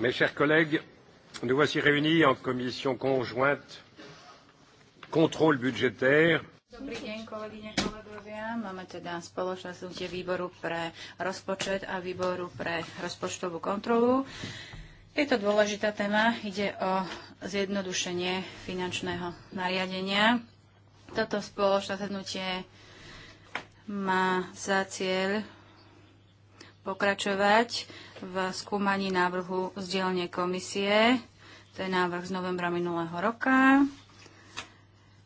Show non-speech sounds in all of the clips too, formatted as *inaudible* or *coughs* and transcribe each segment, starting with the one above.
Mes chers collègues, nous voici réunis en commission conjointe contrôle budgétaire. Dobrý deň, kolegyne, kolegovia. Máme teda spoločné súdie výboru pre rozpočet a výboru pre rozpočtovú kontrolu. Je to dôležitá téma. Ide o zjednodušenie finančného nariadenia. Toto spoločné zhodnutie má za cieľ pokračovať v skúmaní návrhu z dielne komisie. To je návrh z novembra minulého roka.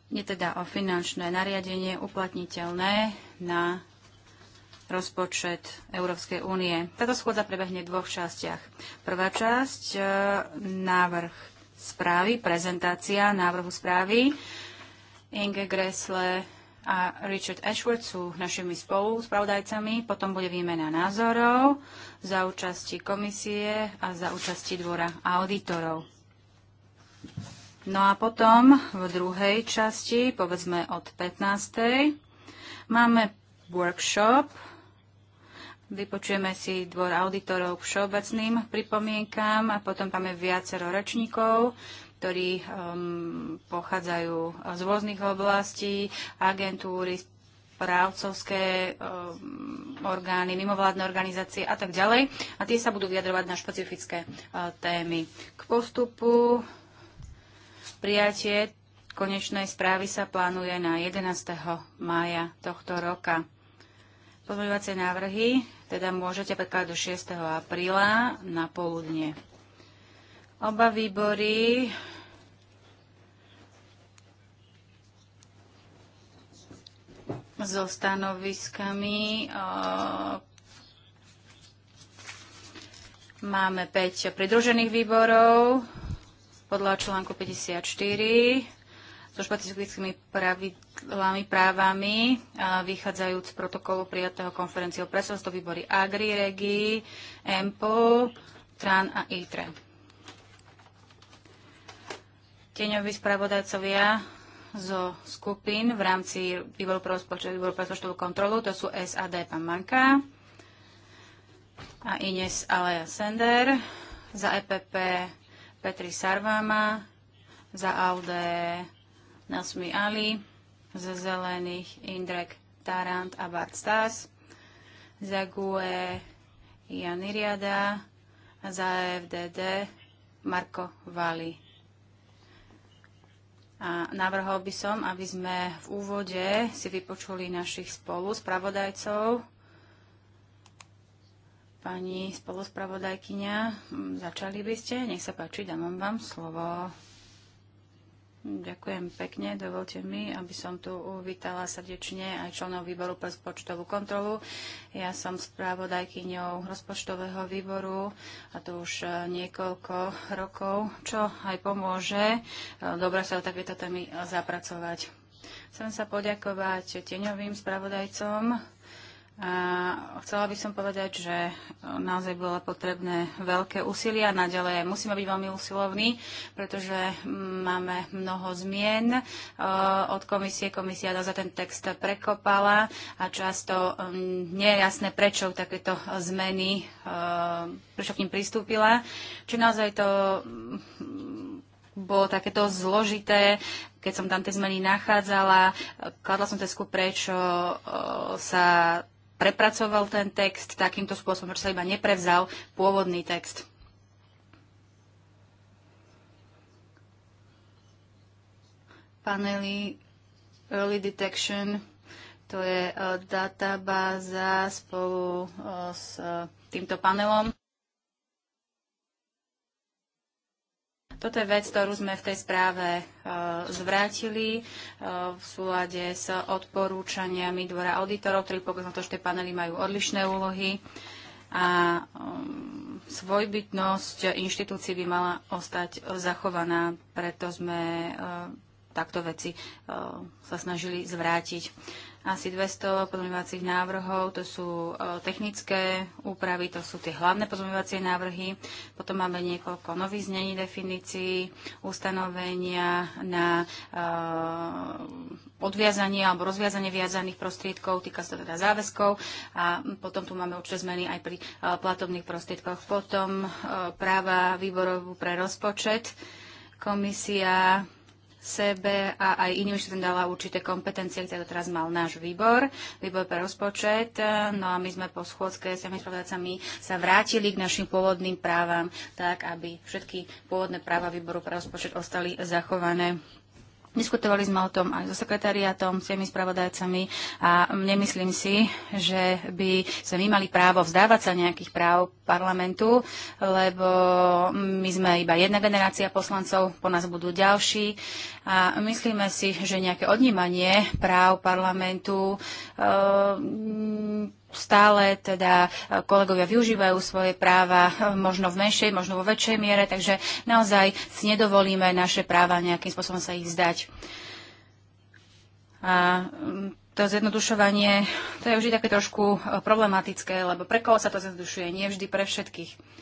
Je teda o finančné nariadenie uplatniteľné na rozpočet Európskej únie. Táto schôdza prebehne v dvoch častiach. Prvá časť, e, návrh správy, prezentácia návrhu správy. Inge Gressle a Richard Ashworth sú našimi spoluspravodajcami. Potom bude výmena názorov za účasti komisie a za účasti dvora auditorov. No a potom v druhej časti, povedzme od 15. máme workshop. Vypočujeme si dvor auditorov k všeobecným pripomienkám a potom máme viacero ročníkov, ktorí um, pochádzajú z rôznych oblastí, agentúry, správcovské um, orgány, mimovládne organizácie a tak ďalej. A tie sa budú vyjadrovať na špecifické uh, témy. K postupu prijatie konečnej správy sa plánuje na 11. mája tohto roka. Pozmeňovacie návrhy teda môžete prekladať do 6. apríla na poludne. Oba výbory so stanoviskami. Máme 5 pridružených výborov podľa článku 54 so špecifickými pravidlami, právami, vychádzajúc z protokolu prijatého konferenciou presovstvo výbory Agri, Regi, EMPO, TRAN a ITRE. Tieňoví spravodajcovia zo skupín v rámci výboru pre rozpočet, výboru pre rozpočtovú kontrolu, to sú SAD pán Manka a Ines Aleja Sender, za EPP Petri Sarvama, za ALDE Nasmi Ali, za Zelených Indrek Tarant a Bart Stas, za GUE Jan Iriada a za EFDD Marko Vali. A navrhol by som, aby sme v úvode si vypočuli našich spoluspravodajcov. Pani spoluspravodajkyňa, hm, začali by ste? Nech sa páči, dám vám slovo. Ďakujem pekne. Dovolte mi, aby som tu uvítala srdečne aj členov výboru pre rozpočtovú kontrolu. Ja som správodajkyňou rozpočtového výboru a to už e, niekoľko rokov, čo aj pomôže e, dobre sa o takéto témy zapracovať. Chcem sa poďakovať tieňovým spravodajcom, a chcela by som povedať, že e, naozaj bolo potrebné veľké úsilie a naďalej musíme byť veľmi usilovní, pretože máme mnoho zmien e, od komisie. Komisia za ten text prekopala a často nie je jasné, prečo takéto zmeny, e, prečo k ním pristúpila. Čiže naozaj to bolo takéto zložité, keď som tam tie zmeny nachádzala, kladla som tesku, prečo sa prepracoval ten text takýmto spôsobom, že sa iba neprevzal pôvodný text. Panely Early Detection, to je e, databáza spolu e, s e, týmto panelom. Toto je vec, ktorú sme v tej správe e, zvrátili e, v súlade s odporúčaniami Dvora auditorov, ktorí pokiaľ na to, že tie panely majú odlišné úlohy a e, svojbytnosť inštitúcií by mala ostať zachovaná, preto sme e, takto veci e, sa snažili zvrátiť asi 200 pozmeňovacích návrhov, to sú e, technické úpravy, to sú tie hlavné pozmeňovacie návrhy. Potom máme niekoľko nových znení definícií, ustanovenia na e, odviazanie alebo rozviazanie viazaných prostriedkov, týka sa teda záväzkov a potom tu máme určite zmeny aj pri e, platobných prostriedkoch. Potom práva výborov pre rozpočet, komisia sebe a aj iným štátom dala určité kompetencie, ktoré teraz mal náš výbor, výbor pre rozpočet. No a my sme po schôdzke s tými spravodajcami sa vrátili k našim pôvodným právam, tak aby všetky pôvodné práva výboru pre rozpočet ostali zachované. Diskutovali sme o tom aj so sekretariatom, s tými spravodajcami a nemyslím si, že by sme my mali právo vzdávať sa nejakých práv parlamentu, lebo my sme iba jedna generácia poslancov, po nás budú ďalší a myslíme si, že nejaké odnímanie práv parlamentu e, stále teda e, kolegovia využívajú svoje práva, e, možno v menšej, možno vo väčšej miere, takže naozaj si nedovolíme naše práva nejakým spôsobom sa ich vzdať. A mm, to zjednodušovanie, to je vždy také trošku e, problematické, lebo pre koho sa to zjednodušuje? Nie vždy pre všetkých.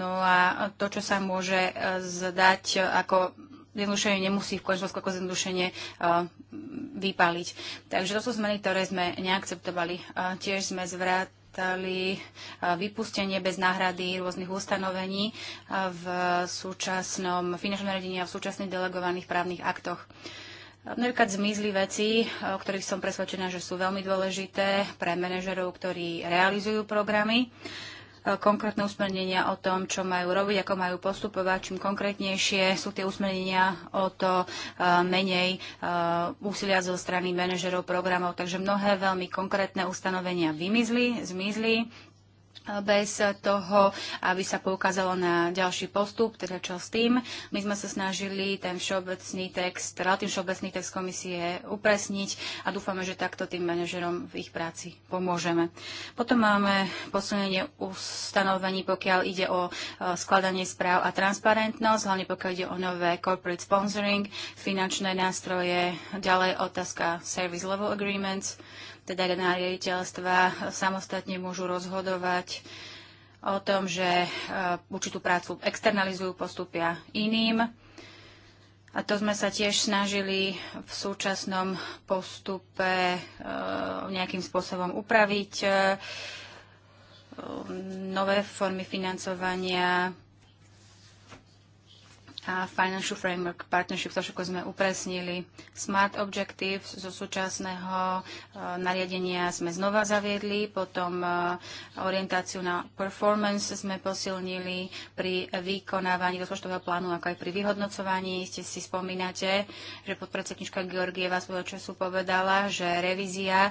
No a to, čo sa môže zdať ako zjednodušenie, nemusí v končnosti ako zjednodušenie vypaliť. Takže to sú zmeny, ktoré sme neakceptovali. Tiež sme zvrátali vypustenie bez náhrady rôznych ustanovení v súčasnom finančnom radení a v súčasných delegovaných právnych aktoch. Napríklad zmizli veci, o ktorých som presvedčená, že sú veľmi dôležité pre manažerov, ktorí realizujú programy. E, konkrétne usmernenia o tom, čo majú robiť, ako majú postupovať, čím konkrétnejšie sú tie usmernenia o to e, menej e, úsilia zo strany manažerov programov. Takže mnohé veľmi konkrétne ustanovenia vymizli, zmizli bez toho, aby sa poukázalo na ďalší postup, teda čo s tým. My sme sa snažili ten všeobecný text, relatívne teda všeobecný text komisie upresniť a dúfame, že takto tým manažerom v ich práci pomôžeme. Potom máme posunenie ustanovení, pokiaľ ide o e, skladanie správ a transparentnosť, hlavne pokiaľ ide o nové corporate sponsoring, finančné nástroje, ďalej otázka service level agreements, teda na riaditeľstva samostatne môžu rozhodovať o tom, že e, určitú prácu externalizujú, postupia iným. A to sme sa tiež snažili v súčasnom postupe e, nejakým spôsobom upraviť. E, nové formy financovania a Financial Framework Partnership, to všetko sme upresnili. Smart Objectives zo súčasného e, nariadenia sme znova zaviedli, potom e, orientáciu na performance sme posilnili pri vykonávaní rozpočtového plánu, ako aj pri vyhodnocovaní. Ste si spomínate, že podpredsednička Georgieva svojho času povedala, že revízia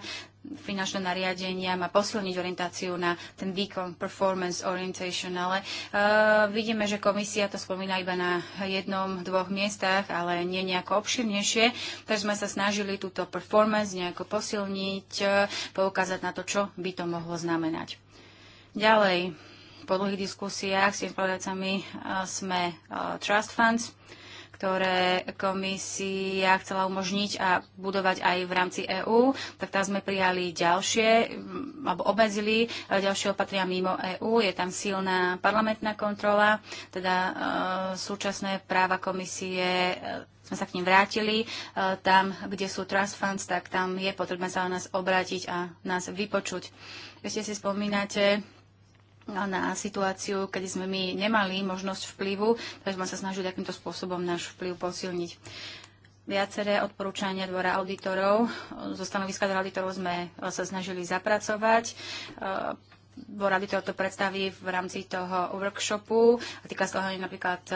finančné nariadenia má posilniť orientáciu na ten výkon, performance orientation, ale uh, vidíme, že komisia to spomína iba na jednom, dvoch miestach, ale nie nejako obširnejšie, takže sme sa snažili túto performance nejako posilniť, uh, poukázať na to, čo by to mohlo znamenať. Ďalej, po dlhých diskusiách s tým e, sme uh, Trust Funds, ktoré komisia chcela umožniť a budovať aj v rámci EÚ, tak tam sme prijali ďalšie, mm, alebo obmedzili e, ďalšie opatria mimo EÚ. Je tam silná parlamentná kontrola, teda e, súčasné práva komisie e, sme sa k ním vrátili. E, tam, kde sú trust funds, tak tam je potrebné sa na nás obrátiť a nás vypočuť. Ešte si spomínate, No, na situáciu, keď sme my nemali možnosť vplyvu, takže sme sa snažili takýmto spôsobom náš vplyv posilniť. Viaceré odporúčania dvora auditorov, zo stanoviska dvora auditorov sme e, sa snažili zapracovať. E, dvor auditorov to predstaví v rámci toho workshopu a týka sa toho napríklad e,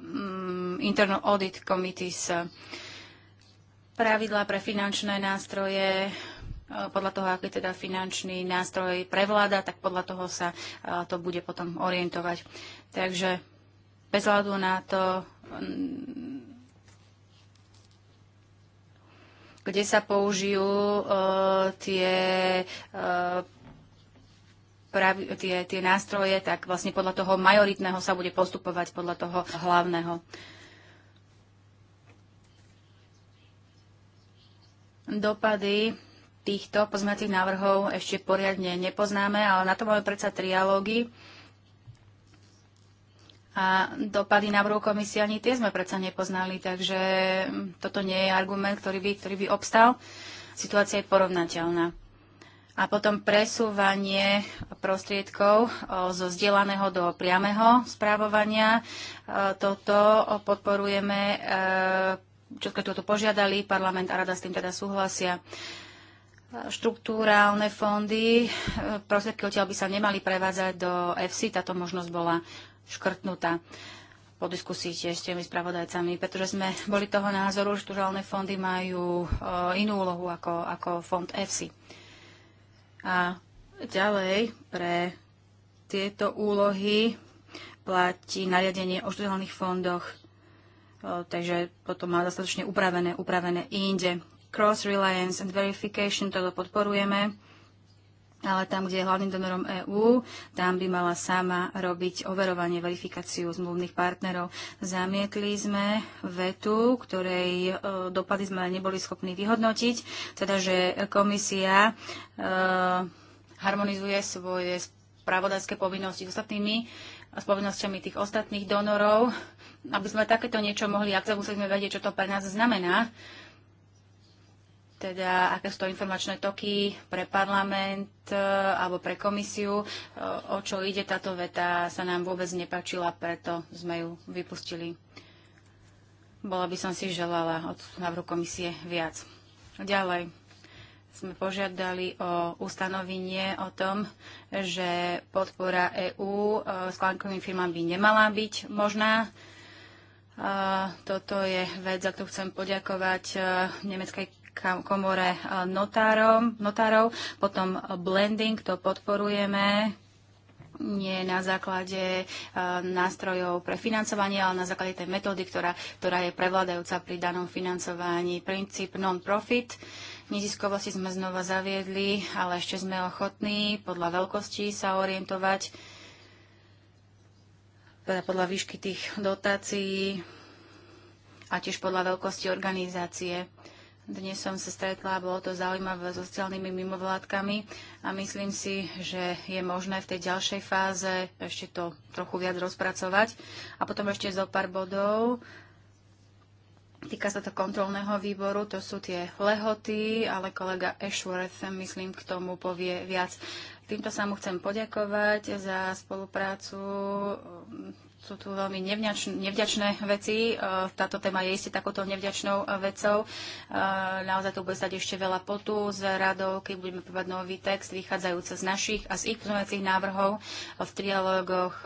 mm, Internal Audit Committees pravidla pre finančné nástroje, podľa toho, aký teda finančný nástroj prevláda, tak podľa toho sa to bude potom orientovať. Takže bez hľadu na to, mm, kde sa použijú e, tie, e, tie, tie nástroje, tak vlastne podľa toho majoritného sa bude postupovať podľa toho hlavného. Dopady týchto pozmeňacích návrhov ešte poriadne nepoznáme, ale na to máme predsa trialógy. A dopady návrhu komisie ani tie sme predsa nepoznali, takže toto nie je argument, ktorý by, ktorý by obstal. Situácia je porovnateľná. A potom presúvanie prostriedkov zo zdieľaného do priameho správovania. E, toto podporujeme, e, čo sme toto požiadali, parlament a rada s tým teda súhlasia štruktúrálne fondy, eh, prostriedky odtiaľ by sa nemali prevádzať do FC, táto možnosť bola škrtnutá po diskusii tiež s tými spravodajcami, pretože sme boli toho názoru, že štruktúrálne fondy majú eh, inú úlohu ako, ako fond EFSI. A ďalej pre tieto úlohy platí nariadenie o štruktúrálnych fondoch, eh, takže potom má dostatočne upravené, upravené inde cross-reliance and verification, toto podporujeme, ale tam, kde je hlavným donorom EÚ, tam by mala sama robiť overovanie, verifikáciu zmluvných partnerov. Zamietli sme vetu, ktorej e, dopady sme neboli schopní vyhodnotiť, teda že komisia e, harmonizuje svoje spravodajské povinnosti s ostatnými s povinnosťami tých ostatných donorov. Aby sme takéto niečo mohli akceptovať, museli sme vedieť, čo to pre nás znamená teda aké sú to informačné toky pre parlament e, alebo pre komisiu. E, o čo ide táto veta, sa nám vôbec nepačila, preto sme ju vypustili. Bola by som si želala od návrhu komisie viac. Ďalej sme požiadali o ustanovenie o tom, že podpora EÚ e, klankovým firmám by nemala byť možná. Toto je vec, za ktorú chcem poďakovať nemeckej komore e, notárom, notárov, potom blending, to podporujeme, nie na základe e, nástrojov pre financovanie, ale na základe tej metódy, ktorá, ktorá je prevládajúca pri danom financovaní. Princíp non-profit. Neziskovosti sme znova zaviedli, ale ešte sme ochotní podľa veľkosti sa orientovať, teda podľa výšky tých dotácií a tiež podľa veľkosti organizácie. Dnes som sa stretla, bolo to zaujímavé so sociálnymi mimovládkami a myslím si, že je možné v tej ďalšej fáze ešte to trochu viac rozpracovať. A potom ešte zo pár bodov. Týka sa to kontrolného výboru, to sú tie lehoty, ale kolega Ashworth, myslím, k tomu povie viac. Týmto sa mu chcem poďakovať za spoluprácu sú tu veľmi nevďačné veci. E, táto téma je isté takouto nevďačnou e, vecou. E, naozaj tu bude stať ešte veľa potu s radou, keď budeme povedať nový text vychádzajúce z našich a z ich pozmeňovacích návrhov v trialógoch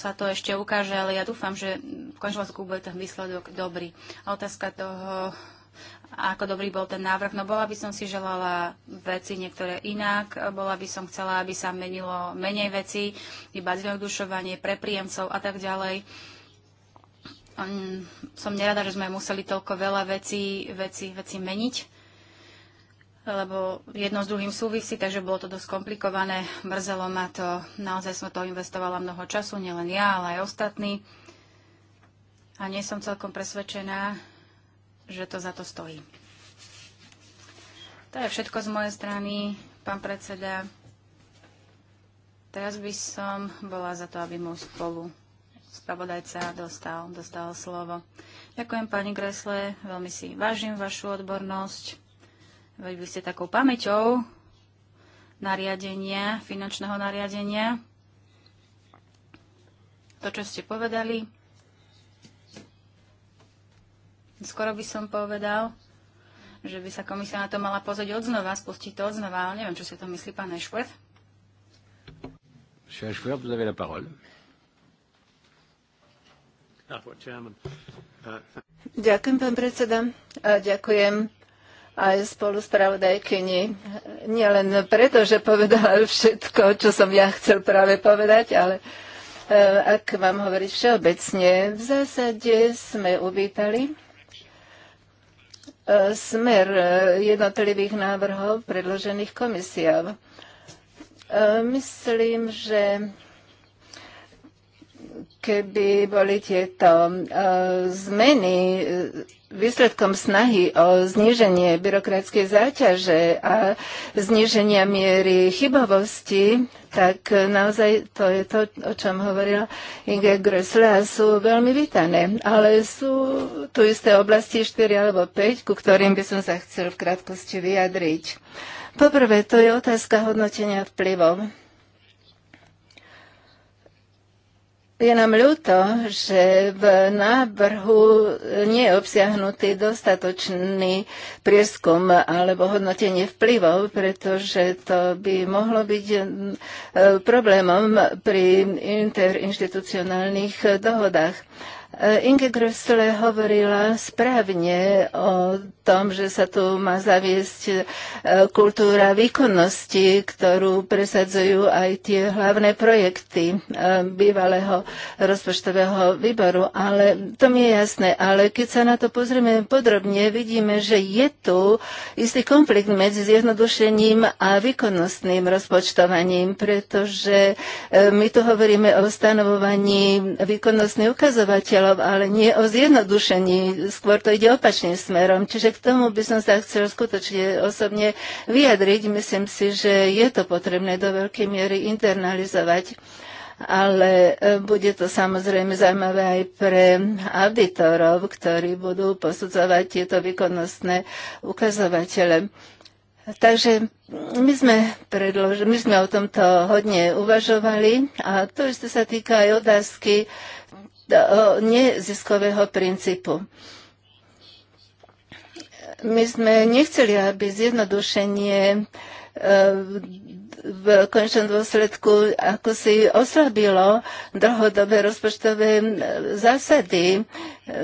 sa to ešte ukáže, ale ja dúfam, že v končnom bude ten výsledok dobrý. A otázka toho ako dobrý bol ten návrh. No bola by som si želala veci niektoré inak, bola by som chcela, aby sa menilo menej veci, iba zjednodušovanie pre príjemcov a tak ďalej. Hm, som nerada, že sme museli toľko veľa veci, veci, veci meniť, lebo jedno s druhým súvisí, takže bolo to dosť komplikované. Mrzelo ma to, naozaj som to investovala mnoho času, nielen ja, ale aj ostatní. A nie som celkom presvedčená, že to za to stojí. To je všetko z mojej strany, pán predseda. Teraz by som bola za to, aby môj spolu spravodajca dostal, dostal slovo. Ďakujem pani Gresle, veľmi si vážim vašu odbornosť. Veď by ste takou pamäťou nariadenia, finančného nariadenia. To, čo ste povedali, skoro by som povedal, že by sa komisia na to mala pozrieť odznova, spustiť to odznova, ale neviem, čo si to myslí pán Ešvert. Ešvert, vous avez la parole. Ah, uh, ďakujem, pán predseda. A ďakujem aj spolu spravodajkyni. len preto, že povedala všetko, čo som ja chcel práve povedať, ale e, ak mám hovoriť všeobecne, v zásade sme uvítali smer e, jednotlivých návrhov predložených komisiou. E, myslím, že keby boli tieto e, zmeny e, výsledkom snahy o zníženie byrokratskej záťaže a zníženia miery chybovosti, tak naozaj to je to, o čom hovorila Inge Grösle a sú veľmi vítané. Ale sú tu isté oblasti 4 alebo 5, ku ktorým by som sa chcel v krátkosti vyjadriť. Poprvé, to je otázka hodnotenia vplyvov Je nám ľúto, že v návrhu nie je obsiahnutý dostatočný prieskum alebo hodnotenie vplyvov, pretože to by mohlo byť e, problémom pri interinstitucionálnych dohodách. E, Inge Grössle hovorila správne o tom, že sa tu má zaviesť e, kultúra výkonnosti, ktorú presadzujú aj tie hlavné projekty e, bývalého rozpočtového výboru. Ale to mi je jasné. Ale keď sa na to pozrieme podrobne, vidíme, že je tu istý konflikt medzi zjednodušením a výkonnostným rozpočtovaním, pretože my tu hovoríme o stanovovaní výkonnostných ukazovateľov cieľov, ale nie o zjednodušení. Skôr to ide opačným smerom. Čiže k tomu by som sa chcel skutočne osobne vyjadriť. Myslím si, že je to potrebné do veľkej miery internalizovať ale e, bude to samozrejme zaujímavé aj pre auditorov, ktorí budú posudzovať tieto výkonnostné ukazovatele. Takže my sme, predlož- my sme o tomto hodne uvažovali a to isté sa týka aj otázky E, neziskového princípu. My sme nechceli, aby zjednodušenie e, v končnom dôsledku ako si oslabilo dlhodobé rozpočtové e, zásady.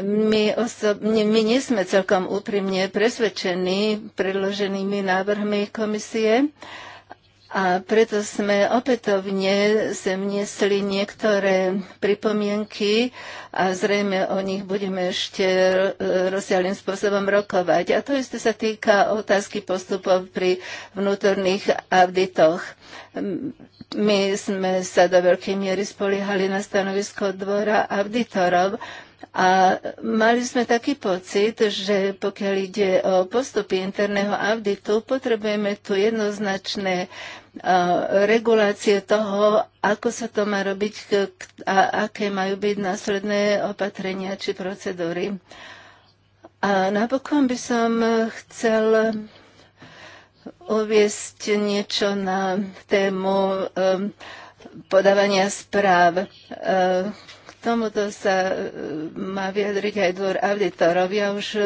My, osobne, my nie sme celkom úprimne presvedčení predloženými návrhmi komisie. Uh, a preto sme opätovne sem niesli niektoré pripomienky a zrejme o nich budeme ešte rozsiaľným spôsobom rokovať. A to isté sa týka otázky postupov pri vnútorných auditoch. My sme sa do veľkej miery spoliehali na stanovisko dvora auditorov, a mali sme taký pocit, že pokiaľ ide o postupy interného auditu, potrebujeme tu jednoznačné e, regulácie toho, ako sa to má robiť a aké majú byť následné opatrenia či procedúry. A napokon by som chcel uviesť niečo na tému e, podávania správ. E, Tomuto sa e, má vyjadriť aj dvor auditorov. Ja už e,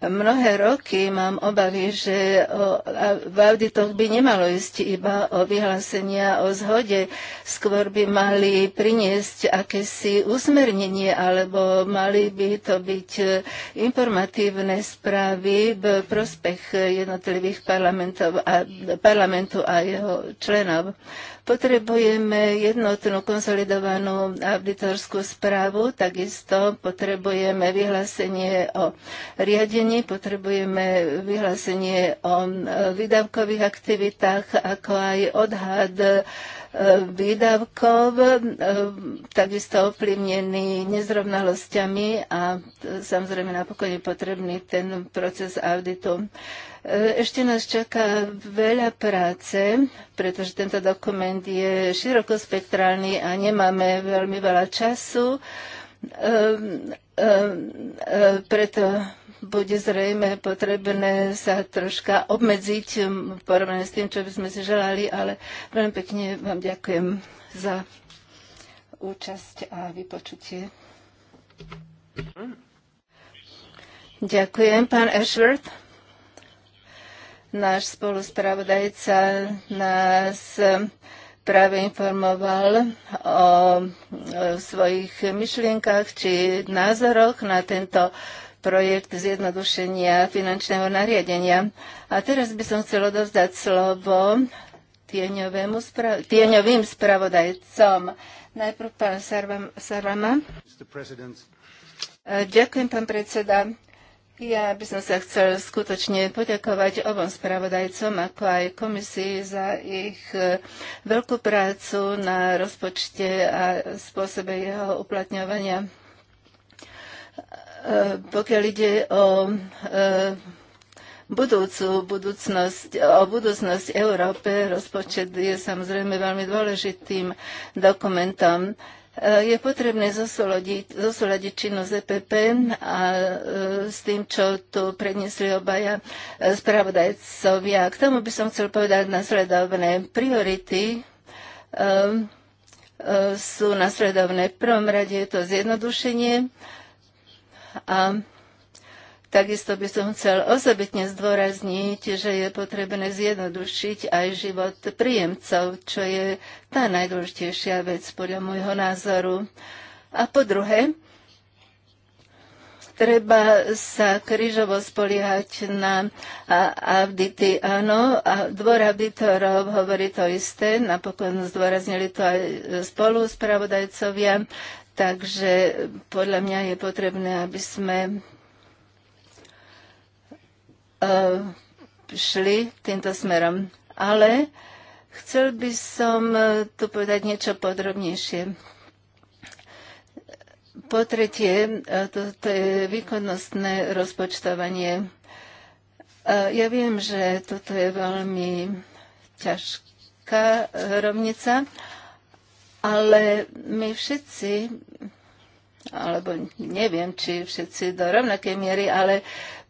mnohé roky mám obavy, že o, v auditoch by nemalo ísť iba o vyhlásenia o zhode. Skôr by mali priniesť akési usmernenie, alebo mali by to byť e, informatívne správy v prospech jednotlivých parlamentov a, parlamentu a jeho členov. Potrebujeme jednotnú konsolidovanú auditorskú správu, takisto potrebujeme vyhlásenie o riadení, potrebujeme vyhlásenie o e, vydavkových aktivitách, ako aj odhad výdavkov, e, takisto ovplyvnený nezrovnalosťami a samozrejme napokon je potrebný ten proces auditu. E, ešte nás čaká veľa práce, pretože tento dokument je širokospektrálny a nemáme veľmi veľa času. Ehm, ehm, ehm, preto bude zrejme potrebné sa troška obmedziť v porovnaní s tým, čo by sme si želali, ale veľmi pekne vám ďakujem za účasť a vypočutie. Ďakujem, pán Ashworth. Náš spoluspravodajca nás práve informoval o svojich myšlienkach či názoroch na tento projekt zjednodušenia finančného nariadenia. A teraz by som chcel odovzdať slovo spra- tieňovým spravodajcom. Najprv pán Sarvama. Ďakujem, pán predseda. Ja by som sa chcel skutočne poďakovať obom spravodajcom, ako aj komisii za ich e, veľkú prácu na rozpočte a spôsobe jeho uplatňovania. E, pokiaľ ide o e, budúcu budúcnosť, o budúcnosť Európe, rozpočet je samozrejme veľmi dôležitým dokumentom. E, je potrebné zosúľadiť, zosúľadiť činnosť EPP a e, s tým, čo tu predniesli obaja e, spravodajcovia. K tomu by som chcel povedať nasledovné priority sú nasledovné. V prvom rade je to zjednodušenie a Takisto by som chcel osobitne zdôrazniť, že je potrebné zjednodušiť aj život príjemcov, čo je tá najdôležitejšia vec podľa môjho názoru. A po druhé, treba sa krížovo spoliehať na avdity. Áno, a dvor auditorov hovorí to isté, napokon zdôraznili to aj spolu spravodajcovia, takže podľa mňa je potrebné, aby sme Eh, šli týmto smerom. Ale chcel by som eh, tu povedať niečo podrobnejšie. Po tretie, toto eh, je výkonnostné rozpočtovanie. Ja viem, že toto je veľmi ťažká rovnica, ale my všetci alebo neviem, či všetci do rovnakej miery, ale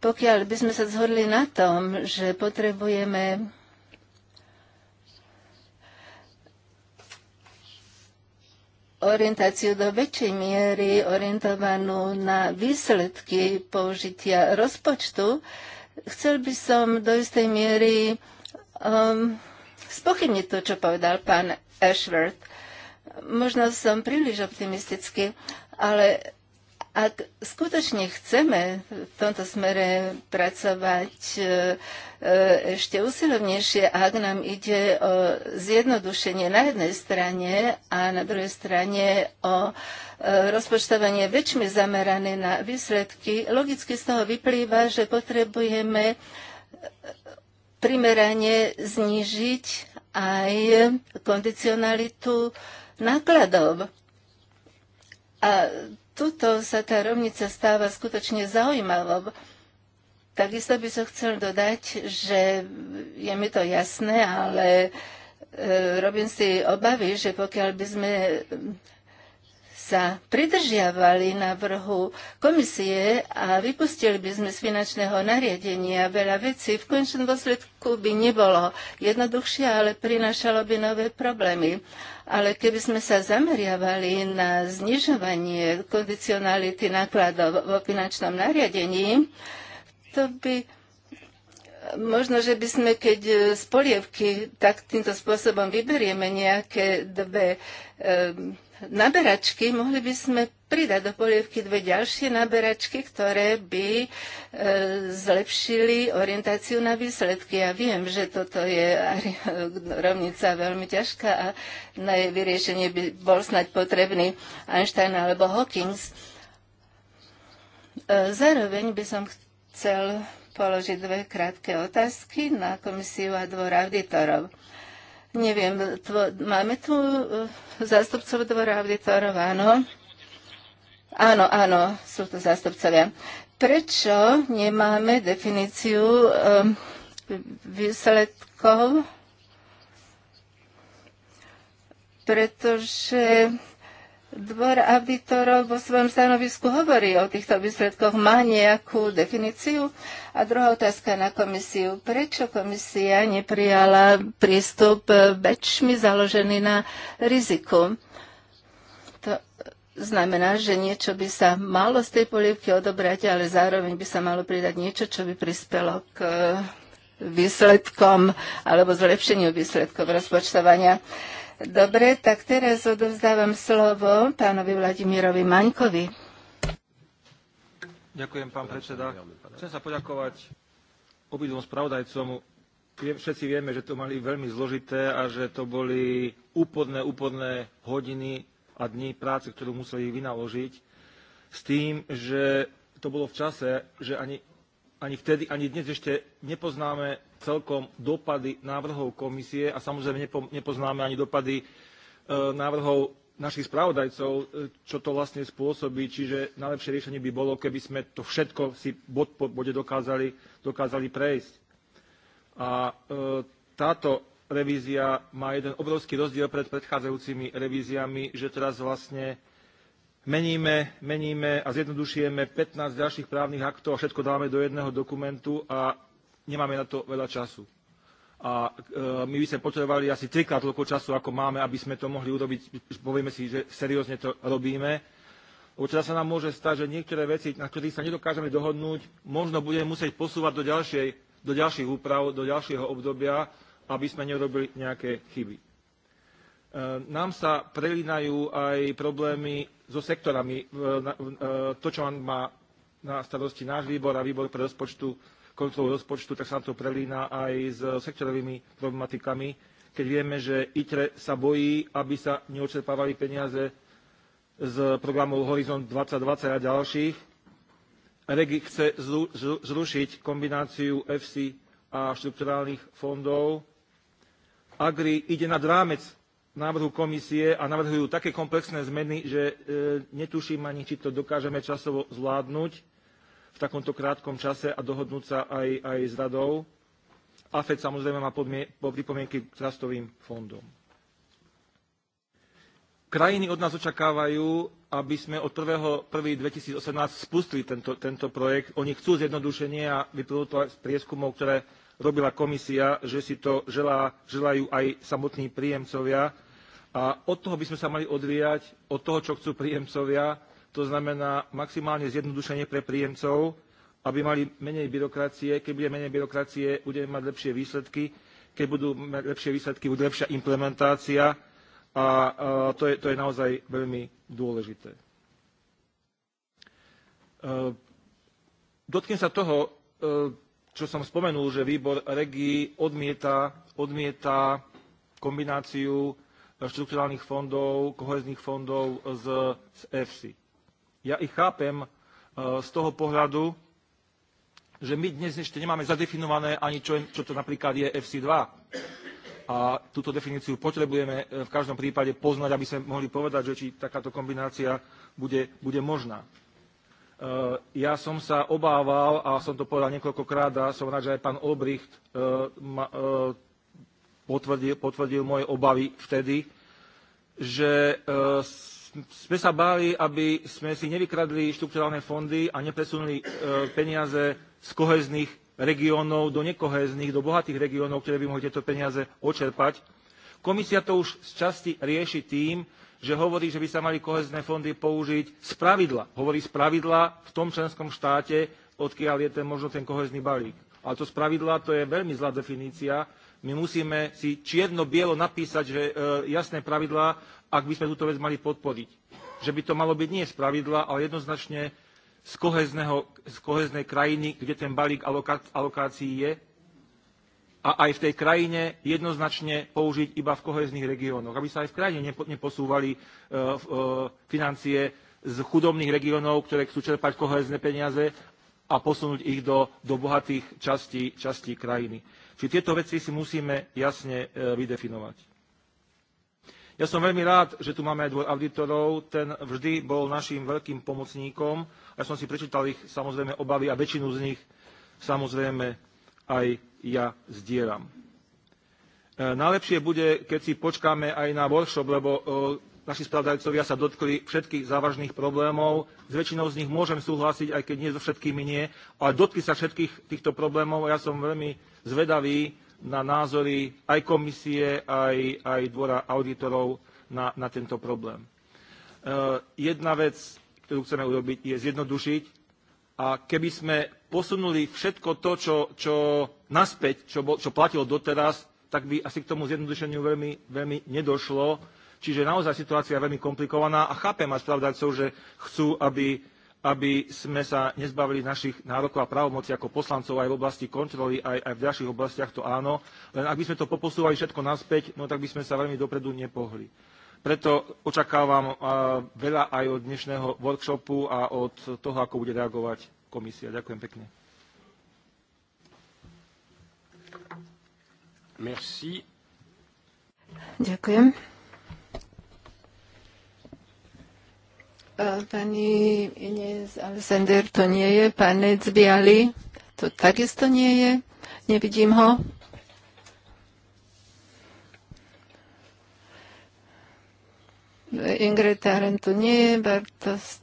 pokiaľ by sme sa zhodli na tom, že potrebujeme orientáciu do väčšej miery orientovanú na výsledky použitia rozpočtu, chcel by som do istej miery um, spochybniť to, čo povedal pán Ashworth. Možno som príliš optimisticky, ale ak skutočne chceme v tomto smere pracovať e, e, ešte usilovnejšie, ak nám ide o zjednodušenie na jednej strane a na druhej strane o e, rozpočtovanie väčšmi zamerané na výsledky, logicky z toho vyplýva, že potrebujeme primerane znížiť aj kondicionalitu nákladov a tuto sa tá rovnica stáva skutočne zaujímavou. Takisto by som chcel dodať, že je mi to jasné, ale e, robím si obavy, že pokiaľ by sme sa pridržiavali na vrhu komisie a vypustili by sme z finančného nariadenia veľa vecí, v končnom dôsledku by nebolo jednoduchšie, ale prinášalo by nové problémy. Ale keby sme sa zameriavali na znižovanie kondicionality nákladov vo finančnom nariadení, to by možno, že by sme, keď z polievky tak týmto spôsobom vyberieme nejaké dve um, naberačky, mohli by sme pridať do polievky dve ďalšie naberačky, ktoré by e, zlepšili orientáciu na výsledky. Ja viem, že toto je *laughs* rovnica veľmi ťažká a na jej vyriešenie by bol snať potrebný Einstein alebo Hawkins. E, zároveň by som chcel položiť dve krátke otázky na komisiu a dvor auditorov. E, Neviem, tvo, máme tu e, zástupcov dvora auditorov, áno. Áno, áno, sú to zástupcovia. Prečo nemáme definíciu um, výsledkov? Pretože Dvor auditorov vo svojom stanovisku hovorí o týchto výsledkoch. Má nejakú definíciu? A druhá otázka na komisiu. Prečo komisia neprijala prístup bečmi založený na riziku? To znamená, že niečo by sa malo z tej polievky odobrať, ale zároveň by sa malo pridať niečo, čo by prispelo k výsledkom alebo zlepšeniu výsledkov rozpočtovania. Dobre, tak teraz odovzdávam slovo pánovi Vladimirovi Maňkovi. Ďakujem, pán predseda. Chcem sa poďakovať obidvom spravodajcom. Všetci vieme, že to mali veľmi zložité a že to boli úpodné, úpodné hodiny a dní práce, ktorú museli vynaložiť s tým, že to bolo v čase, že ani, ani vtedy, ani dnes ešte nepoznáme celkom dopady návrhov komisie a samozrejme nepo, nepoznáme ani dopady e, návrhov našich spravodajcov, e, čo to vlastne spôsobí. Čiže najlepšie riešenie by bolo, keby sme to všetko si bod po bode dokázali, dokázali prejsť. A e, táto revízia má jeden obrovský rozdiel pred predchádzajúcimi revíziami, že teraz vlastne meníme, meníme a zjednodušujeme 15 ďalších právnych aktov a všetko dáme do jedného dokumentu a nemáme na to veľa času. A e, my by sme potrebovali asi trikrát toľko času, ako máme, aby sme to mohli urobiť, povieme si, že seriózne to robíme. Lebo teda sa nám môže stať, že niektoré veci, na ktorých sa nedokážeme dohodnúť, možno budeme musieť posúvať do, ďalšej, do ďalších úprav, do ďalšieho obdobia, aby sme nerobili nejaké chyby. E, nám sa prelínajú aj problémy so sektorami. E, to, čo má na starosti náš výbor a výbor pre rozpočtu kontrolu rozpočtu, tak sa nám to prelína aj s sektorovými problematikami, keď vieme, že ITRE sa bojí, aby sa neočerpávali peniaze z programov Horizont 2020 a ďalších. REGI chce zrušiť kombináciu EFSI a štrukturálnych fondov. Agri ide nad rámec návrhu komisie a navrhujú také komplexné zmeny, že e, netuším ani, či to dokážeme časovo zvládnuť v takomto krátkom čase a dohodnúť sa aj, aj s radou. AFED samozrejme má po pripomienky k trastovým fondom. Krajiny od nás očakávajú, aby sme od 1.1.2018 spustili tento, tento projekt. Oni chcú zjednodušenie a vyplnulo to z prieskumov, ktoré robila komisia, že si to želá, želajú aj samotní príjemcovia. A od toho by sme sa mali odvíjať, od toho, čo chcú príjemcovia to znamená maximálne zjednodušenie pre príjemcov, aby mali menej byrokracie. Keď bude menej byrokracie, budeme mať lepšie výsledky. Keď budú mať lepšie výsledky, bude lepšia implementácia. A to je, to je naozaj veľmi dôležité. E, dotknem sa toho, e, čo som spomenul, že výbor regí odmieta, odmieta kombináciu štrukturálnych fondov, kohezných fondov z, z EFSI. Ja ich chápem e, z toho pohľadu, že my dnes ešte nemáme zadefinované ani čo, čo to napríklad je FC2. A túto definíciu potrebujeme e, v každom prípade poznať, aby sme mohli povedať, že či takáto kombinácia bude, bude možná. E, ja som sa obával, a som to povedal niekoľkokrát, a som rád, že aj pán Olbricht potvrdil, potvrdil moje obavy vtedy, že sme sa báli, aby sme si nevykradli štrukturálne fondy a nepresunuli e, peniaze z kohezných regiónov do nekohezných, do bohatých regiónov, ktoré by mohli tieto peniaze očerpať. Komisia to už z časti rieši tým, že hovorí, že by sa mali kohezné fondy použiť z pravidla. Hovorí z pravidla v tom členskom štáte, odkiaľ je ten, možno ten kohezný balík. Ale to z pravidla to je veľmi zlá definícia. My musíme si čierno-bielo napísať, že e, jasné pravidlá, ak by sme túto vec mali podporiť. Že by to malo byť nie z pravidla, ale jednoznačne z, z koheznej krajiny, kde ten balík alokácií je, a aj v tej krajine jednoznačne použiť iba v koheznych regiónoch, aby sa aj v krajine neposúvali e, e, financie z chudobných regiónov, ktoré chcú čerpať kohezné peniaze a posunúť ich do, do bohatých častí, častí krajiny. Čiže tieto veci si musíme jasne e, vydefinovať. Ja som veľmi rád, že tu máme aj dvoj auditorov, ten vždy bol našim veľkým pomocníkom. Ja som si prečítal ich samozrejme obavy a väčšinu z nich samozrejme aj ja zdieram. E, najlepšie bude, keď si počkáme aj na workshop, lebo e, naši spravodajcovia sa dotkli všetkých závažných problémov. S väčšinou z nich môžem súhlasiť, aj keď nie so všetkými nie, ale dotkli sa všetkých týchto problémov a ja som veľmi zvedavý, na názory aj komisie, aj, aj dvora auditorov na, na tento problém. E, jedna vec, ktorú chceme urobiť, je zjednodušiť. A keby sme posunuli všetko to, čo, čo naspäť, čo, bol, čo platilo doteraz, tak by asi k tomu zjednodušeniu veľmi, veľmi nedošlo. Čiže naozaj situácia je veľmi komplikovaná a chápem aj spravodajcov, že chcú, aby aby sme sa nezbavili našich nárokov a právomocí ako poslancov aj v oblasti kontroly, aj, aj v ďalších oblastiach, to áno. Len ak by sme to poposúvali všetko naspäť, no tak by sme sa veľmi dopredu nepohli. Preto očakávam veľa aj od dnešného workshopu a od toho, ako bude reagovať komisia. Ďakujem pekne. Merci. Ďakujem. Eh, pani Inés Alexander to nie je, pane Nec to takisto nie je, nevidím ho. Ingrid Aren, to nie je, Bartos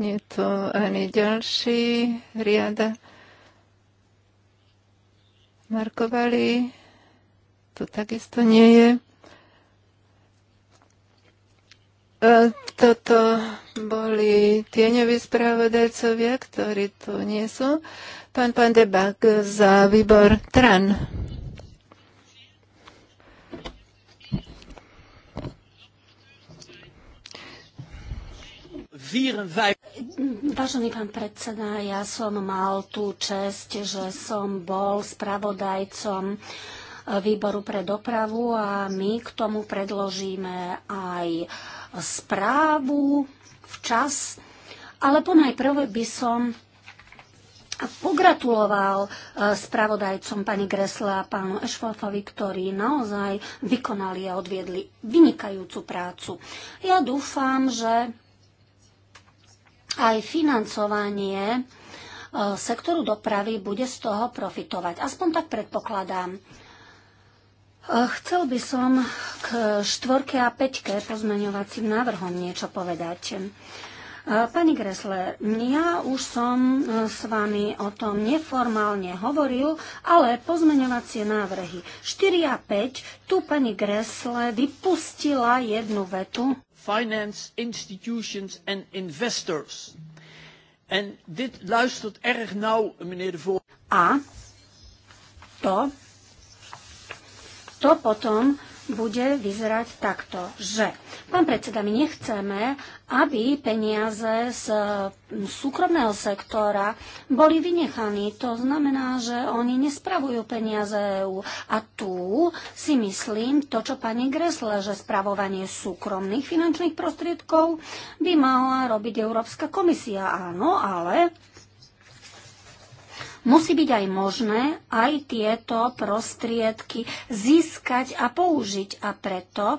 nie je to ani ďalší, Riada Markovali To takisto nie je. E, toto boli tieňoví spravodajcovia, ktorí tu nie sú. Pán Pandebak za výbor TRAN. Vážený pán predseda, ja som mal tú čest, že som bol spravodajcom výboru pre dopravu a my k tomu predložíme aj uh, správu včas, ale ponajprv by som pogratuloval e, spravodajcom pani Gresle a pánu Ešfalfovi, ktorí naozaj vykonali a odviedli vynikajúcu prácu. Ja dúfam, že aj financovanie e, sektoru dopravy bude z toho profitovať. Aspoň tak predpokladám. Chcel by som k štvorke a peťke pozmeňovacím návrhom niečo povedať. Pani Gresle, ja už som e, s vami o tom neformálne hovoril, ale pozmeňovacie návrhy 4 a 5, tu pani Gresle vypustila jednu vetu. Finance institutions and investors. And dit luistert erg nauw, meneer de voorzitter. A to to potom bude vyzerať takto, že pán predseda, my nechceme, aby peniaze z súkromného sektora boli vynechaní. To znamená, že oni nespravujú peniaze EU. A tu si myslím to, čo pani Gresle, že spravovanie súkromných finančných prostriedkov by mala robiť Európska komisia. Áno, ale musí byť aj možné aj tieto prostriedky získať a použiť. A preto e,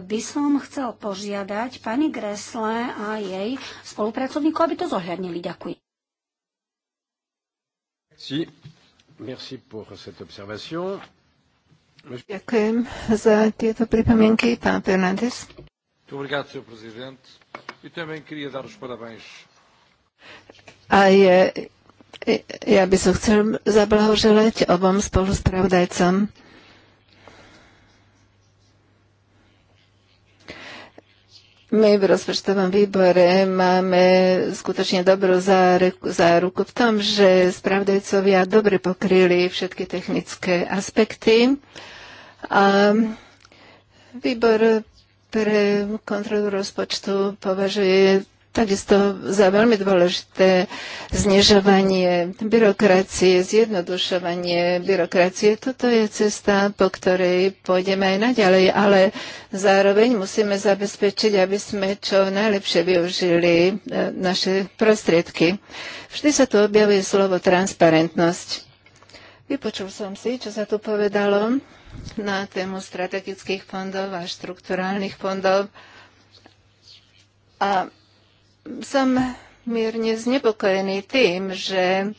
by som chcel požiadať pani Gresle a jej spolupracovníkov, aby to zohľadnili. Ďakujem. Si. Merci pour cette observation. Ďakujem za tieto pripomienky, pán Fernández. Obrigado, Sr. Presidente. Eu também queria dar os parabéns. Aj ja by som chcel zablahoželať obom spoluspravodajcom. My v rozpočtovom výbore máme skutočne dobrú záruku v tom, že spravdajcovia dobre pokryli všetky technické aspekty. A výbor pre kontrolu rozpočtu považuje Takisto za veľmi dôležité znižovanie byrokracie, zjednodušovanie byrokracie. Toto je cesta, po ktorej pôjdeme aj naďalej, ale zároveň musíme zabezpečiť, aby sme čo najlepšie využili e, naše prostriedky. Vždy sa tu objavuje slovo transparentnosť. Vypočul som si, čo sa tu povedalo na tému strategických fondov a štrukturálnych fondov. A som mierne znepokojený tým, že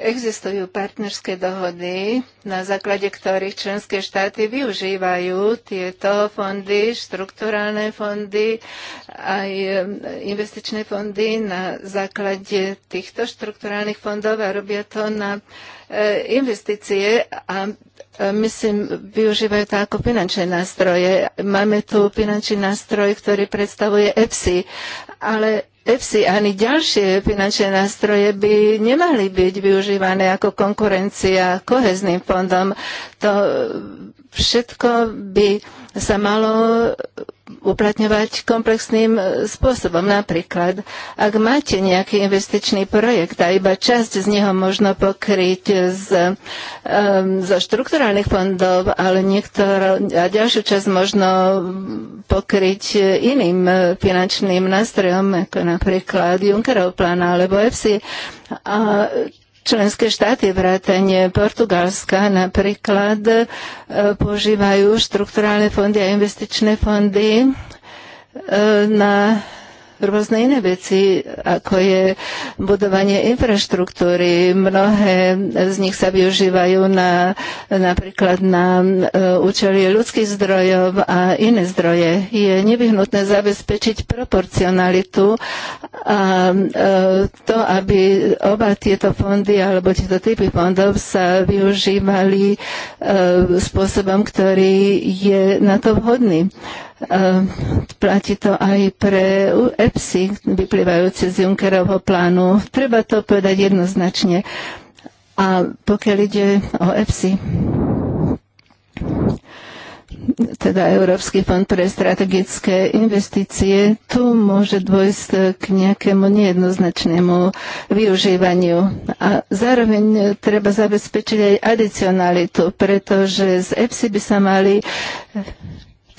Existujú partnerské dohody, na základe ktorých členské štáty využívajú tieto fondy, štrukturálne fondy, aj e, investičné fondy na základe týchto štrukturálnych fondov a robia to na e, investície a e, myslím, využívajú to ako finančné nástroje. Máme tu finančný nástroj, ktorý predstavuje EPSI, ale EFSI ani ďalšie finančné nástroje by nemali byť využívané ako konkurencia kohezným fondom. To všetko by sa malo uplatňovať komplexným e, spôsobom. Napríklad, ak máte nejaký investičný projekt a iba časť z neho možno pokryť z, um, zo štrukturálnych fondov, ale niektor, a ďalšiu časť možno pokryť iným e, finančným nástrojom, ako napríklad Junckerov plán alebo EFSI. A Členské štáty vrátane Portugalska napríklad e, používajú štrukturálne fondy a investičné fondy e, na rôzne iné veci, ako je budovanie infraštruktúry. Mnohé z nich sa využívajú na, napríklad na e, účely ľudských zdrojov a iné zdroje. Je nevyhnutné zabezpečiť proporcionalitu a e, to, aby oba tieto fondy alebo tieto typy fondov sa využívali e, spôsobom, ktorý je na to vhodný. Ehm, platí to aj pre EPSI, vyplývajúce z Junckerovho plánu. Treba to povedať jednoznačne. A pokiaľ ide o EPSI, teda Európsky fond pre strategické investície, tu môže dôjsť k nejakému nejednoznačnému využívaniu. A zároveň treba zabezpečiť aj adicionalitu, pretože z EPSI by sa mali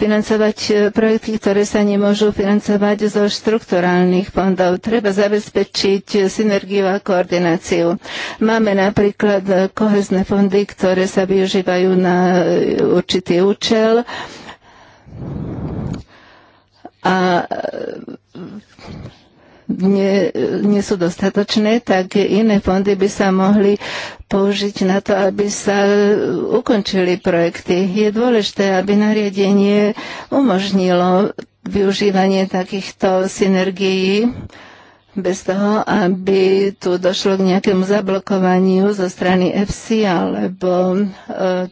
financovať e, projekty, ktoré sa nemôžu financovať zo štrukturálnych fondov. Treba zabezpečiť synergiu a koordináciu. Máme napríklad e, kohezné fondy, ktoré sa využívajú na e, určitý účel a nie, nie sú dostatočné, tak iné fondy by sa mohli použiť na to, aby sa ukončili projekty. Je dôležité, aby nariadenie umožnilo využívanie takýchto synergií bez toho, aby tu došlo k nejakému zablokovaniu zo strany FC alebo e,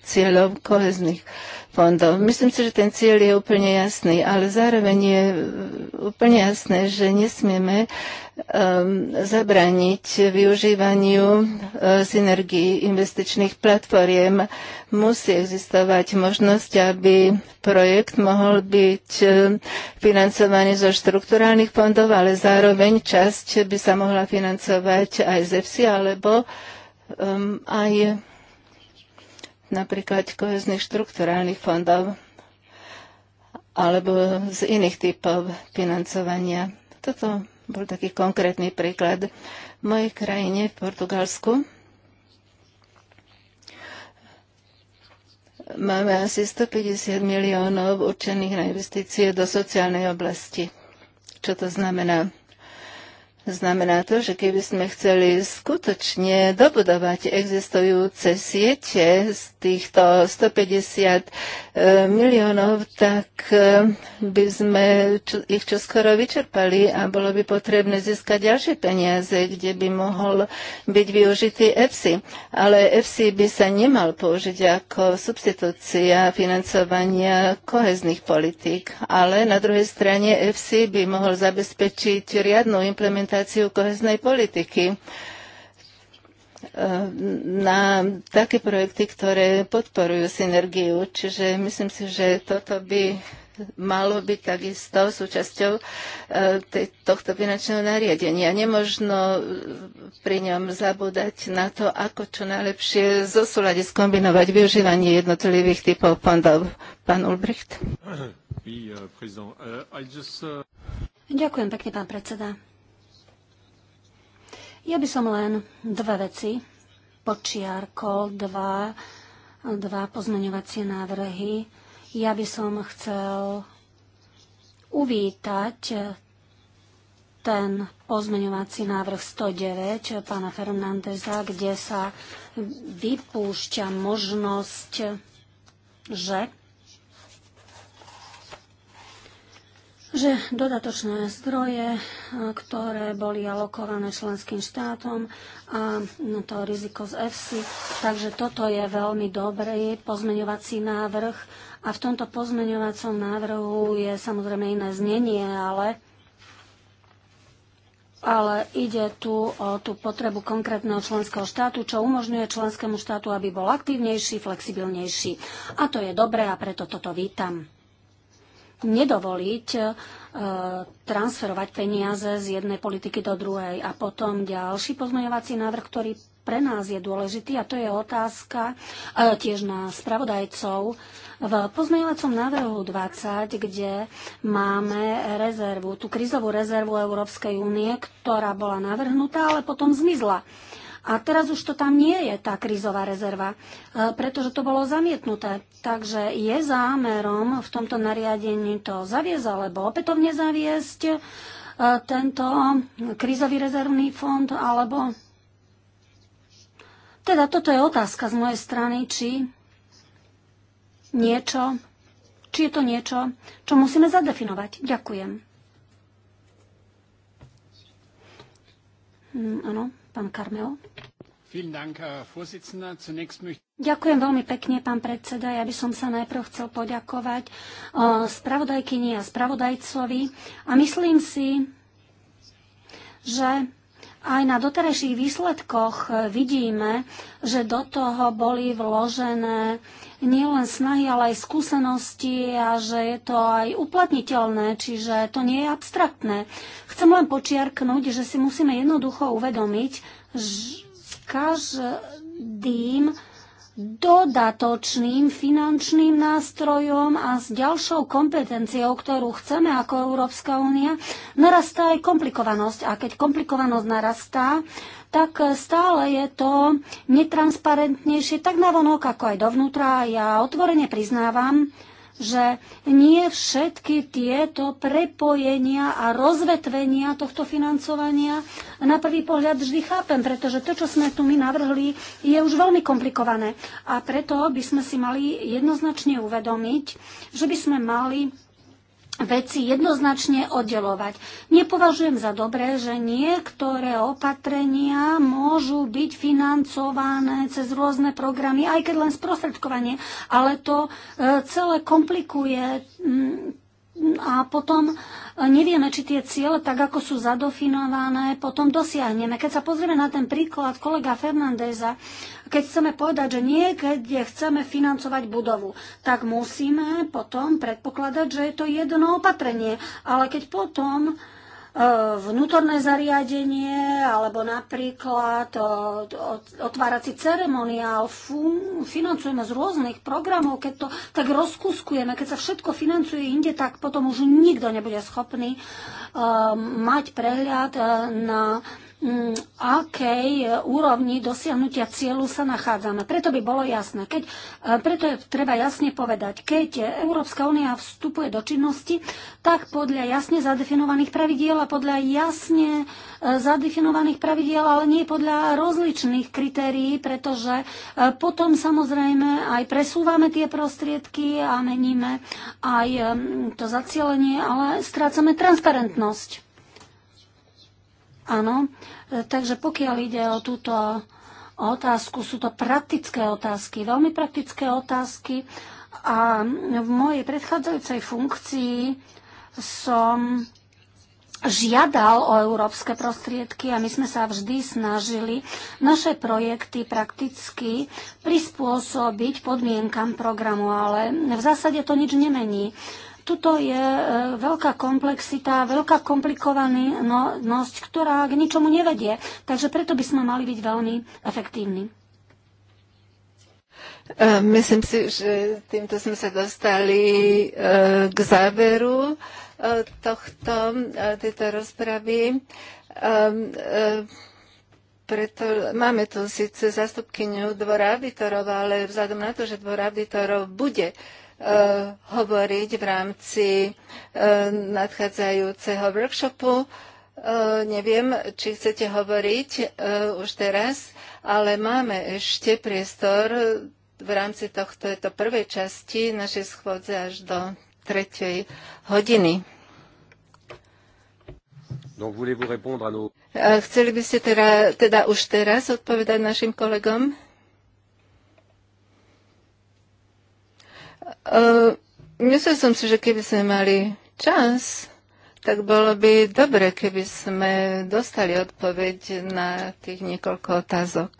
cieľov kohezných. E, fondov. Myslím si, že ten cieľ je úplne jasný, ale zároveň je e, úplne jasné, že nesmieme e, zabraniť využívaniu e, synergii investičných platform. Musí existovať možnosť, aby projekt mohol byť financovaný zo štrukturálnych fondov, ale zároveň časť by sa mohla financovať aj z EFSI alebo um, aj napríklad kohezných štrukturálnych fondov alebo z iných typov financovania. Toto bol taký konkrétny príklad. V mojej krajine, v Portugalsku, máme asi 150 miliónov určených na investície do sociálnej oblasti. Čo to znamená? Znamená to, že keby sme chceli skutočne dobudovať existujúce siete z týchto 150 e, miliónov, tak e, by sme ich čoskoro vyčerpali a bolo by potrebné získať ďalšie peniaze, kde by mohol byť využitý EFSI. Ale EFSI by sa nemal použiť ako substitúcia financovania kohezných politík, ale na druhej strane EFSI by mohol zabezpečiť riadnu implementáciu realizáciu koheznej politiky e, na také projekty, ktoré podporujú synergiu. Čiže myslím si, že toto by malo byť takisto súčasťou e, tohto finančného nariadenia. Nemožno pri ňom zabúdať na to, ako čo najlepšie zosúľadiť, skombinovať využívanie jednotlivých typov fondov. Pán Ulbricht. Euh, euh, euh, Ďakujem pekne, pán predseda. Ja by som len dve veci počiarkol, dva, dva pozmeňovacie návrhy. Ja by som chcel uvítať ten pozmeňovací návrh 109 pána Fernandeza, kde sa vypúšťa možnosť, že že dodatočné zdroje, ktoré boli alokované členským štátom a no, to riziko z EFSI. Takže toto je veľmi dobrý pozmeňovací návrh a v tomto pozmeňovacom návrhu je samozrejme iné znenie, ale ale ide tu o tú potrebu konkrétneho členského štátu, čo umožňuje členskému štátu, aby bol aktívnejší, flexibilnejší. A to je dobré a preto toto vítam nedovoliť e, transferovať peniaze z jednej politiky do druhej. A potom ďalší pozmeňovací návrh, ktorý pre nás je dôležitý, a to je otázka e, tiež na spravodajcov. V pozmeňovacom návrhu 20, kde máme rezervu, tú krizovú rezervu Európskej únie, ktorá bola navrhnutá, ale potom zmizla. A teraz už to tam nie je, tá krízová rezerva, e, pretože to bolo zamietnuté. Takže je zámerom v tomto nariadení to zaviesť alebo opätovne zaviesť e, tento krízový rezervný fond, alebo... Teda toto je otázka z mojej strany, či niečo, či je to niečo, čo musíme zadefinovať. Ďakujem. Mm, Pán Karmel. Ďakujem veľmi pekne, pán predseda. Ja by som sa najprv chcel poďakovať eh, spravodajkyni a spravodajcovi. A myslím si, že aj na doterajších výsledkoch e, vidíme, že do toho boli vložené nielen snahy, ale aj skúsenosti a že je to aj uplatniteľné, čiže to nie je abstraktné. Chcem len počiarknúť, že si musíme jednoducho uvedomiť, že každým dodatočným finančným nástrojom a s ďalšou kompetenciou, ktorú chceme ako Európska únia, narastá aj komplikovanosť. A keď komplikovanosť narastá, tak stále je to netransparentnejšie, tak na vonok, ako aj dovnútra. Ja otvorene priznávam, že nie všetky tieto prepojenia a rozvetvenia tohto financovania na prvý pohľad vždy chápem, pretože to, čo sme tu my navrhli, je už veľmi komplikované. A preto by sme si mali jednoznačne uvedomiť, že by sme mali veci jednoznačne oddelovať. Nepovažujem za dobré, že niektoré opatrenia môžu byť financované cez rôzne programy, aj keď len sprostredkovanie, ale to e, celé komplikuje a potom e, nevieme, či tie ciele, tak ako sú zadofinované, potom dosiahneme. Keď sa pozrieme na ten príklad kolega Fernandeza, keď chceme povedať, že niekde chceme financovať budovu, tak musíme potom predpokladať, že je to jedno opatrenie. Ale keď potom E, vnútorné zariadenie alebo napríklad e, otvárací ceremoniál financujeme z rôznych programov, keď to tak rozkuskujeme, keď sa všetko financuje inde, tak potom už nikto nebude schopný e, mať prehľad na Mm, akej e, úrovni dosiahnutia cieľu sa nachádzame. Preto by bolo jasné, keď, e, preto je treba jasne povedať, keď Európska únia vstupuje do činnosti, tak podľa jasne zadefinovaných pravidiel a podľa jasne e, zadefinovaných pravidiel, ale nie podľa rozličných kritérií, pretože potom samozrejme aj presúvame tie prostriedky a meníme aj to zacielenie, ale strácame transparentnosť. Áno, e, takže pokiaľ ide o túto otázku, sú to praktické otázky, veľmi praktické otázky a v mojej predchádzajúcej funkcii som žiadal o európske prostriedky a my sme sa vždy snažili naše projekty prakticky prispôsobiť podmienkam programu, ale v zásade to nič nemení. Tuto je e, veľká komplexita, veľká komplikovanosť, no, ktorá k ničomu nevedie. Takže preto by sme mali byť veľmi efektívni. E, myslím si, že týmto sme sa dostali e, k záveru tohto, tejto rozpravy. Preto máme tu síce zastupkyňu dvora auditorov, ale vzhľadom na to, že dvor auditorov bude Eh, hovoriť v rámci eh, nadchádzajúceho workshopu. Eh, neviem, či chcete hovoriť už teraz, ale máme ešte priestor v rámci tohto, to prvej časti našej schôdze až do tretej hodiny. Donc, voulez-vous répondre à nos... Chceli by ste teda, teda už teraz odpovedať našim kolegom? Eh, myslel som si, že keby sme mali čas, tak bolo by dobre, keby sme dostali odpoveď na tých niekoľko otázok.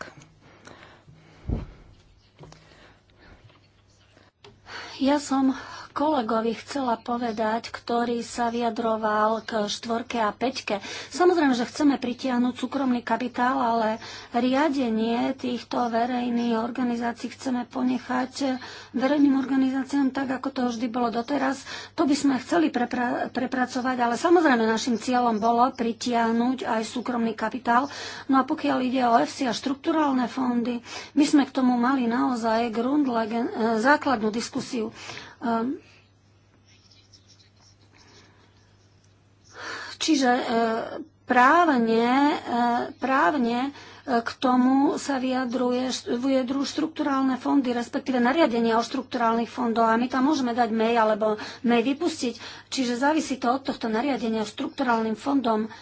Ja som kolegovi chcela povedať, ktorý sa vyjadroval k štvorke a peťke. Samozrejme, že chceme pritiahnuť súkromný kapitál, ale riadenie týchto verejných organizácií chceme ponechať verejným organizáciám tak, ako to vždy bolo doteraz. To by sme chceli prepra- prepracovať, ale samozrejme našim cieľom bolo pritiahnuť aj súkromný kapitál. No a pokiaľ ide o EFSI a štrukturálne fondy, my sme k tomu mali naozaj grundlegen- e, základnú diskusiu. Ehm, čiže e, právne, e, právne e, k tomu sa vyjadruje vyjadrujú štruktúrálne fondy, respektíve nariadenia o štruktúrálnych fondoch a my tam môžeme dať mail alebo mail vypustiť. Čiže závisí to od tohto nariadenia o štruktúrálnym fondom.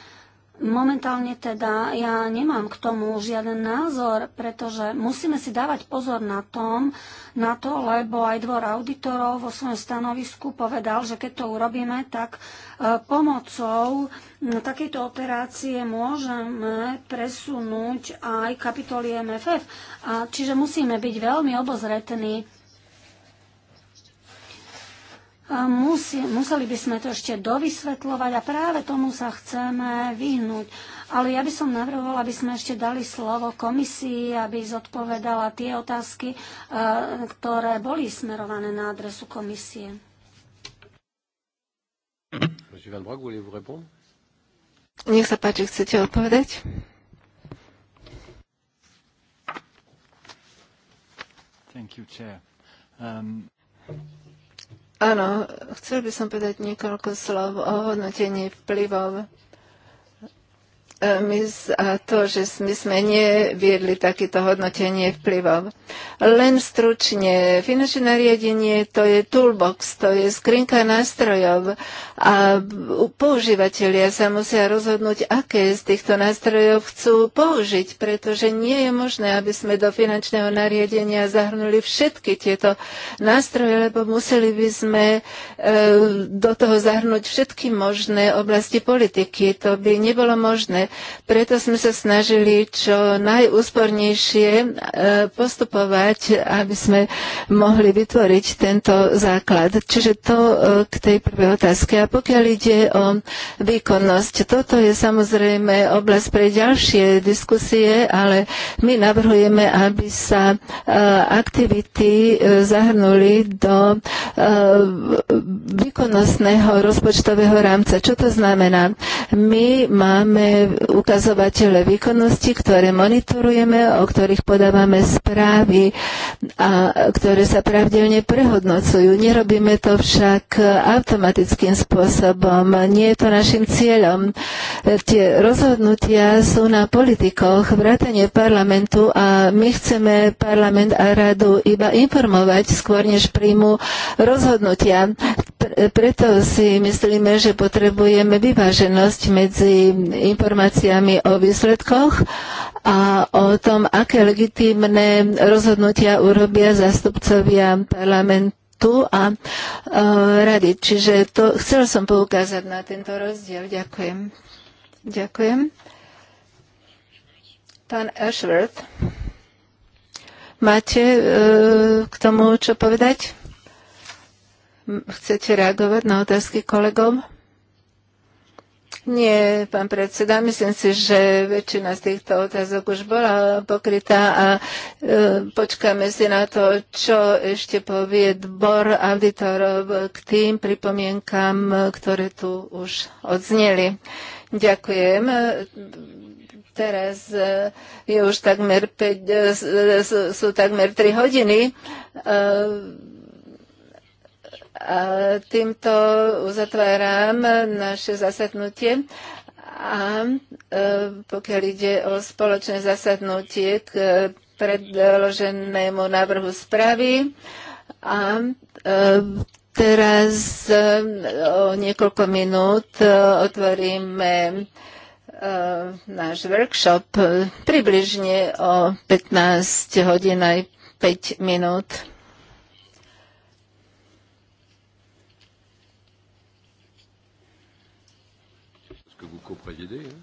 Momentálne teda ja nemám k tomu žiaden názor, pretože musíme si dávať pozor na, tom, na to, lebo aj dvor auditorov vo svojom stanovisku povedal, že keď to urobíme, tak e, pomocou takejto operácie môžeme presunúť aj kapitoly MFF. A čiže musíme byť veľmi obozretní Musi, museli by sme to ešte dovysvetľovať a práve tomu sa chceme vyhnúť. Ale ja by som navrhovala, aby sme ešte dali slovo komisii, aby zodpovedala tie otázky, e, ktoré boli smerované na adresu komisie. Nech sa páči, chcete odpovedať? Thank you, Chair. Um... Áno, chcel by som povedať niekoľko slov o hodnotení vplyvov my, a to, že my sme neviedli takéto hodnotenie vplyvov. Len stručne, finančné nariadenie to je toolbox, to je skrinka nástrojov a používateľia sa musia rozhodnúť, aké z týchto nástrojov chcú použiť, pretože nie je možné, aby sme do finančného nariadenia zahrnuli všetky tieto nástroje, lebo museli by sme e, do toho zahrnúť všetky možné oblasti politiky. To by nebolo možné. Preto sme sa snažili čo najúspornejšie e, postupovať, aby sme mohli vytvoriť tento základ. Čiže to e, k tej prvej otázke. A pokiaľ ide o výkonnosť, toto je samozrejme oblasť pre ďalšie diskusie, ale my navrhujeme, aby sa e, aktivity zahrnuli do výkonnostného rozpočtového rámca. Čo to znamená? My máme ukazovatele výkonnosti, ktoré monitorujeme, o ktorých podávame správy a ktoré sa pravdelne prehodnocujú. Nerobíme to však automatickým spôsobom. Nie je to našim cieľom. Tie rozhodnutia sú na politikoch, vrátanie parlamentu a my chceme parlament a radu iba informovať skôr, než príjmu rozhodnutia preto si myslíme, že potrebujeme vyváženosť medzi informáciami o výsledkoch a o tom, aké legitímne rozhodnutia urobia zastupcovia parlamentu a e, rady. Čiže to, chcel som poukázať na tento rozdiel. Ďakujem. Ďakujem. Pán Ashworth, máte e, k tomu čo povedať? Chcete reagovať na otázky kolegov? Nie, pán predseda, myslím si, že väčšina z týchto otázok už bola pokrytá a e, počkáme si na to, čo ešte povie dbor auditorov k tým pripomienkam, ktoré tu už odzneli. Ďakujem teraz e, je už takmer 5, e, e, sú takmer 3 hodiny. E, a týmto uzatváram naše zasadnutie a e, pokiaľ ide o spoločné zasadnutie k predloženému návrhu správy a e, teraz e, o niekoľko minút otvoríme náš workshop približne o 15 hodín aj 5 minút. idée.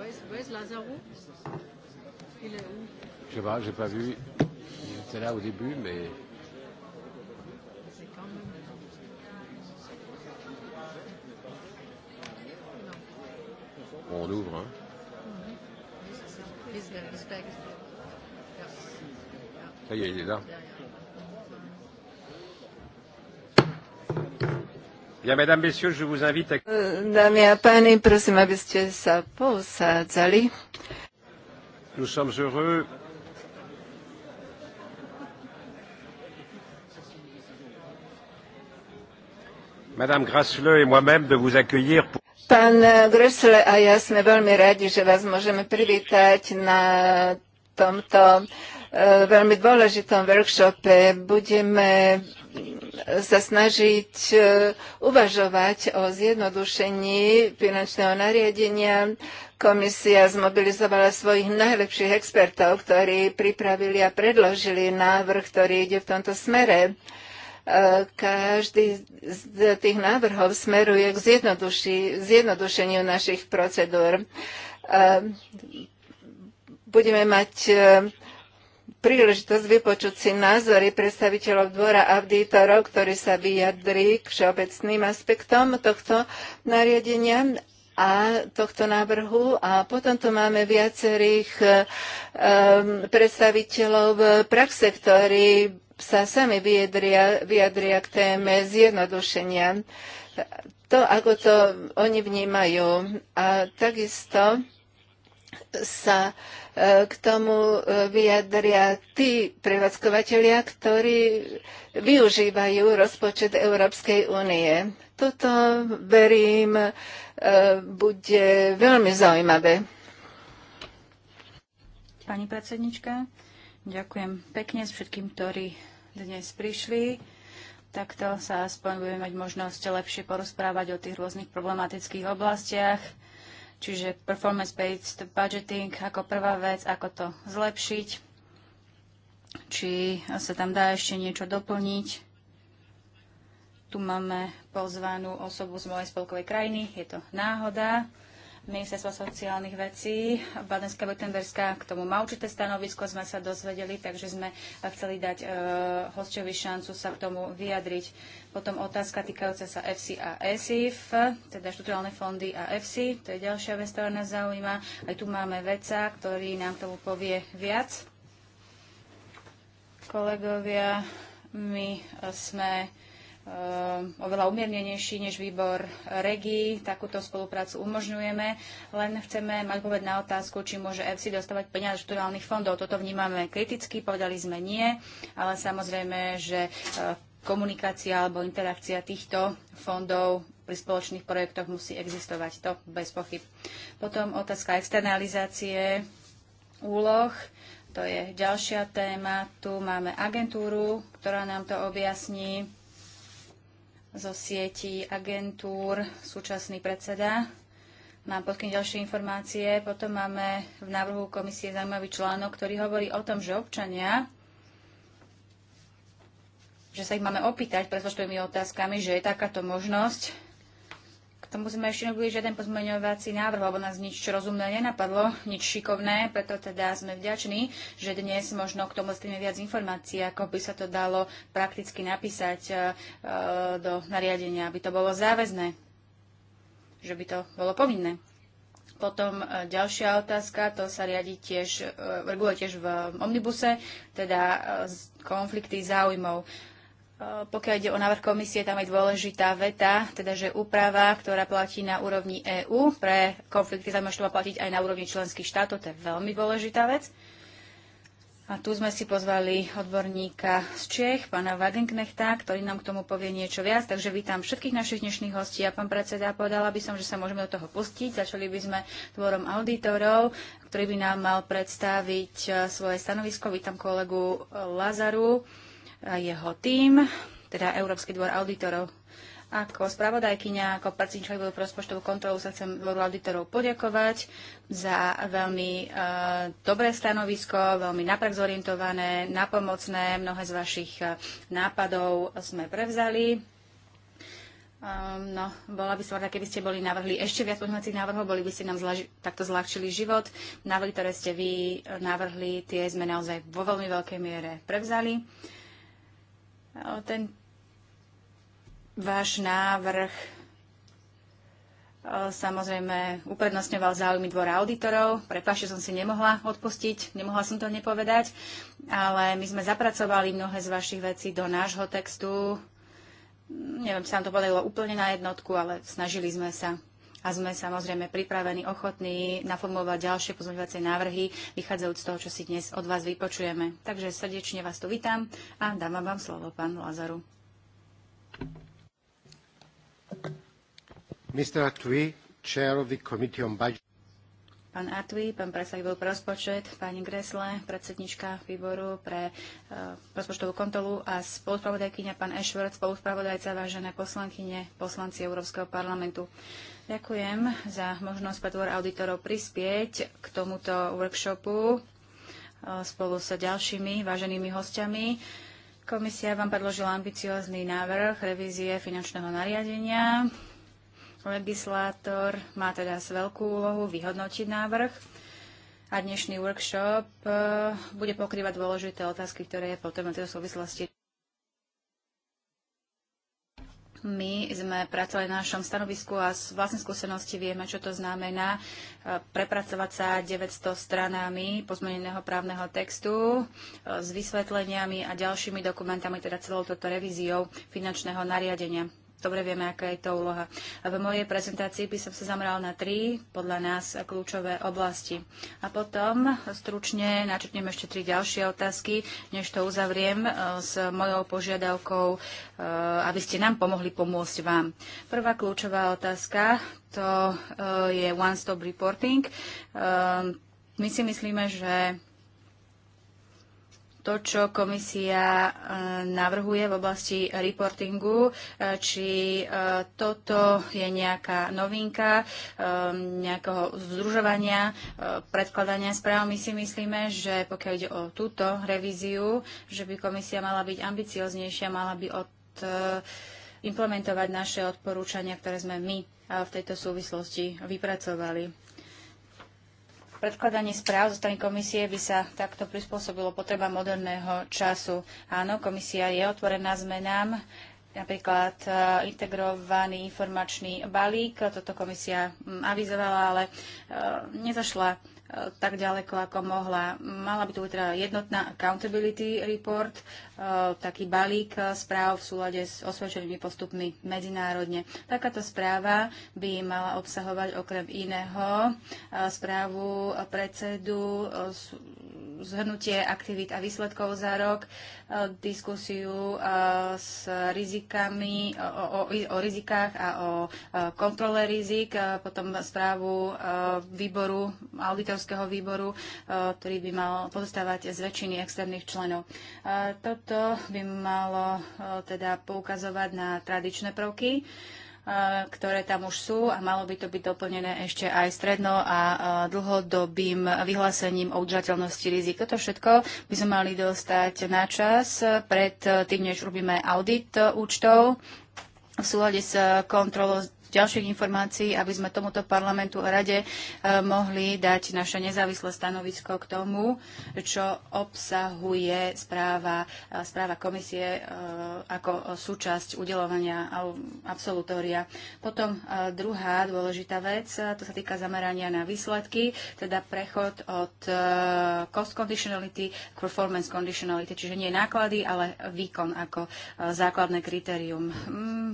Où est, Lazaro Il est où Je sais pas, j'ai pas vu. Il était là au début, mais. Quand même... Euh, bon, on ouvre, hein euh, Ça y est, il est là. E, dámy a páni, prosím, aby ste sa posádzali. Nous sommes heureux Madame Grasle et moi-même de vous accueillir pour... Pán Grösle a ja sme veľmi radi, že vás môžeme privítať na tomto e, veľmi dôležitom workshope. Budeme sa snažiť e, uvažovať o zjednodušení finančného nariadenia. Komisia zmobilizovala svojich najlepších expertov, ktorí pripravili a predložili návrh, ktorý ide v tomto smere e, každý z tých návrhov smeruje k zjednodušeniu našich procedúr. E, budeme mať príležitosť vypočuť si názory predstaviteľov dvora auditorov, ktorí sa vyjadrí k všeobecným aspektom tohto nariadenia a tohto návrhu a potom tu máme viacerých um, predstaviteľov praxe, ktorí sa sami vyjadria, vyjadria k téme zjednodušenia. To, ako to oni vnímajú. A takisto sa k tomu e, vyjadria tí prevádzkovateľia, ktorí využívajú rozpočet Európskej únie. Toto, verím, e, bude veľmi zaujímavé. Pani predsednička, ďakujem pekne s všetkým, ktorí dnes prišli. Takto sa aspoň budeme mať možnosť lepšie porozprávať o tých rôznych problematických oblastiach Čiže performance-based budgeting ako prvá vec, ako to zlepšiť, či sa tam dá ešte niečo doplniť. Tu máme pozvanú osobu z mojej spolkovej krajiny, je to náhoda. Ministerstvo sociálnych vecí Badenská vetenberská k tomu má určité stanovisko, sme sa dozvedeli, takže sme chceli dať e, eh, hostovi šancu sa k tomu vyjadriť. Potom otázka týkajúca sa EFSI a ESIF, teda štruktúrálne fondy a EFSI. To je ďalšia vec, ktorá nás zaujíma. Aj tu máme veca, ktorý nám tomu povie viac. Kolegovia, my eh, sme eh, oveľa umiernenejší než výbor REGI. Takúto spoluprácu umožňujeme, len chceme mať povedť na otázku, či môže EFSI dostávať peniaze štruktúrálnych fondov. Toto vnímame kriticky, povedali sme nie, ale samozrejme, že eh, komunikácia alebo interakcia týchto fondov pri spoločných projektoch musí existovať. To bez pochyb. Potom otázka externalizácie úloh. To je ďalšia téma. Tu máme agentúru, ktorá nám to objasní zo sieti agentúr, súčasný predseda. Mám podkým ďalšie informácie. Potom máme v návrhu komisie zaujímavý článok, ktorý hovorí o tom, že občania že sa ich máme opýtať pred rozpočtovými otázkami, že je takáto možnosť. K tomu sme ešte neboli žiaden pozmeňovací návrh, lebo nás nič rozumné nenapadlo, nič šikovné, preto teda sme vďační, že dnes možno k tomu stejme viac informácií, ako by sa to dalo prakticky napísať e, e, do nariadenia, aby to bolo záväzné, že by to bolo povinné. Potom e, ďalšia otázka, to sa riadi tiež, e, reguluje tiež v omnibuse, teda konflikty záujmov. Pokiaľ ide o návrh komisie, tam je dôležitá veta, teda že úprava, ktorá platí na úrovni EÚ pre konflikty to má platiť aj na úrovni členských štátov, to je veľmi dôležitá vec. A tu sme si pozvali odborníka z Čech, pána Wagenknechta, ktorý nám k tomu povie niečo viac. Takže vítam všetkých našich dnešných hostí. A pán predseda, povedala by som, že sa môžeme do toho pustiť. Začali by sme dvorom auditorov, ktorý by nám mal predstaviť e, svoje stanovisko. Vítam kolegu e, Lazaru jeho tým, teda Európsky dvor auditorov. Ako spravodajkyňa, ako predsednička rozpočtovú kontrolu sa chcem dvoru auditorov poďakovať za veľmi e, dobré stanovisko, veľmi naprak zorientované, napomocné. Mnohé z vašich e, nápadov sme prevzali. Um, no, bola by som rada, keby ste boli navrhli ešte viac pozmeňovacích návrhov, boli by ste nám zlaži- takto zľahčili život. Návrhy, ktoré ste vy e, navrhli, tie sme naozaj vo veľmi veľkej miere prevzali. Uh, ten váš návrh samozrejme uprednostňoval záujmy dvora auditorov. Prepašte, som si nemohla odpustiť, nemohla som to nepovedať, ale my sme zapracovali mnohé z vašich vecí do nášho textu. Neviem, či sa nám to podarilo úplne na jednotku, ale snažili sme sa a sme samozrejme pripravení, ochotní naformulovať ďalšie pozmeňovacie návrhy, vychádzajúc z toho, čo si dnes od vás vypočujeme. Takže srdečne vás tu vítam a dávam vám slovo, pán Lazaru. Mr. Atui, chair of the Committee on Budget. Pán Atui, pán predseda výboru pre rozpočet, pani Gresle, predsednička výboru pre uh, rozpočtovú kontrolu a spolupravodajkyňa pán Ešvert, spolupravodajca, vážené poslankyne, poslanci Európskeho parlamentu. Ďakujem za možnosť pre auditorov prispieť k tomuto workshopu e, spolu s ďalšími váženými hostiami. Komisia vám predložila ambiciózny návrh revízie finančného nariadenia. Legislátor má teda veľkú úlohu vyhodnotiť návrh a dnešný workshop e, bude pokrývať dôležité otázky, ktoré je potrebné v tejto súvislosti my sme pracovali na našom stanovisku a z vlastnej skúsenosti vieme, čo to znamená e, prepracovať sa 900 stranami pozmeneného právneho textu e, s vysvetleniami a ďalšími dokumentami, teda celou toto revíziou finančného nariadenia dobre vieme, aká je to úloha. A v mojej prezentácii by som sa zameral na tri, podľa nás, kľúčové oblasti. A potom stručne načetnem ešte tri ďalšie otázky, než to uzavriem e, s mojou požiadavkou, e, aby ste nám pomohli pomôcť vám. Prvá kľúčová otázka, to e, je one-stop reporting. Ehm, my si myslíme, že to, čo komisia eh, navrhuje v oblasti reportingu, eh, či eh, toto je nejaká novinka nejakého združovania, predkladania správ. My si myslíme, že pokiaľ ide o túto revíziu, že by komisia mala byť ambicioznejšia, mala by od implementovať naše odporúčania, ktoré sme my v tejto súvislosti vypracovali. Predkladanie správ zo strany komisie by sa takto prispôsobilo potreba moderného času. Áno, komisia je otvorená zmenám, napríklad e, integrovaný informačný balík, toto komisia mm, avizovala, ale e, nezašla e, tak ďaleko, ako mohla. Mala by tu byť teda jednotná accountability report, Eh, taký balík správ v súlade s osvedčenými postupmi medzinárodne. Takáto správa by mala obsahovať okrem iného eh, správu predsedu eh, zhrnutie aktivít a výsledkov za rok, diskusiu s rizikami, o, o, o rizikách a o kontrole rizik, potom správu výboru, auditorského výboru, ktorý by mal pozostávať z väčšiny externých členov. Toto to by malo e, teda poukazovať na tradičné prvky, e, ktoré tam už sú a malo by to byť doplnené ešte aj stredno a e, dlhodobým vyhlásením o udržateľnosti rizik. Toto všetko by sme mali dostať na čas pred tým, než robíme audit účtov v súhľade s kontrolou ďalších informácií, aby sme tomuto parlamentu a rade e, mohli dať naše nezávislé stanovisko k tomu, čo obsahuje správa, e, správa komisie e, ako súčasť udelovania absolutória. Potom druhá dôležitá vec, to sa týka zamerania na výsledky, teda prechod od cost conditionality k performance conditionality, čiže nie náklady, ale výkon ako základné kritérium.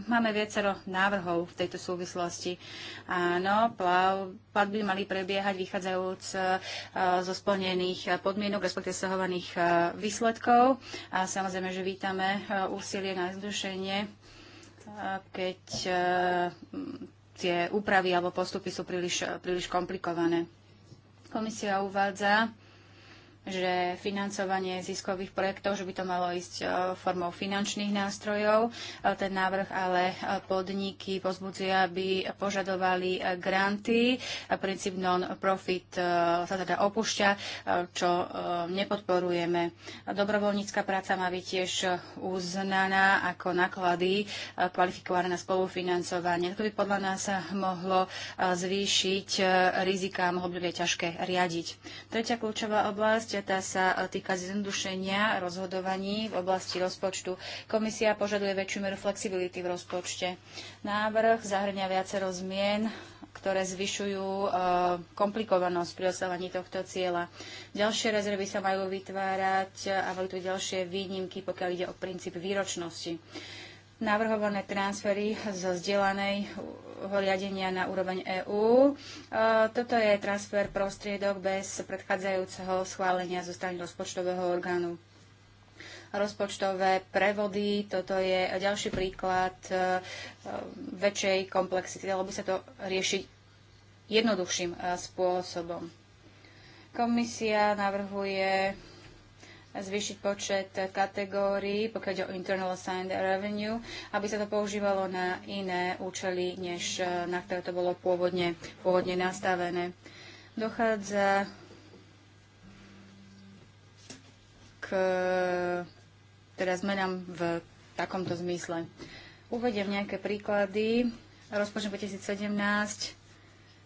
Máme viacero návrhov v tejto súvislosti. Áno, plav, platby mali prebiehať vychádzajúc e, zo splnených podmienok, respektive stahovaných e, výsledkov. A samozrejme, že vítame e, úsilie na zrušenie, keď tie úpravy alebo postupy sú príliš, príliš komplikované. Komisia uvádza, že financovanie ziskových projektov, že by to malo ísť e, formou finančných nástrojov. E, ten návrh ale e, podniky pozbudzuje, aby požadovali granty. Princíp non-profit sa teda opúšťa, čo nepodporujeme. Dobrovoľnícka práca má byť tiež uznaná ako náklady kvalifikované na spolufinancovanie. To by podľa nás mohlo zvýšiť rizika, a mohlo by byť ťažké riadiť. Tretia kľúčová oblasť tá sa e, týka zjednodušenia rozhodovaní v oblasti rozpočtu. Komisia požaduje väčšiu mieru flexibility v rozpočte. Návrh zahrňa viacero zmien, ktoré zvyšujú e, komplikovanosť pri osávaní tohto cieľa. Ďalšie rezervy sa majú vytvárať a majú tu ďalšie výnimky, pokiaľ ide o princíp výročnosti navrhované transfery zo zdieľanej riadenia na úroveň EÚ. E, toto je transfer prostriedok bez predchádzajúceho schválenia zo strany rozpočtového orgánu. Rozpočtové prevody, toto je ďalší príklad e, e, väčšej komplexity. lebo sa to riešiť jednoduchším spôsobom. Komisia navrhuje zvýšiť počet kategórií, pokiaľ ide o internal assigned revenue, aby sa to používalo na iné účely, než eh, na ktoré to bolo pôvodne, pôvodne nastavené. Dochádza k teda zmenám v takomto zmysle. Uvediem nejaké príklady. Rozpočet 2017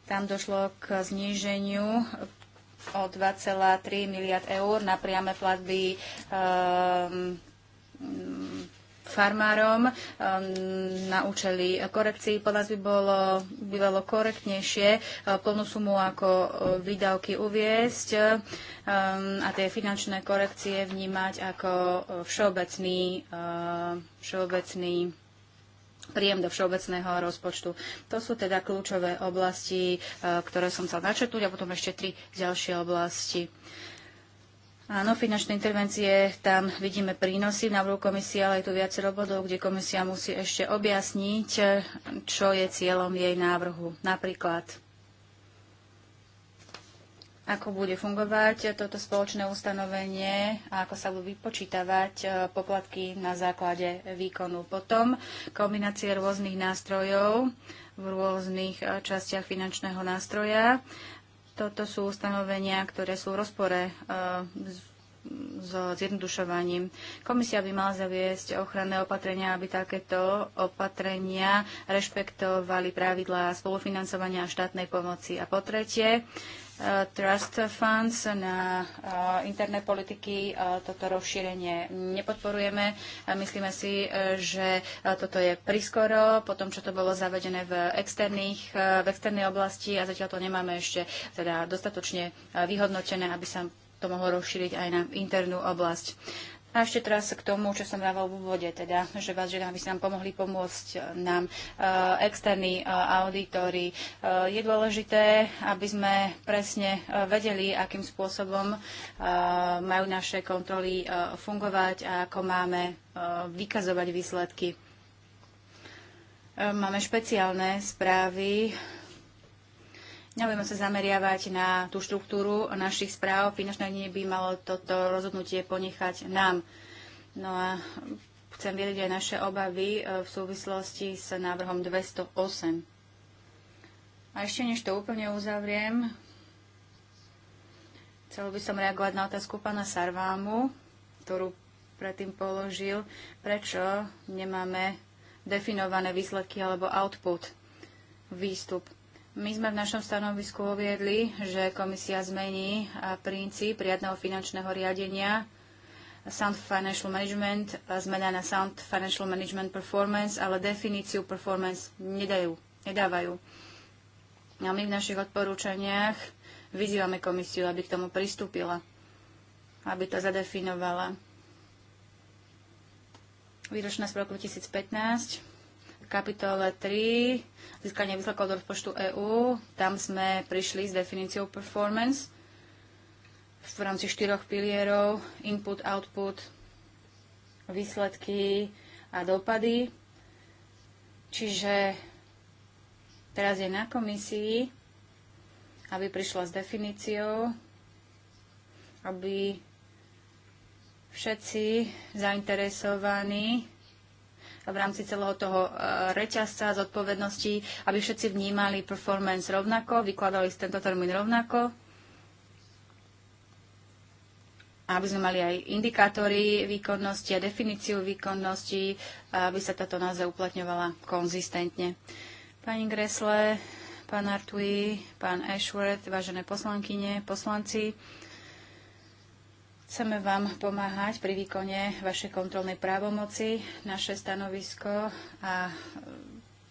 tam došlo k zníženiu o 2,3 miliard eur na priame platby ehm, farmárom ehm, na účely korekcií. Podľa nás by bolo bývalo korektnejšie e, plnú sumu ako e, výdavky uviesť ehm, a tie finančné korekcie vnímať ako e, všeobecný, všeobecný príjem do všeobecného rozpočtu. To sú teda kľúčové oblasti, e, ktoré som chcel načetnúť a potom ešte tri ďalšie oblasti. Áno, finančné intervencie, tam vidíme prínosy v návrhu komisie, ale je tu viacero bodov, kde komisia musí ešte objasniť, čo je cieľom jej návrhu. Napríklad ako bude fungovať toto spoločné ustanovenie a ako sa budú vypočítavať e, poplatky na základe výkonu. Potom kombinácie rôznych nástrojov v rôznych e, častiach finančného nástroja. Toto sú ustanovenia, ktoré sú v rozpore e, s zjednodušovaním. Komisia by mala zaviesť ochranné opatrenia, aby takéto opatrenia rešpektovali pravidlá spolufinancovania a štátnej pomoci. A po tretie, Eh, trust funds na eh, interné politiky. Eh, toto rozšírenie nepodporujeme. Myslíme si, že toto je priskoro, po tom, čo to bolo zavedené v, externých, v externej oblasti a zatiaľ to nemáme ešte teda dostatočne vyhodnotené, aby sa to mohlo rozšíriť aj na internú oblasť. A ešte teraz k tomu, čo som dával v úvode, teda, že vás žiadam, aby ste nám pomohli pomôcť e, nám e, externí e, auditori. je dôležité, aby sme presne vedeli, akým spôsobom majú naše kontroly fungovať a ako máme vykazovať výsledky. máme špeciálne správy Nebudeme sa zameriavať na tú štruktúru našich správ. Finančné nie by malo toto rozhodnutie ponechať nám. No a chcem vedieť aj naše obavy e, v súvislosti s návrhom 208. A ešte než to úplne uzavriem, chcel by som reagovať na otázku pána Sarvámu, ktorú predtým položil, prečo nemáme definované výsledky alebo output, výstup. My sme v našom stanovisku uviedli, že komisia zmení princíp riadneho finančného riadenia Sound Financial Management, zmena na Sound Financial Management Performance, ale definíciu performance nedajú, nedávajú. A my v našich odporúčaniach vyzývame komisiu, aby k tomu pristúpila, aby to zadefinovala. Výročná správa 2015 kapitole 3, získanie výsledkov do rozpočtu EÚ, tam sme prišli s definíciou performance v rámci štyroch pilierov, input, output, výsledky a dopady. Čiže teraz je na komisii, aby prišla s definíciou, aby všetci zainteresovaní v rámci celého toho e, reťazca zodpovedností, aby všetci vnímali performance rovnako, vykladali si tento termín rovnako, A aby sme mali aj indikátory výkonnosti a definíciu výkonnosti, aby sa táto náze uplatňovala konzistentne. Pani Gresle, pán Artui, pán Ashworth, vážené poslankyne, poslanci, Chceme vám pomáhať pri výkone vašej kontrolnej právomoci. Naše stanovisko a e,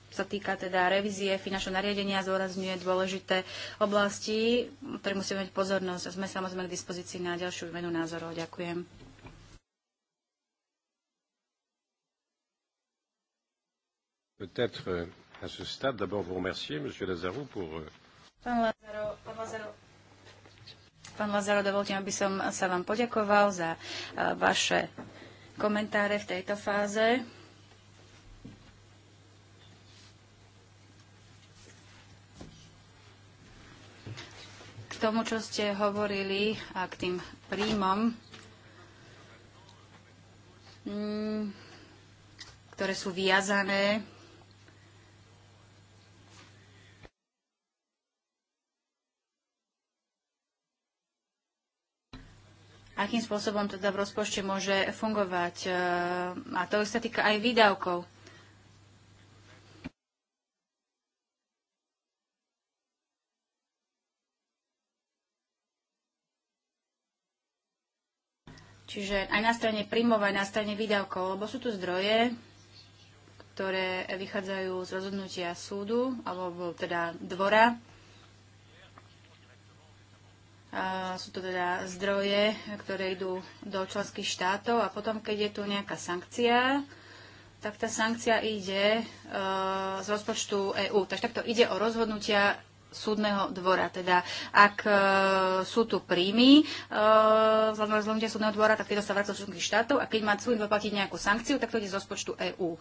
sa týka teda revízie finančného nariadenia, zdôrazňuje dôležité oblasti, ktoré musíme mať pozornosť. A sme samozrejme k dispozícii na ďalšiu menu názorov. Ďakujem. Peut-être euh, à ce stade d'abord vous remercier, M. Lazaro, pour. Pan Lazaro, Lazaro, Pán Lazaro, dovolte, aby som sa vám poďakoval za e, vaše komentáre v tejto fáze. K tomu, čo ste hovorili a k tým príjmom, mm, ktoré sú viazané akým spôsobom teda v rozpočte môže fungovať. E, a to sa týka aj výdavkov. Čiže aj na strane príjmov, aj na strane výdavkov, lebo sú tu zdroje, ktoré vychádzajú z rozhodnutia súdu, alebo teda dvora sú to teda zdroje, ktoré idú do členských štátov a potom, keď je tu nejaká sankcia, tak tá sankcia ide e, z rozpočtu EÚ. Takže takto ide o rozhodnutia súdneho dvora. Teda ak e, sú tu príjmy e, rozhodnutia súdneho dvora, tak tieto sa vracajú členských štátov a keď má súd zaplatiť nejakú sankciu, tak to ide z rozpočtu EÚ. E,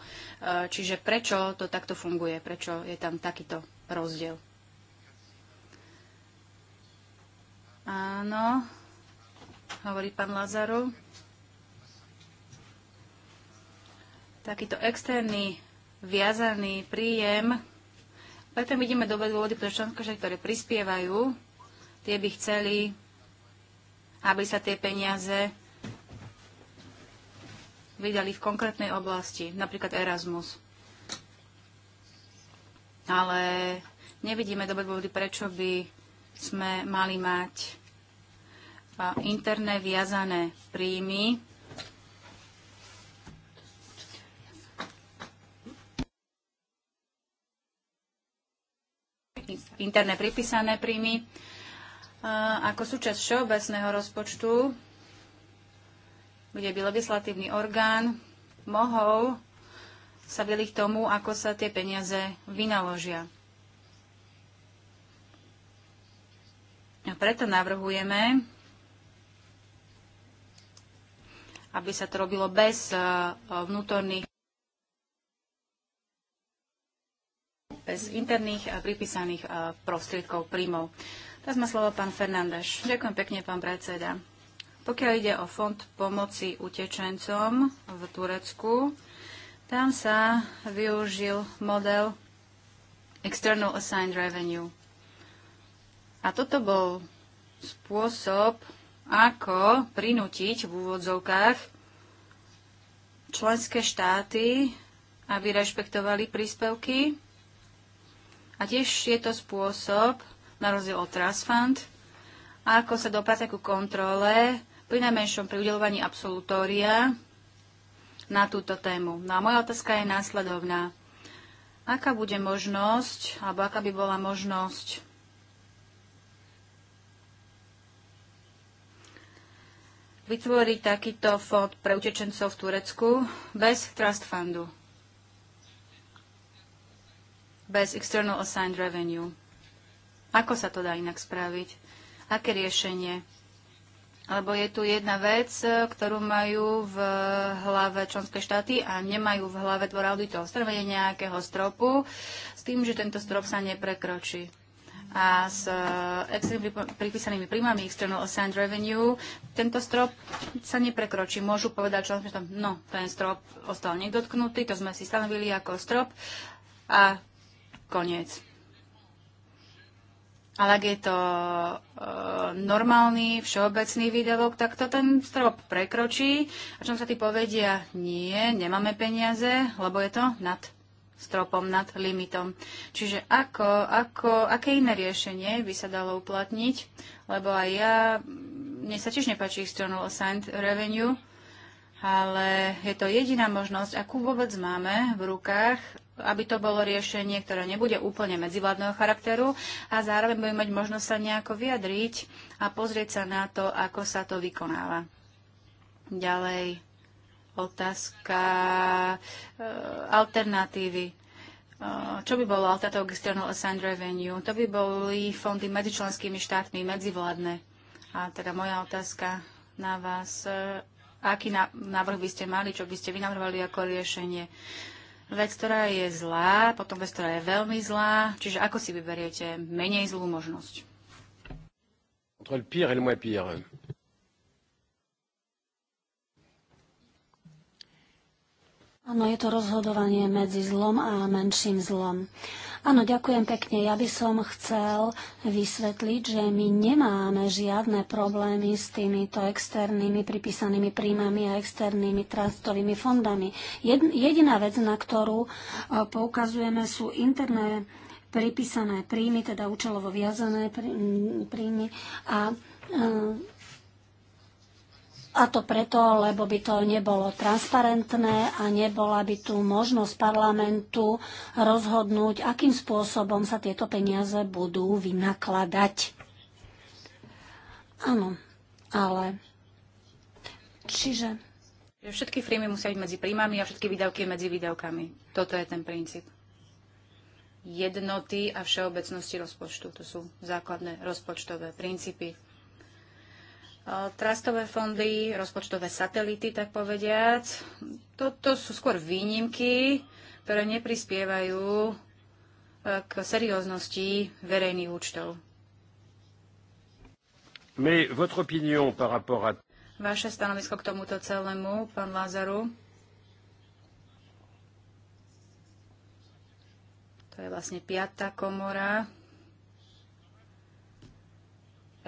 čiže prečo to takto funguje? Prečo je tam takýto rozdiel? Áno, hovorí pán Lazarov. Takýto externý viazaný príjem. Preto vidíme dobre dôvody, pre členské ktoré prispievajú, tie by chceli, aby sa tie peniaze vydali v konkrétnej oblasti, napríklad Erasmus. Ale nevidíme dobre dôvody, prečo by sme mali mať interné viazané príjmy. interné pripísané príjmy ako súčasť všeobecného rozpočtu, kde by legislatívny orgán mohol sa vili k tomu, ako sa tie peniaze vynaložia. A preto navrhujeme, aby sa to robilo bez e, vnútorných bez interných a pripísaných e, prostriedkov príjmov. Teraz má slovo pán Fernández. Ďakujem pekne, pán predseda. Pokiaľ ide o fond pomoci utečencom v Turecku, tam sa využil model External Assigned Revenue. A toto bol spôsob, ako prinútiť v úvodzovkách členské štáty, aby rešpektovali príspevky. A tiež je to spôsob, na rozdiel od Trust Fund, ako sa dopracať ku kontrole, pri najmenšom pri udelovaní absolutória na túto tému. No a moja otázka je následovná. Aká bude možnosť, alebo aká by bola možnosť vytvoriť takýto fond pre utečencov v Turecku bez trust fundu, bez external assigned revenue. Ako sa to dá inak spraviť? Aké riešenie? Alebo je tu jedna vec, e, ktorú majú v hlave členské štáty a nemajú v hlave dvora toho strvenie nejakého stropu s tým, že tento strop sa neprekročí a s eh, extrémne pripísanými príjmami External Assigned Revenue, tento strop sa neprekročí. Môžu povedať sme tam, no, ten strop ostal nedotknutý, to sme si stanovili ako strop a koniec. Ale ak je to e, normálny, všeobecný výdavok, tak to ten strop prekročí. A čom sa ti povedia, nie, nemáme peniaze, lebo je to nad stropom nad limitom. Čiže ako, ako, aké iné riešenie by sa dalo uplatniť? Lebo aj ja, mne sa tiež nepáči external assigned revenue, ale je to jediná možnosť, akú vôbec máme v rukách, aby to bolo riešenie, ktoré nebude úplne medzivládneho charakteru a zároveň budeme mať možnosť sa nejako vyjadriť a pozrieť sa na to, ako sa to vykonáva. Ďalej, otázka eh, alternatívy eh, čo by bolo alternatívou k external assigned revenue? To by boli fondy medzi členskými štátmi, medzivládne. A teda moja otázka na vás, eh, aký návrh by ste mali, čo by ste vy ako riešenie? Vec, ktorá je zlá, potom vec, ktorá je veľmi zlá, čiže ako si vyberiete menej zlú možnosť? Entre le pire et le moins pire. Áno, je to rozhodovanie medzi zlom a menším zlom. Áno, ďakujem pekne. Ja by som chcel vysvetliť, že my nemáme žiadne problémy s týmito externými pripísanými príjmami a externými trastovými fondami. Jediná vec, na ktorú e, poukazujeme, sú interné pripísané príjmy, teda účelovo viazané príjmy a e, a to preto, lebo by to nebolo transparentné a nebola by tu možnosť parlamentu rozhodnúť, akým spôsobom sa tieto peniaze budú vynakladať. Áno, ale... Čiže... Všetky príjmy musia byť medzi príjmami a všetky výdavky medzi výdavkami. Toto je ten princíp jednoty a všeobecnosti rozpočtu. To sú základné rozpočtové princípy trastové fondy, rozpočtové satelity, tak povediac. Toto sú skôr výnimky, ktoré neprispievajú e, k serióznosti verejných účtov. Mais votre opinion par rapport à... Vaše stanovisko k tomuto celému, pán Lázaru? To je vlastne piatá komora.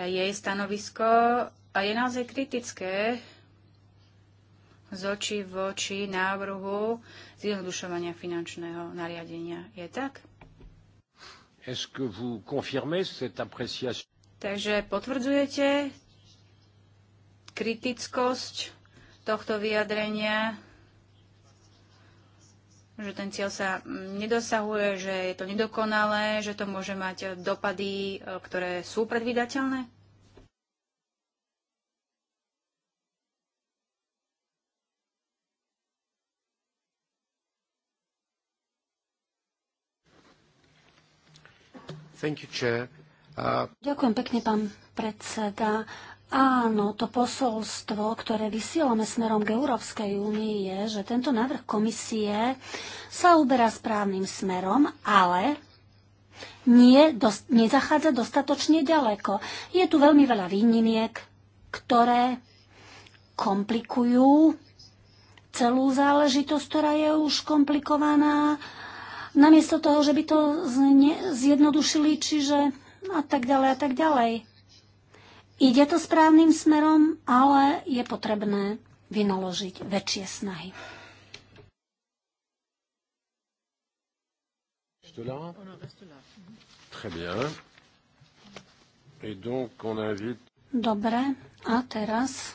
Jej stanovisko a je naozaj kritické z oči v oči návrhu zjednodušovania finančného nariadenia. Je tak? Takže potvrdzujete kritickosť tohto vyjadrenia, že ten cieľ sa nedosahuje, že je to nedokonalé, že to môže mať dopady, ktoré sú predvydateľné? Uh, Ďakujem pekne, pán predseda. Áno, to posolstvo, ktoré vysielame smerom k Európskej únii je, že tento návrh komisie sa uberá správnym smerom, ale nie, dos- nezachádza dostatočne ďaleko. Je tu veľmi veľa výnimiek, ktoré komplikujú celú záležitosť, ktorá je už komplikovaná namiesto toho, že by to zjednodušili, čiže a tak ďalej a tak ďalej. Ide to správnym smerom, ale je potrebné vynaložiť väčšie snahy. Dobre, a teraz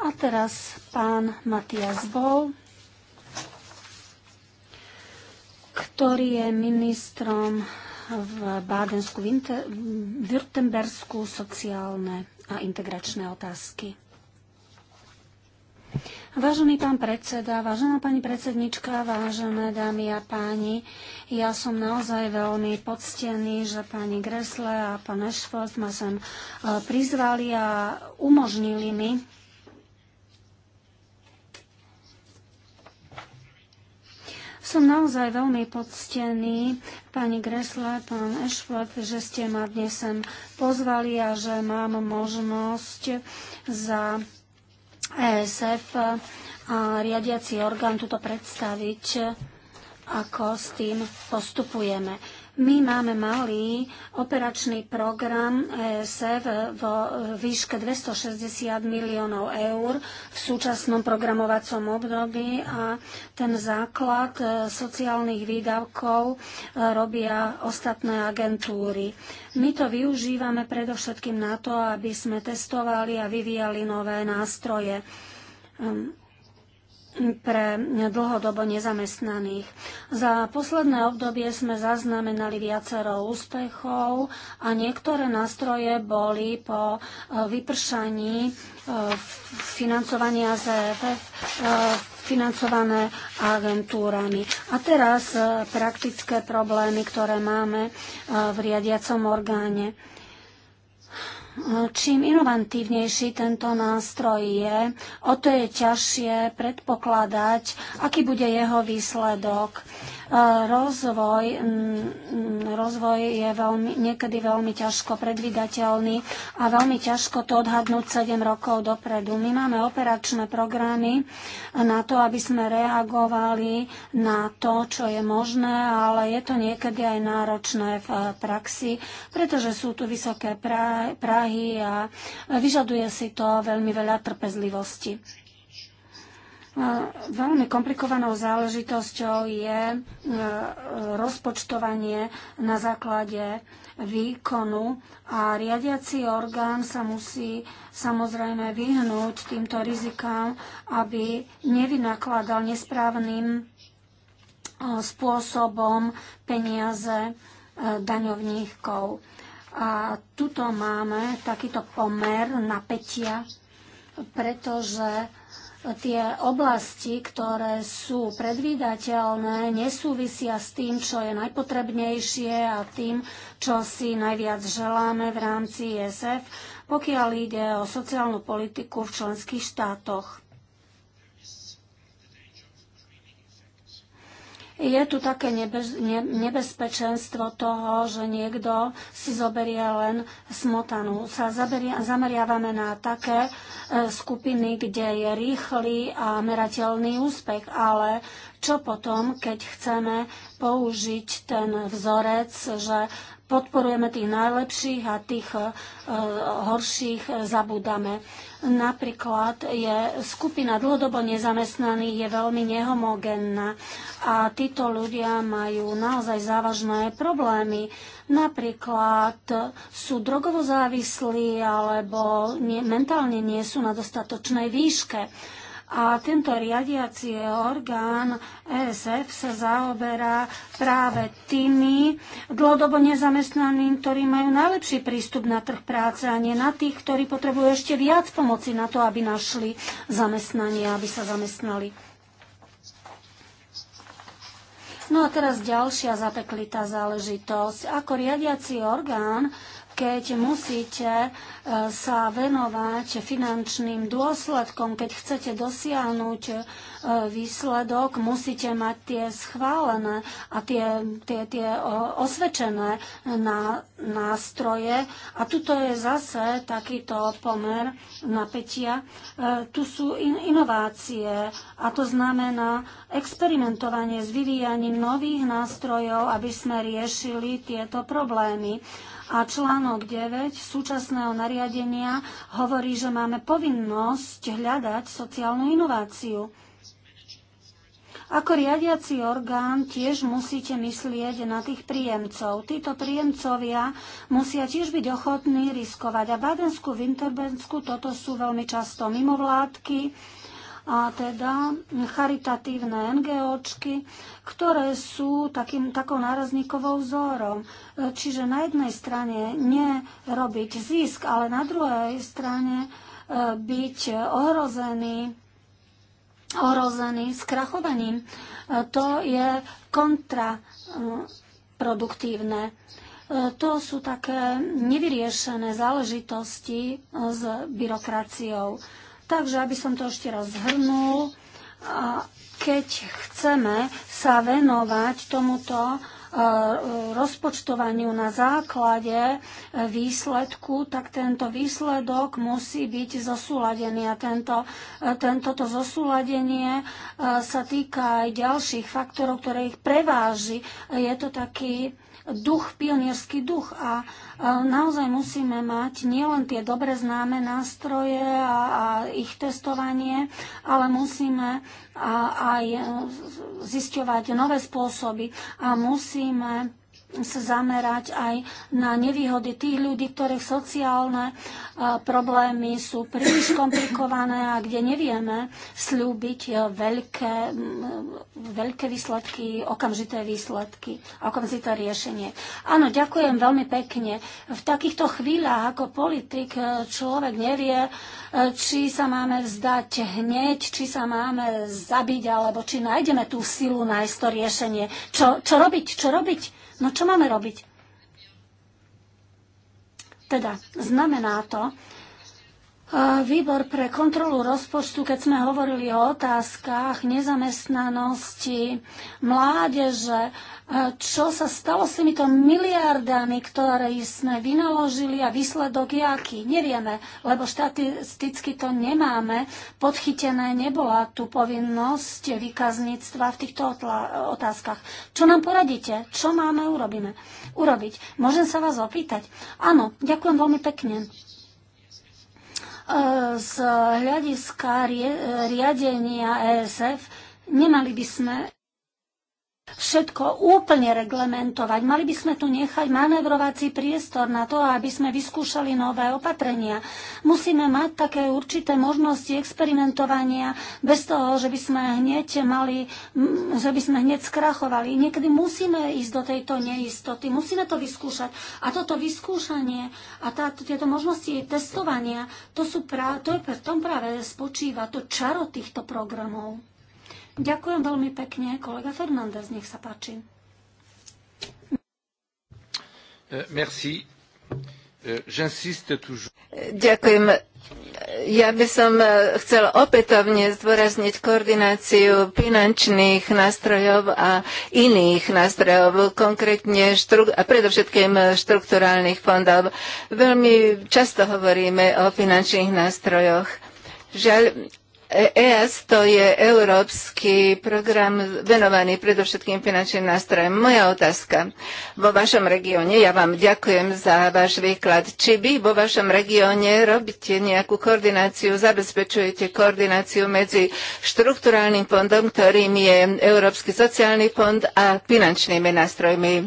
A teraz pán Matias Bol, ktorý je ministrom v Bádensku-Württembersku sociálne a integračné otázky. Vážený pán predseda, vážená pani predsednička, vážené dámy a páni, ja som naozaj veľmi poctený, že pani Gresle a pán Ashford ma sem eh, prizvali a umožnili mi Som naozaj veľmi poctený, pani Gresle, pán Ešflet, že ste ma dnes sem pozvali a že mám možnosť za ESF a riadiaci orgán tuto predstaviť, ako s tým postupujeme. My máme malý operačný program ESF e vo výške 260 miliónov eur v súčasnom programovacom období a ten základ e, sociálnych výdavkov e, robia ostatné agentúry. My to využívame predovšetkým na to, aby sme testovali a vyvíjali nové nástroje. Ehm, pre dlhodobo nezamestnaných. Za posledné obdobie sme zaznamenali viacero úspechov a niektoré nástroje boli po e, vypršaní e, financovania z EFF e, financované agentúrami. A teraz praktické problémy, ktoré máme v riadiacom orgáne. Čím inovantívnejší tento nástroj je, o to je ťažšie predpokladať, aký bude jeho výsledok. Rozvoj, rozvoj je veľmi, niekedy veľmi ťažko predvydateľný a veľmi ťažko to odhadnúť 7 rokov dopredu. My máme operačné programy na to, aby sme reagovali na to, čo je možné, ale je to niekedy aj náročné v eh, praxi, pretože sú tu vysoké prahy a vyžaduje si to veľmi veľa trpezlivosti. Veľmi komplikovanou záležitosťou je e, rozpočtovanie na základe výkonu a riadiaci orgán sa musí samozrejme vyhnúť týmto rizikám, aby nevynakladal nesprávnym e, spôsobom peniaze e, daňovníkov. A tuto máme takýto pomer napätia, pretože tie oblasti, ktoré sú predvídateľné, nesúvisia s tým, čo je najpotrebnejšie a tým, čo si najviac želáme v rámci ISF, pokiaľ ide o sociálnu politiku v členských štátoch. Je tu také nebezpečenstvo toho, že niekto si zoberie len smotanu. Sa zaberia, zameriavame na také e, skupiny, kde je rýchly a merateľný úspech, ale čo potom, keď chceme použiť ten vzorec, že podporujeme tých najlepších a tých e, horších zabudáme. Napríklad je skupina dlhodobo nezamestnaných je veľmi nehomogénna a títo ľudia majú naozaj závažné problémy. Napríklad sú drogovo závislí alebo nie, mentálne nie sú na dostatočnej výške. A tento riadiaci orgán ESF sa zaoberá práve tými dlhodobo nezamestnaným, ktorí majú najlepší prístup na trh práce a nie na tých, ktorí potrebujú ešte viac pomoci na to, aby našli zamestnanie, aby sa zamestnali. No a teraz ďalšia zapeklitá záležitosť. Ako riadiaci orgán keď musíte e, sa venovať finančným dôsledkom, keď chcete dosiahnuť e, výsledok, musíte mať tie schválené a tie, tie, tie osvedčené na, nástroje. A tuto je zase takýto pomer napätia. E, tu sú in, inovácie a to znamená experimentovanie s vyvíjaním nových nástrojov, aby sme riešili tieto problémy. A článok 9 súčasného nariadenia hovorí, že máme povinnosť hľadať sociálnu inováciu. Ako riadiaci orgán tiež musíte myslieť na tých príjemcov. Títo príjemcovia musia tiež byť ochotní riskovať. A v Badensku, v Interbensku toto sú veľmi často mimovládky, a teda charitatívne NGOčky, ktoré sú takým, takou nárazníkovou vzorom. E, čiže na jednej strane nerobiť zisk, ale na druhej strane e, byť ohrozený ohrozený skrachovaním. E, to je kontraproduktívne. To sú také nevyriešené záležitosti s byrokraciou. Takže aby som to ešte raz zhrnul, keď chceme sa venovať tomuto rozpočtovaniu na základe e, výsledku, tak tento výsledok musí byť zosúladený. A tento, e, zosúladenie e, sa týka aj ďalších faktorov, ktoré ich preváži. Je to taký duch, pionierský duch a naozaj musíme mať nielen tie dobre známe nástroje a, a ich testovanie, ale musíme aj zisťovať nové spôsoby a musíme sa zamerať aj na nevýhody tých ľudí, ktorých sociálne e, problémy sú príliš komplikované a kde nevieme slúbiť e, veľké, veľké výsledky, okamžité výsledky, okamžité riešenie. Áno, ďakujem veľmi pekne. V takýchto chvíľach ako politik e, človek nevie, či sa máme vzdať hneď, či sa máme zabiť, alebo či nájdeme tú silu nájsť to riešenie. Čo, čo robiť? Čo robiť? No čo máme robiť? Teda znamená to, Výbor pre kontrolu rozpočtu, keď sme hovorili o otázkach nezamestnanosti, mládeže, e, čo sa stalo s týmito miliardami, ktoré sme vynaložili a výsledok je aký? Nevieme, lebo štatisticky to nemáme. Podchytené nebola tu povinnosť výkazníctva v týchto otázkach. Čo nám poradíte? Čo máme urobiť? Môžem sa vás opýtať? Áno, ďakujem veľmi pekne. Z hľadiska riadenia ESF nemali by sme všetko úplne reglementovať. Mali by sme tu nechať manevrovací priestor na to, aby sme vyskúšali nové opatrenia. Musíme mať také určité možnosti experimentovania bez toho, že by sme hneď mali, mm, že by sme hneď skrachovali. Niekedy musíme ísť do tejto neistoty, musíme to vyskúšať. A toto vyskúšanie a tá, tieto možnosti testovania, to, sú práve, to je v tom práve spočíva to čaro týchto programov. Ďakujem veľmi pekne. Kolega Fernández, nech sa páči. Eh, merci. Eh, j'insiste toujours. Ďakujem. Ja by som eh, chcel opätovne zdôrazniť koordináciu finančných nástrojov a iných nástrojov, konkrétne štru- a predovšetkým štrukturálnych fondov. Veľmi často hovoríme o finančných nástrojoch. Žiaľ, EAS to je európsky program venovaný predovšetkým finančným nástrojem. Moja otázka. Vo vašom regióne, ja vám ďakujem za váš výklad, či vy vo vašom regióne robíte nejakú koordináciu, zabezpečujete koordináciu medzi štrukturálnym fondom, ktorým je Európsky sociálny fond a finančnými nástrojmi.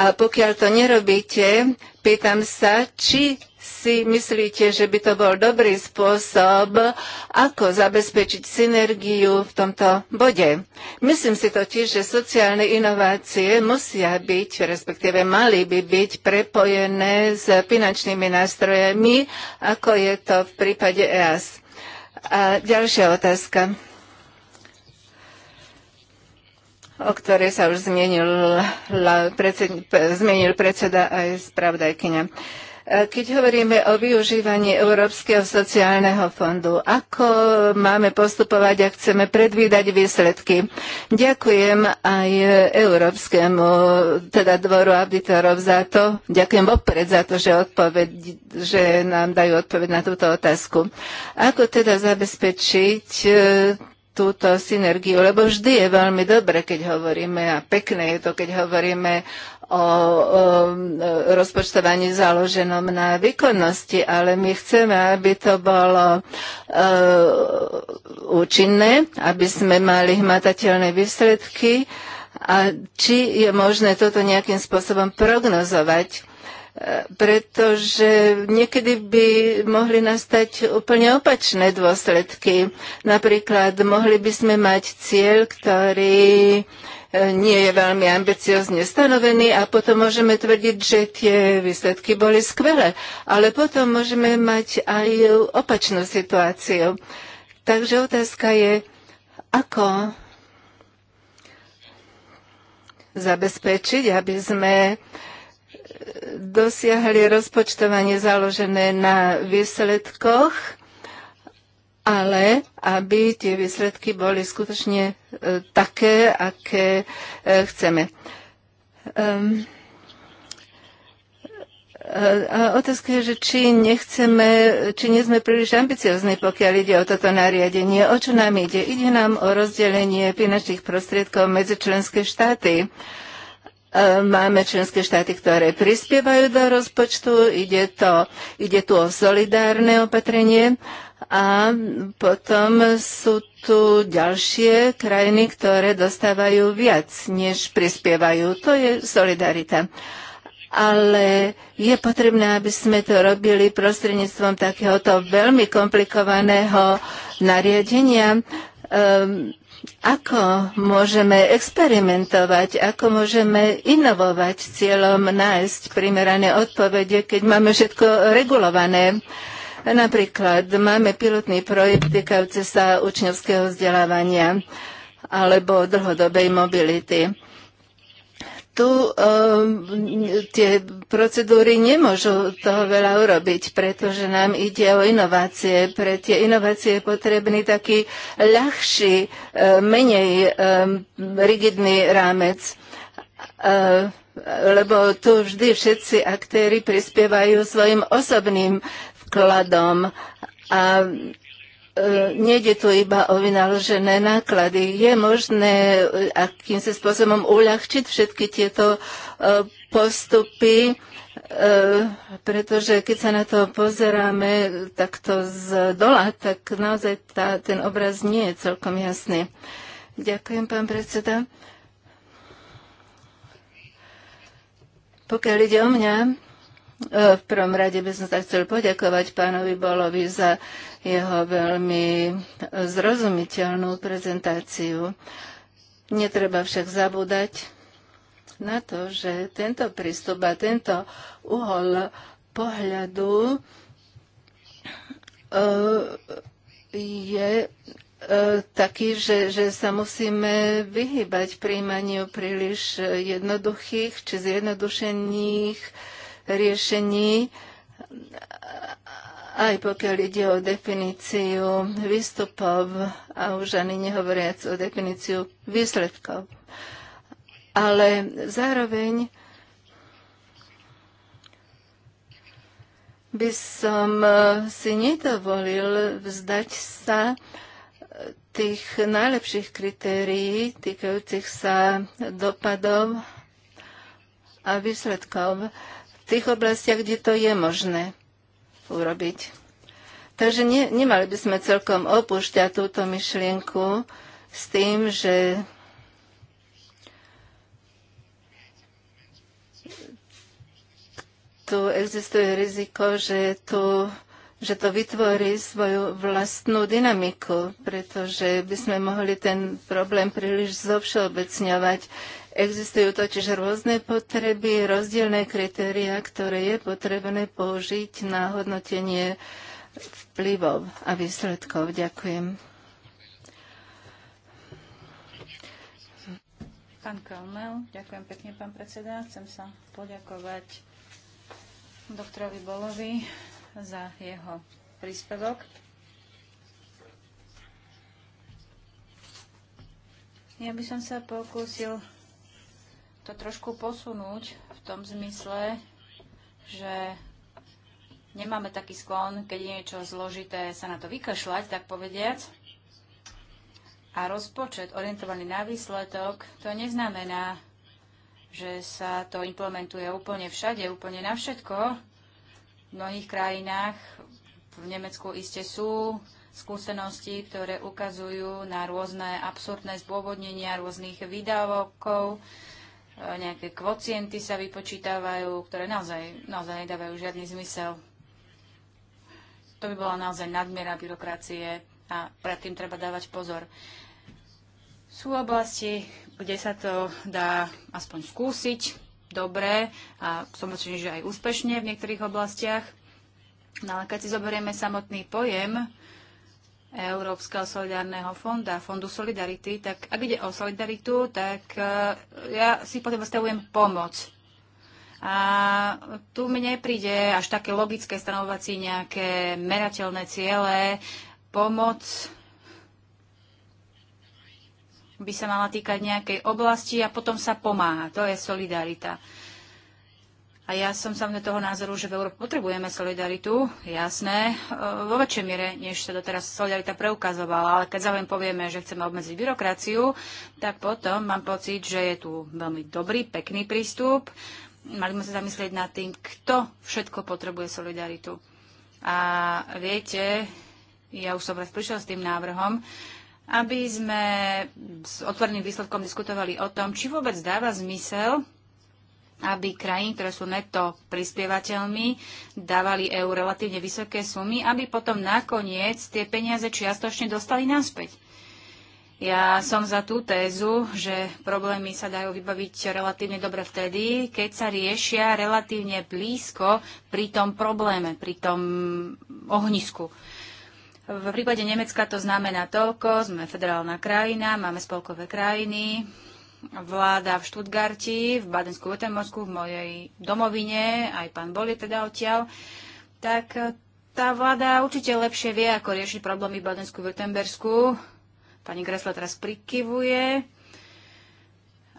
A pokiaľ to nerobíte, pýtam sa, či si myslíte, že by to bol dobrý spôsob, ako zabezpečiť synergiu v tomto bode? Myslím si totiž, že sociálne inovácie musia byť, respektíve mali by byť prepojené s finančnými nástrojami, ako je to v prípade EAS. A ďalšia otázka o ktorej sa už zmienil, la, predsed, zmienil predseda aj spravodajkyňa. Uh, keď hovoríme o využívaní Európskeho sociálneho fondu, ako máme postupovať, ak chceme predvídať výsledky? Ďakujem aj Európskemu, teda dvoru auditorov za to. Ďakujem opred za to, že, odpoveď, že nám dajú odpoveď na túto otázku. Ako teda zabezpečiť e, túto synergiu, lebo vždy je veľmi dobre, keď hovoríme, a pekné je to, keď hovoríme o rozpočtovaní založenom na výkonnosti, ale my chceme, aby to bolo e, účinné, aby sme mali hmatateľné výsledky a či je možné toto nejakým spôsobom prognozovať e, pretože niekedy by mohli nastať úplne opačné dôsledky. Napríklad mohli by sme mať cieľ, ktorý E, nie je veľmi ambiciozne stanovený a potom môžeme tvrdiť, že tie výsledky boli skvelé. Ale potom môžeme mať aj opačnú situáciu. Takže otázka je, ako zabezpečiť, aby sme dosiahli rozpočtovanie založené na výsledkoch, ale aby tie výsledky boli skutočne e, také, aké e, chceme. Um, a otázka je, že či nechceme, či nie sme príliš ambiciozni, pokiaľ ide o toto nariadenie. O čo nám ide? Ide nám o rozdelenie finančných prostriedkov medzi členské štáty. Máme členské štáty, ktoré prispievajú do rozpočtu, ide, to, ide tu o solidárne opatrenie a potom sú tu ďalšie krajiny, ktoré dostávajú viac, než prispievajú. To je solidarita ale je potrebné, aby sme to robili prostredníctvom takéhoto veľmi komplikovaného nariadenia. Um, ako môžeme experimentovať, ako môžeme inovovať cieľom nájsť primerané odpovede, keď máme všetko regulované. Uh, Napríklad máme pilotný projekt týkajúce sa učňovského vzdelávania alebo dlhodobej mobility tu um, tie procedúry nemôžu toho veľa urobiť, pretože nám ide o inovácie. Pre tie inovácie je potrebný taký ľahší, uh, menej um, rigidný rámec. Uh, lebo tu vždy všetci aktéry prispievajú svojim osobným odkladom a e, nejde tu iba o vynaložené náklady. Je možné e, akýmsi spôsobom uľahčiť všetky tieto e, postupy, pretože keď sa na to pozeráme takto z dola, tak naozaj tá, ten obraz nie je celkom jasný. Ďakujem, pán predseda. Pokiaľ ide o mňa, E, v prvom rade by som sa chcel poďakovať pánovi Bolovi za jeho veľmi zrozumiteľnú prezentáciu. Netreba však zabúdať na to, že tento prístup a tento uhol pohľadu e, je e, taký, že, že sa musíme vyhybať príjmaniu príliš jednoduchých či zjednodušených riešení, aj pokiaľ ide o definíciu výstupov a už ani nehovoriac o definíciu výsledkov. Ale zároveň by som si nedovolil vzdať sa tých najlepších kritérií týkajúcich sa dopadov a výsledkov tých oblastiach, kde to je možné urobiť. Takže ne, nemali by sme celkom opúšťať túto myšlienku s tým, že tu existuje riziko, že, tu, že to vytvorí svoju vlastnú dynamiku, pretože by sme mohli ten problém príliš zovšeobecňovať. Existujú totiž rôzne potreby, rozdielne kritéria, ktoré je potrebné použiť na hodnotenie vplyvov a výsledkov. Ďakujem. Pán Kalmel, ďakujem pekne, pán predseda. Chcem sa poďakovať doktorovi Bolovi za jeho príspevok. Ja by som sa pokúsil to trošku posunúť v tom zmysle, že nemáme taký sklon, keď je niečo zložité, sa na to vykašľať, tak povediac. A rozpočet orientovaný na výsledok, to neznamená, že sa to implementuje úplne všade, úplne na všetko. V mnohých krajinách, v Nemecku iste sú skúsenosti, ktoré ukazujú na rôzne absurdné zdôvodnenia rôznych výdavkov, E, nejaké kvocienty sa vypočítavajú, ktoré naozaj, naozaj nedávajú žiadny zmysel. To by bola naozaj nadmiera byrokracie a predtým treba dávať pozor. Sú oblasti, kde sa to dá aspoň skúsiť dobre a som že aj úspešne v niektorých oblastiach. No ale keď si zoberieme samotný pojem, Európskeho solidárneho fonda, Fondu Solidarity, tak ak ide o solidaritu, tak e, ja si potom stavujem pomoc. A tu mi nepríde až také logické stanovovať si nejaké merateľné ciele. Pomoc by sa mala týkať nejakej oblasti a potom sa pomáha. To je solidarita. A ja som samozrejme toho názoru, že v Európe potrebujeme solidaritu, jasné, e, vo väčšej miere, než sa doteraz solidarita preukazovala. Ale keď zároveň povieme, že chceme obmedziť byrokraciu, tak potom mám pocit, že je tu veľmi dobrý, pekný prístup. Mali sme sa zamyslieť nad tým, kto všetko potrebuje solidaritu. A viete, ja už som raz prišiel s tým návrhom, aby sme s otvorným výsledkom diskutovali o tom, či vôbec dáva zmysel aby krajín, ktoré sú neto prispievateľmi, dávali eÚ relatívne vysoké sumy, aby potom nakoniec tie peniaze čiastočne dostali naspäť. Ja som za tú tézu, že problémy sa dajú vybaviť relatívne dobre vtedy, keď sa riešia relatívne blízko pri tom probléme, pri tom ohnisku. V prípade Nemecka to znamená toľko, sme federálna krajina, máme spolkové krajiny, vláda v Štutgarti, v Badensku-Württembersku, v mojej domovine, aj pán Bol je teda odtiaľ, tak e, tá vláda určite lepšie vie, ako riešiť problémy v Badensku-Württembersku. Pani Gresla teraz prikyvuje.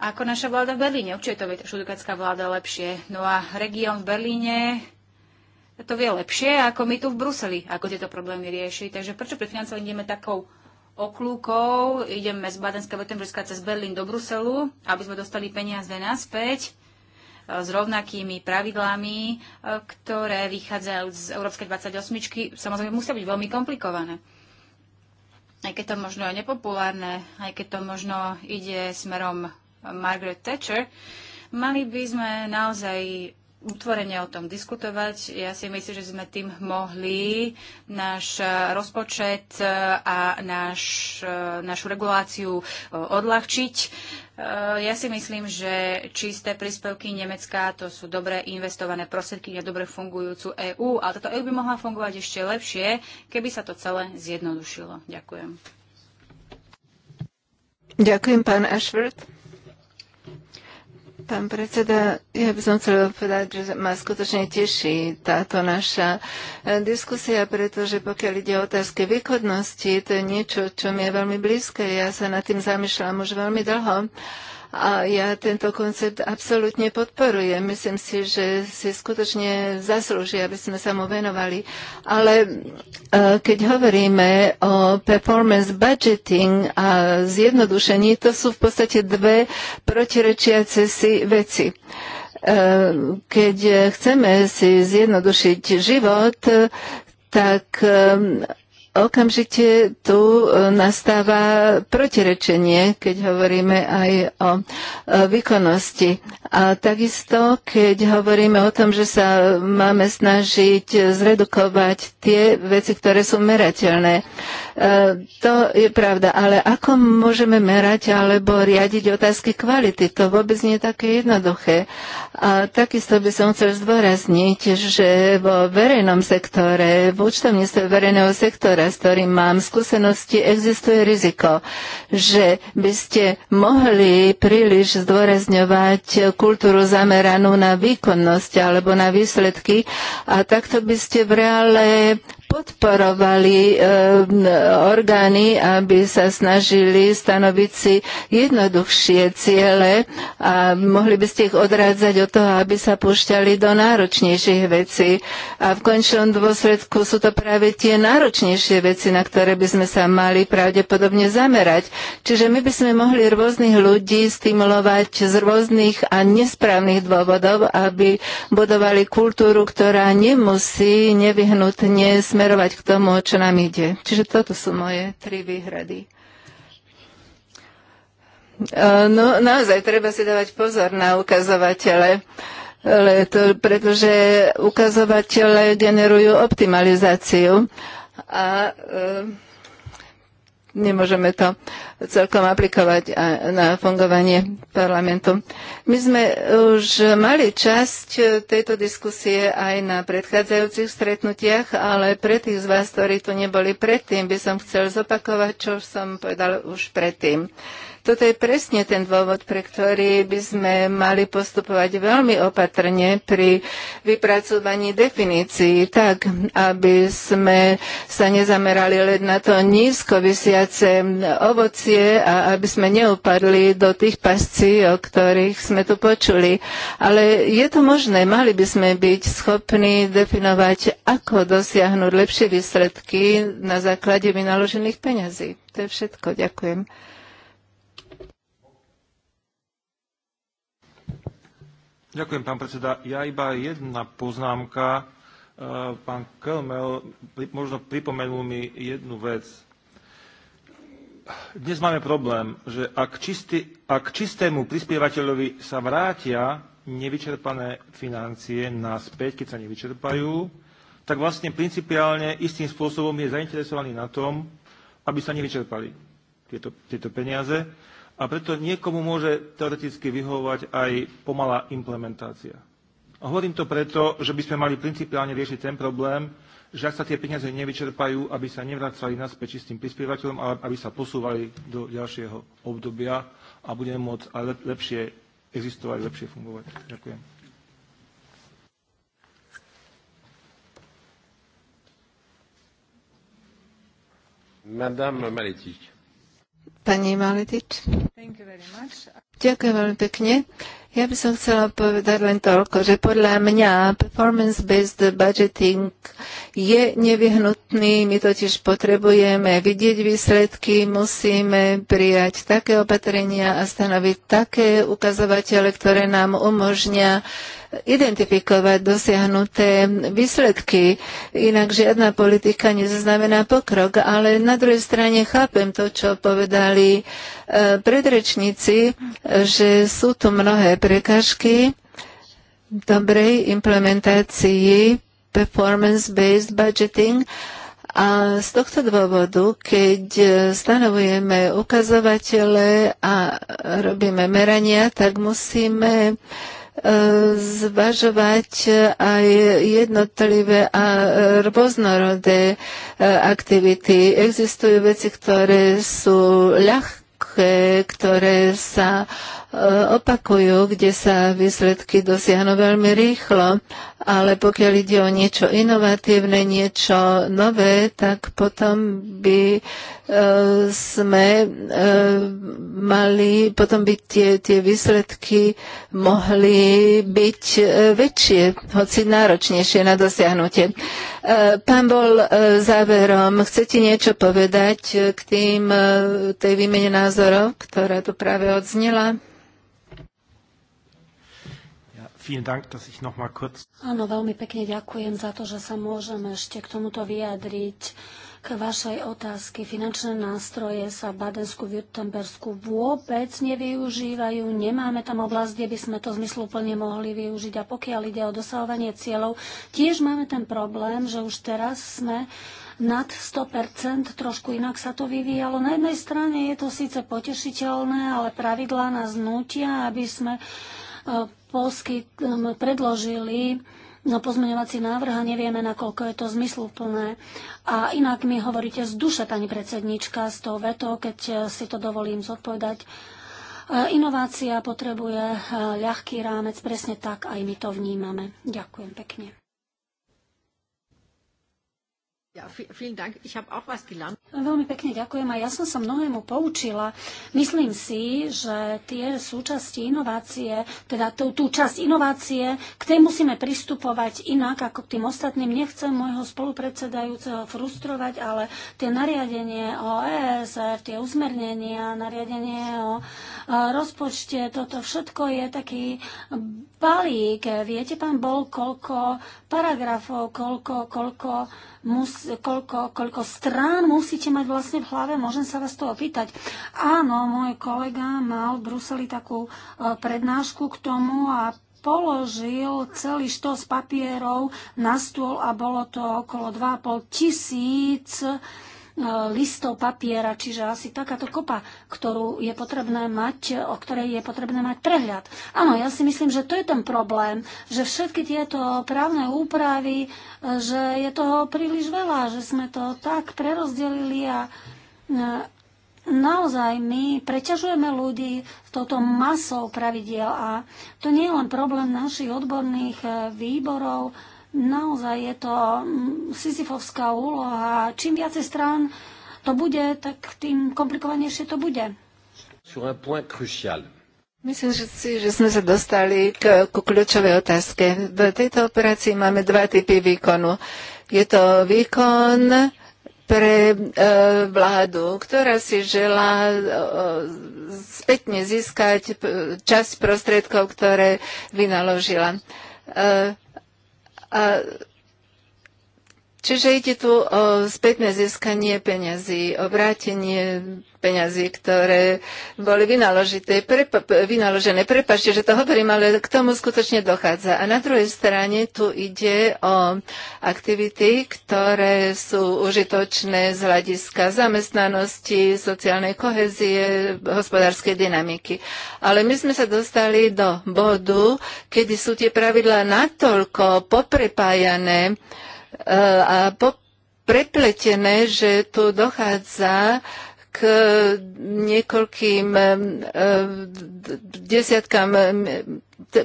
Ako naša vláda v Berlíne. Určite to vie študgatská vláda lepšie. No a región v Berlíne to vie lepšie ako my tu v Bruseli, ako tieto problémy rieši. Takže prečo pri financovaní ideme takou oklúkov, ideme z Badenska Württemberska cez Berlín do Bruselu, aby sme dostali peniaze naspäť e, s rovnakými pravidlami, e, ktoré vychádzajú z Európskej 28. Samozrejme, musia byť veľmi komplikované. Aj keď to možno je nepopulárne, aj keď to možno ide smerom Margaret Thatcher, mali by sme naozaj utvorene o tom diskutovať. Ja si myslím, že sme tým mohli náš rozpočet e, a náš, e, našu reguláciu e, odľahčiť. Ja si myslím, že čisté príspevky Nemecka to sú dobre investované prostriedky na dobre fungujúcu EÚ, ale táto EÚ by mohla fungovať ešte lepšie, keby sa to celé zjednodušilo. Ďakujem. Ďakujem, pán Ashford. Pán predseda, ja by som chcela povedať, že ma skutočne teší táto naša eh, diskusia, pretože pokiaľ ide o otázky výkonnosti, to je niečo, čo mi je veľmi blízke. Ja sa nad tým zamýšľam už veľmi dlho. A ja tento koncept absolútne podporujem. Myslím si, že si skutočne zaslúži, aby sme sa mu venovali. Ale e, keď hovoríme o performance budgeting a zjednodušení, to sú v podstate dve protirečiace si veci e, keď chceme si zjednodušiť život, tak e, Okamžite tu e, nastáva protirečenie, keď hovoríme aj o e, výkonnosti. A takisto, keď hovoríme o tom, že sa máme snažiť zredukovať tie veci, ktoré sú merateľné. E, to je pravda, ale ako môžeme merať alebo riadiť otázky kvality? To vôbec nie je také jednoduché. A takisto by som chcel zdôrazniť, že vo verejnom sektore, v účtovníctve verejného sektora, sektora, s ktorým mám skúsenosti, existuje riziko, že by ste mohli príliš zdôrazňovať kultúru zameranú na výkonnosť alebo na výsledky a takto by ste v reále podporovali eh, orgány, aby sa snažili stanoviť si jednoduchšie ciele a mohli by ste ich odrádzať od toho, aby sa púšťali do náročnejších vecí. A v končnom dôsledku sú to práve tie náročnejšie veci, na ktoré by sme sa mali pravdepodobne zamerať. Čiže my by sme mohli rôznych ľudí stimulovať z rôznych a nesprávnych dôvodov, aby budovali kultúru, ktorá nemusí nevyhnutne smerovať smerovať k tomu, čo nám ide. Čiže toto sú moje tri výhrady. E, no naozaj, treba si dávať pozor na ukazovatele, to, pretože ukazovatele generujú optimalizáciu a e, nemôžeme to celkom aplikovať na fungovanie parlamentu. My sme už mali časť tejto diskusie aj na predchádzajúcich stretnutiach, ale pre tých z vás, ktorí tu neboli predtým, by som chcel zopakovať, čo som povedal už predtým. Uh, toto je presne ten dôvod, pre ktorý by sme mali postupovať veľmi opatrne pri vypracovaní definícií, tak aby sme sa nezamerali len na to nízko vysiace ovocie a aby sme neupadli do tých pascí, o ktorých sme tu počuli. Ale je to možné, mali by sme byť schopní definovať, ako dosiahnuť lepšie výsledky na základe vynaložených peňazí. To je všetko. Ďakujem. Ďakujem, pán predseda. Ja iba jedna poznámka. E, pán Kelmel možno pripomenul mi jednu vec. Dnes máme problém, že ak, čistý, ak čistému prispievateľovi sa vrátia nevyčerpané financie naspäť, keď sa nevyčerpajú, tak vlastne principiálne istým spôsobom je zainteresovaný na tom, aby sa nevyčerpali tieto, tieto peniaze. A preto niekomu môže teoreticky vyhovovať aj pomalá implementácia. A hovorím to preto, že by sme mali principiálne riešiť ten problém, že ak sa tie peniaze nevyčerpajú, aby sa nevracali naspäť čistým prispievateľom, ale aby sa posúvali do ďalšieho obdobia a budeme môcť aj lepšie existovať, lepšie fungovať. Ďakujem. Madame Maletich. Pani Maletič. Ďakujem veľmi pekne. Ja by som chcela povedať len toľko, že podľa mňa performance-based budgeting je nevyhnutný, my totiž potrebujeme vidieť výsledky, musíme prijať také opatrenia a stanoviť také ukazovatele, ktoré nám umožnia identifikovať dosiahnuté výsledky, inak žiadna politika nezaznamená pokrok. Ale na druhej strane chápem to, čo povedali e, predrečníci, že sú tu mnohé prekažky dobrej implementácii performance-based budgeting, a z tohto dôvodu, keď stanovujeme ukazovatele a robíme merania, tak musíme zvažovať e, aj jednotlivé a e, rôznorodé e, aktivity. Existujú veci, ktoré sú ľahké, ktoré sa uh, E, opakujú, kde sa výsledky dosiahnu veľmi rýchlo, ale pokiaľ ide o niečo inovatívne, niečo nové, tak potom by e, sme e, mali, potom by tie, tie výsledky mohli byť väčšie, hoci náročnejšie na dosiahnutie. Pán Bol, záverom, chcete niečo povedať k tým, tej výmene názorov, ktorá tu práve odznela? Vielen Dank, dass ich noch mal kurz... Áno, veľmi pekne ďakujem za to, že sa môžem ešte k tomuto vyjadriť. K vašej otázke, finančné nástroje sa v Badensku, Württembersku vôbec nevyužívajú. Nemáme tam oblasť, kde by sme to zmysluplne mohli využiť. A pokiaľ ide o dosahovanie cieľov, tiež máme ten problém, že už teraz sme nad 100%, trošku inak sa to vyvíjalo. Na jednej strane je to síce potešiteľné, ale pravidlá nás nutia, aby sme E, posky predložili no, pozmeňovací návrh a nevieme, nakoľko je to zmysluplné. A inak mi hovoríte z duše, pani predsednička, z toho vetou, keď e, si to dovolím zodpovedať. E, inovácia potrebuje ľahký rámec, presne tak aj my to vnímame. Ďakujem pekne. Ja, vielen Dank. Ich habe auch was gelernt. Veľmi pekne ďakujem a ja som sa mnohému poučila. Myslím si, že tie súčasti inovácie, teda tú, tú časť inovácie, k tej musíme pristupovať inak ako k tým ostatným. Nechcem môjho spolupredsedajúceho frustrovať, ale tie nariadenie o ESR, tie uzmernenia, nariadenie o e, rozpočte, toto všetko je taký balík. Viete, pán Bol, koľko paragrafov, koľko, koľko mus, koľko, koľko strán musíte mať vlastne v hlave? Môžem sa vás to opýtať. Áno, môj kolega mal v Bruseli takú e, prednášku k tomu a položil celý štos papierov na stôl a bolo to okolo 2,5 tisíc E, listov papiera, čiže asi takáto kopa, ktorú je potrebné mať, e, o ktorej je potrebné mať prehľad. Áno, ja si myslím, že to je ten problém, že všetky tieto právne úpravy, e, že je toho príliš veľa, že sme to tak prerozdelili a naozaj my preťažujeme ľudí touto masou pravidiel a to nie je len problém našich odborných výborov, Naozaj je to mm, sisyfovská úloha. Čím viacej strán to bude, tak tým komplikovanejšie to bude. Sur un point crucial. Myslím že si, že sme sa dostali k, k kľúčovej otázke. V tejto operácii máme dva typy výkonu. Je to výkon pre e, vládu, ktorá si želá e, spätne získať e, časť prostriedkov, ktoré vynaložila. E, uh, Čiže ide tu o spätné získanie peňazí, o vrátenie peňazí, ktoré boli vynaložité, prepa, vynaložené. Prepašte, že to hovorím, ale k tomu skutočne dochádza. A na druhej strane tu ide o aktivity, ktoré sú užitočné z hľadiska zamestnanosti, sociálnej kohezie, hospodárskej dynamiky. Ale my sme sa dostali do bodu, kedy sú tie pravidlá natoľko poprepájané, Eh, a prepletené, že tu dochádza k niekoľkým eh, desiatkám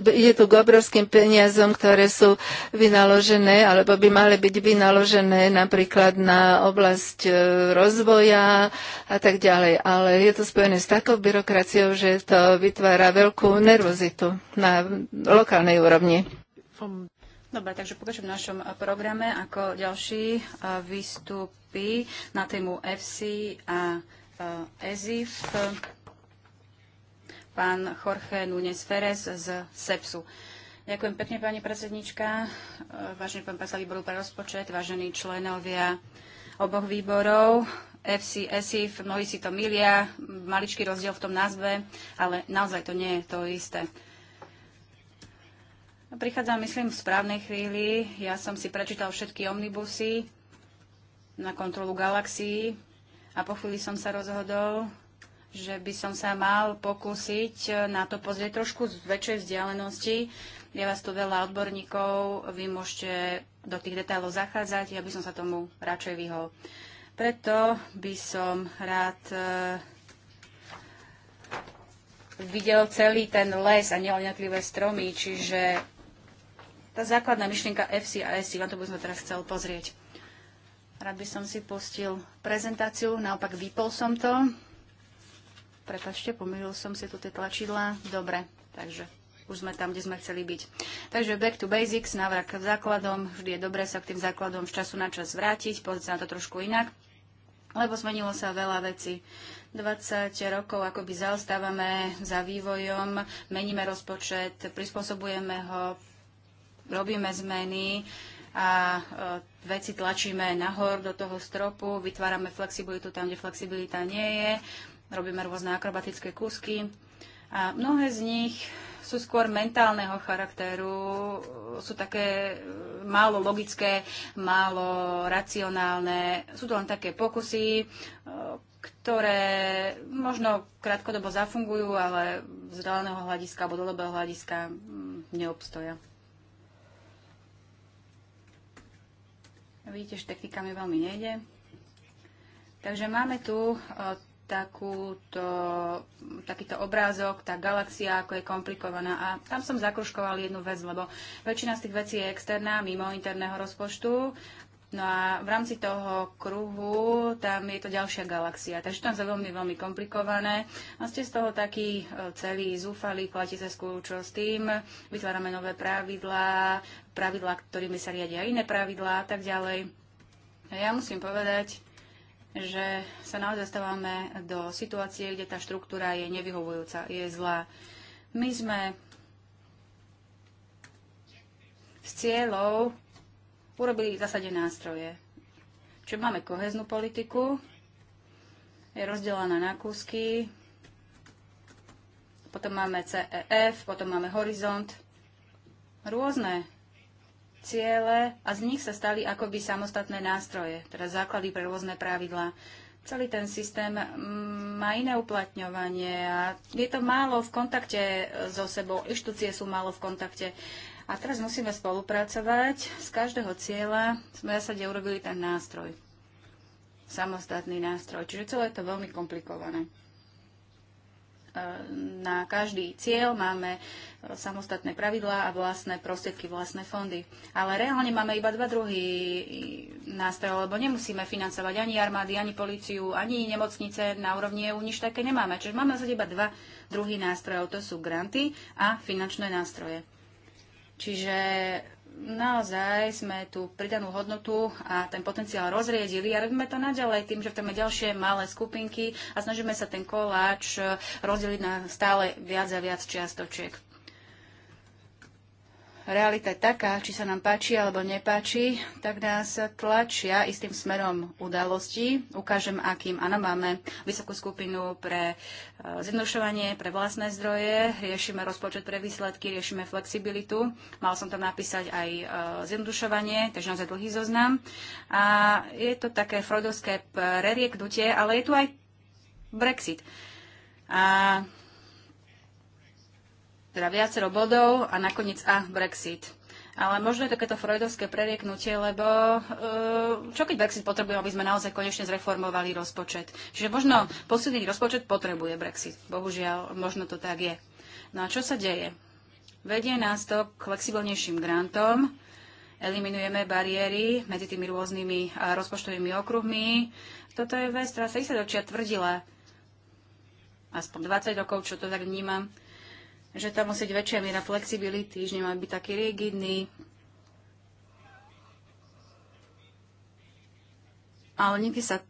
je tu k obrovským peniazom, ktoré sú vynaložené, alebo by mali byť vynaložené napríklad na oblasť eh, rozvoja a tak ďalej. Ale je to spojené s takou byrokraciou, že to vytvára veľkú nervozitu na lokálnej úrovni. Dobre, takže pokračujem v našom eh, programe. Ako ďalší eh, výstupy na tému FC a eh, EZIF pán Jorge Núñez Ferez z SEPSu. Ďakujem pekne, pani predsednička, vážený pán predseda výboru pre rozpočet, vážení členovia oboch výborov, FC, ESIF, mnohí si to milia, maličký rozdiel v tom názve, ale naozaj to nie je to isté. Prichádza myslím, v správnej chvíli. Ja som si prečítal všetky omnibusy na kontrolu galaxií a po chvíli som sa rozhodol, že by som sa mal pokúsiť eh, na to pozrieť trošku z väčšej vzdialenosti. Je vás tu veľa odborníkov, vy môžete do tých detailov zachádzať, ja by som sa tomu radšej vyhol. Preto by som rád eh, videl celý ten les a neoňatlivé stromy, čiže tá základná myšlienka FC a SI, na to by sme teraz chcel pozrieť. Rád by som si pustil prezentáciu, naopak vypol som to. Prepačte, pomýlil som si tu tie tlačidlá. Dobre, takže už sme tam, kde sme chceli byť. Takže back to basics, návrat k základom. Vždy je dobré sa k tým základom z času na čas vrátiť, pozrieť sa na to trošku inak, lebo zmenilo sa veľa vecí. 20 rokov akoby zaostávame za vývojom, meníme rozpočet, prispôsobujeme ho, robíme zmeny a e, veci tlačíme nahor do toho stropu, vytvárame flexibilitu tam, kde flexibilita nie je, robíme rôzne akrobatické kúsky a mnohé z nich sú skôr mentálneho charakteru, sú také e, málo logické, málo racionálne. Sú to len také pokusy, e, ktoré možno krátkodobo zafungujú, ale z reálneho hľadiska alebo dlhodobého hľadiska mm, neobstoja. Vidíte, že technikami veľmi nejde. Takže máme tu e, takúto, takýto obrázok, tá galaxia, ako je komplikovaná. A tam som zakruškoval jednu vec, lebo väčšina z tých vecí je externá, mimo interného rozpočtu. No a v rámci toho kruhu tam je to ďalšia galaxia. Takže tam je veľmi, veľmi komplikované. A ste z toho taký e, celý zúfalý, platíte sa skúčo s tým. Vytvárame nové pravidlá, pravidlá, ktorými sa riadia iné pravidlá a tak ďalej. Ja musím povedať, že sa naozaj stávame do situácie, kde tá štruktúra je nevyhovujúca, je zlá. My sme s cieľou urobili zasade nástroje. Čiže máme koheznú politiku, je rozdelená na kúsky, potom máme CEF, potom máme Horizont, rôzne ciele a z nich sa stali akoby samostatné nástroje, teda základy pre rôzne pravidlá. Celý ten systém mm, má iné uplatňovanie a je to málo v kontakte e, so sebou, inštitúcie sú málo v kontakte. A teraz musíme spolupracovať. Z každého cieľa sme sa urobili ten nástroj. Samostatný nástroj. Čiže celé je to veľmi komplikované na každý cieľ, máme e, samostatné pravidlá a vlastné prostriedky, vlastné fondy. Ale reálne máme iba dva druhy e, nástrojov, lebo nemusíme financovať ani armády, ani policiu, ani nemocnice na úrovni EU, nič také nemáme. Čiže máme zase iba dva druhy nástrojov, to sú granty a finančné nástroje. Čiže naozaj sme tú pridanú hodnotu a ten potenciál rozriedili a robíme to naďalej tým, že vtáme ďalšie malé skupinky a snažíme sa ten koláč rozdeliť na stále viac a viac čiastočiek realita je taká, či sa nám páči alebo nepáči, tak nás tlačia istým smerom udalostí. Ukážem, akým. Áno, máme vysokú skupinu pre e, zjednodušovanie, pre vlastné zdroje, riešime rozpočet pre výsledky, riešime flexibilitu. Mal som tam napísať aj e, zjednodušovanie, takže naozaj dlhý zoznam. A je to také freudovské prerieknutie, ale je tu aj Brexit. A teda viacero bodov a nakoniec a Brexit. Ale možno je takéto freudovské prerieknutie, lebo e, čo keď Brexit potrebuje, aby sme naozaj konečne zreformovali rozpočet. Čiže možno posilniť rozpočet potrebuje Brexit. Bohužiaľ, možno to tak je. No a čo sa deje? Vedie nás to k flexibilnejším grantom, eliminujeme bariéry medzi tými rôznymi e, rozpočtovými okruhmi. Toto je vec, ktorá sa dočia tvrdila, aspoň 20 rokov, čo to tak vnímam, že tam musí byť väčšia miera flexibility, že nemá byť taký rigidný. Ale nikdy sa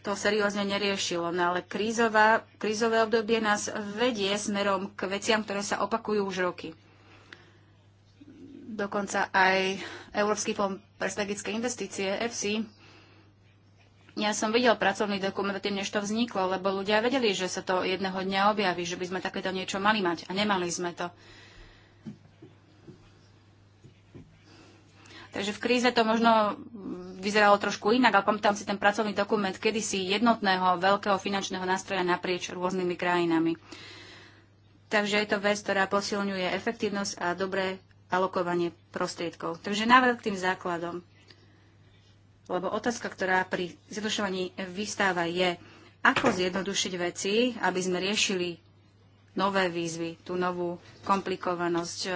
to seriózne neriešilo. No ale krízová, krízové obdobie nás vedie smerom k veciam, ktoré sa opakujú už roky. Dokonca aj Európsky fond pre strategické investície, EFSI, ja som videl pracovný dokument, tým než to vzniklo, lebo ľudia vedeli, že sa to jedného dňa objaví, že by sme takéto niečo mali mať a nemali sme to. Takže v kríze to možno vyzeralo trošku inak, ale pamätám si ten pracovný dokument kedysi jednotného veľkého finančného nástroja naprieč rôznymi krajinami. Takže je to vec, ktorá posilňuje efektívnosť a dobré alokovanie prostriedkov. Takže návrh k tým základom. Lebo otázka, ktorá pri zjednodušovaní vystáva, je, ako zjednodušiť veci, aby sme riešili nové výzvy, tú novú komplikovanosť. E,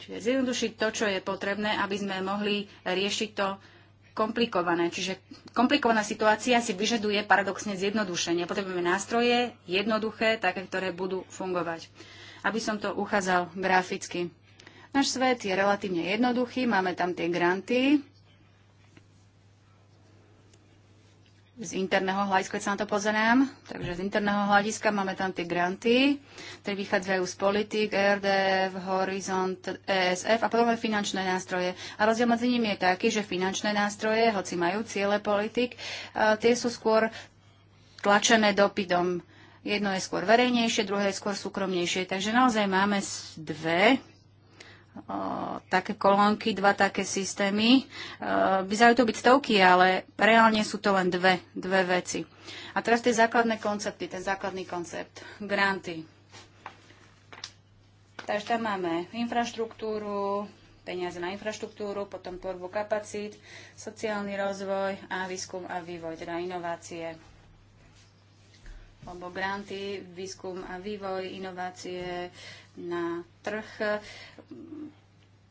čiže zjednodušiť to, čo je potrebné, aby sme mohli riešiť to komplikované. Čiže komplikovaná situácia si vyžaduje paradoxne zjednodušenie. Potrebujeme nástroje, jednoduché, také, ktoré budú fungovať. Aby som to uchádzal graficky. Náš svet je relatívne jednoduchý, máme tam tie granty. Z interného hľadiska, keď sa na to pozerám, takže z interného hľadiska máme tam tie granty, ktoré vychádzajú z politik, e RDF, Horizont, ESF a potom aj finančné nástroje. A rozdiel medzi nimi je taký, že finančné nástroje, hoci majú ciele politik, tie sú skôr tlačené dopytom. Jedno je skôr verejnejšie, druhé je skôr súkromnejšie. Takže naozaj máme dve také kolónky, dva také systémy. E, Vyzajú to byť stovky, ale reálne sú to len dve, dve veci. A teraz tie základné koncepty, ten základný koncept. Granty. Takže tam máme infraštruktúru, peniaze na infraštruktúru, potom tvorbu kapacít, sociálny rozvoj a výskum a vývoj, teda inovácie alebo granty, výskum a vývoj, inovácie na trh.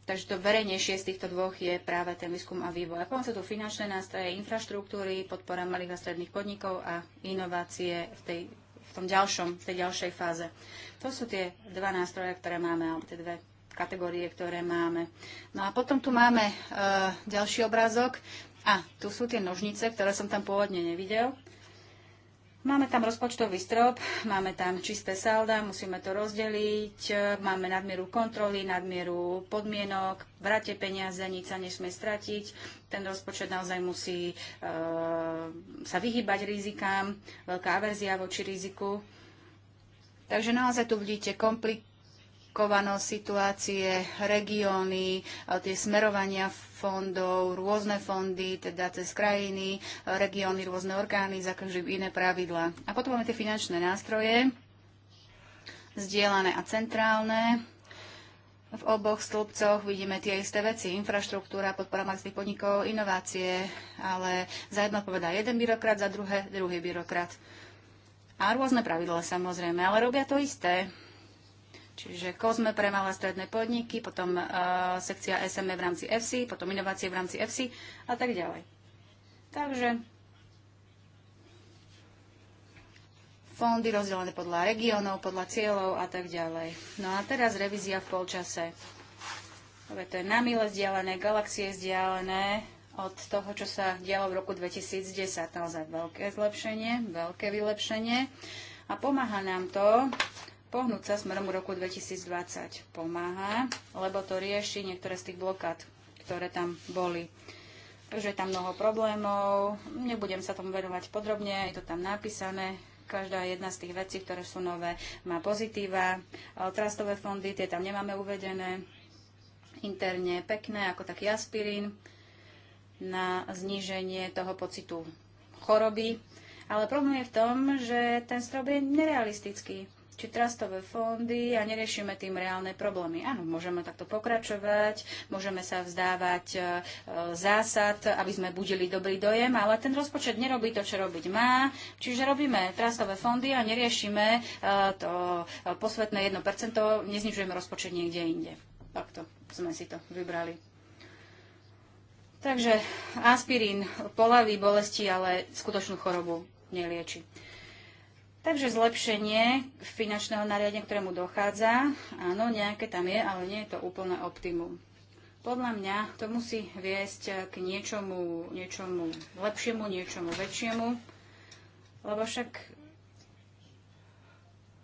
Takže to verejnejšie z týchto dvoch je práve ten výskum a vývoj. A potom sú tu finančné nástroje, infraštruktúry, podpora malých a stredných podnikov a inovácie v, tej, v tom ďalšom, v tej ďalšej fáze. To sú tie dva nástroje, ktoré máme, alebo tie dve kategórie, ktoré máme. No a potom tu máme uh, ďalší obrázok. A tu sú tie nožnice, ktoré som tam pôvodne nevidel. Máme tam rozpočtový strop, máme tam čisté salda, musíme to rozdeliť, e, máme nadmieru kontroly, nadmieru podmienok, vráte peniaze, nič sa nesme stratiť. Ten rozpočet naozaj musí e, sa vyhybať rizikám, veľká averzia voči riziku. Takže naozaj tu vidíte komplik komplikovanosť situácie, regióny, e, tie smerovania fondov, rôzne fondy, teda cez krajiny, e, regióny, rôzne orgány, za každým iné pravidlá. A potom máme tie finančné nástroje, zdieľané a centrálne. V oboch stĺpcoch vidíme tie isté veci. Infraštruktúra, podpora malých podnikov, inovácie, ale za jedno povedá jeden byrokrat, za druhé druhý byrokrat. A rôzne pravidla samozrejme, ale robia to isté. Čiže kozme pre malé stredné podniky, potom uh, sekcia SME v rámci FC, potom inovácie v rámci FC a tak ďalej. Takže fondy rozdelené podľa regiónov, podľa cieľov a tak ďalej. No a teraz revízia v polčase. Veď to je na mile vzdialené, galaxie vzdialené od toho, čo sa dialo v roku 2010. Naozaj veľké zlepšenie, veľké vylepšenie. A pomáha nám to pohnúť sa smerom k roku 2020 pomáha, lebo to rieši niektoré z tých blokád, ktoré tam boli. Takže je tam mnoho problémov, nebudem sa tomu venovať podrobne, je to tam napísané, každá jedna z tých vecí, ktoré sú nové, má pozitíva. Trastové fondy, tie tam nemáme uvedené. Interne pekné, ako taký aspirín na zníženie toho pocitu choroby. Ale problém je v tom, že ten strop je nerealistický či trastové fondy a neriešime tým reálne problémy. Áno, môžeme takto pokračovať, môžeme sa vzdávať e, zásad, aby sme budili dobrý dojem, ale ten rozpočet nerobí to, čo robiť má. Čiže robíme trastové fondy a neriešime e, to posvetné 1%, neznižujeme rozpočet niekde inde. Takto sme si to vybrali. Takže aspirín polaví bolesti, ale skutočnú chorobu nelieči. Takže zlepšenie finančného nariadenia, ktorému dochádza, áno, nejaké tam je, ale nie je to úplné optimum. Podľa mňa to musí viesť k niečomu, niečomu lepšiemu, niečomu väčšiemu, lebo však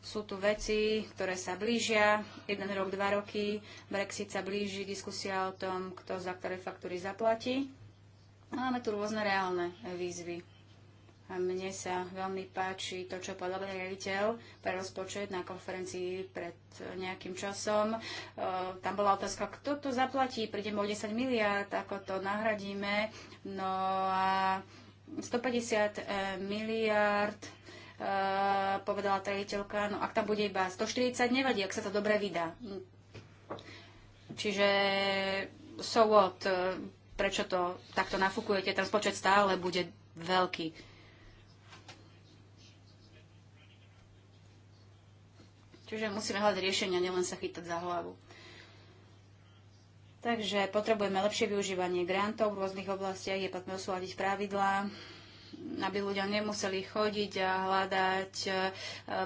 sú tu veci, ktoré sa blížia, jeden rok, dva roky, Brexit sa blíži, diskusia o tom, kto za ktoré faktúry zaplatí. Máme tu rôzne reálne výzvy. Mne sa veľmi páči to, čo povedal riaditeľ pre rozpočet na konferencii pred e, nejakým časom. E, tam bola otázka, kto to zaplatí, prídeme o 10 miliard, ako to nahradíme. No a 150 e, miliard e, povedala riaditeľka, no ak tam bude iba 140, nevadí, ak sa to dobre vydá. Čiže so what, prečo to takto nafúkujete, ten spočet stále bude veľký. Čiže musíme hľadať riešenia, nielen sa chytať za hlavu. Takže potrebujeme lepšie využívanie grantov v rôznych oblastiach, je potrebné osúľadiť pravidlá, aby ľudia nemuseli chodiť a hľadať e,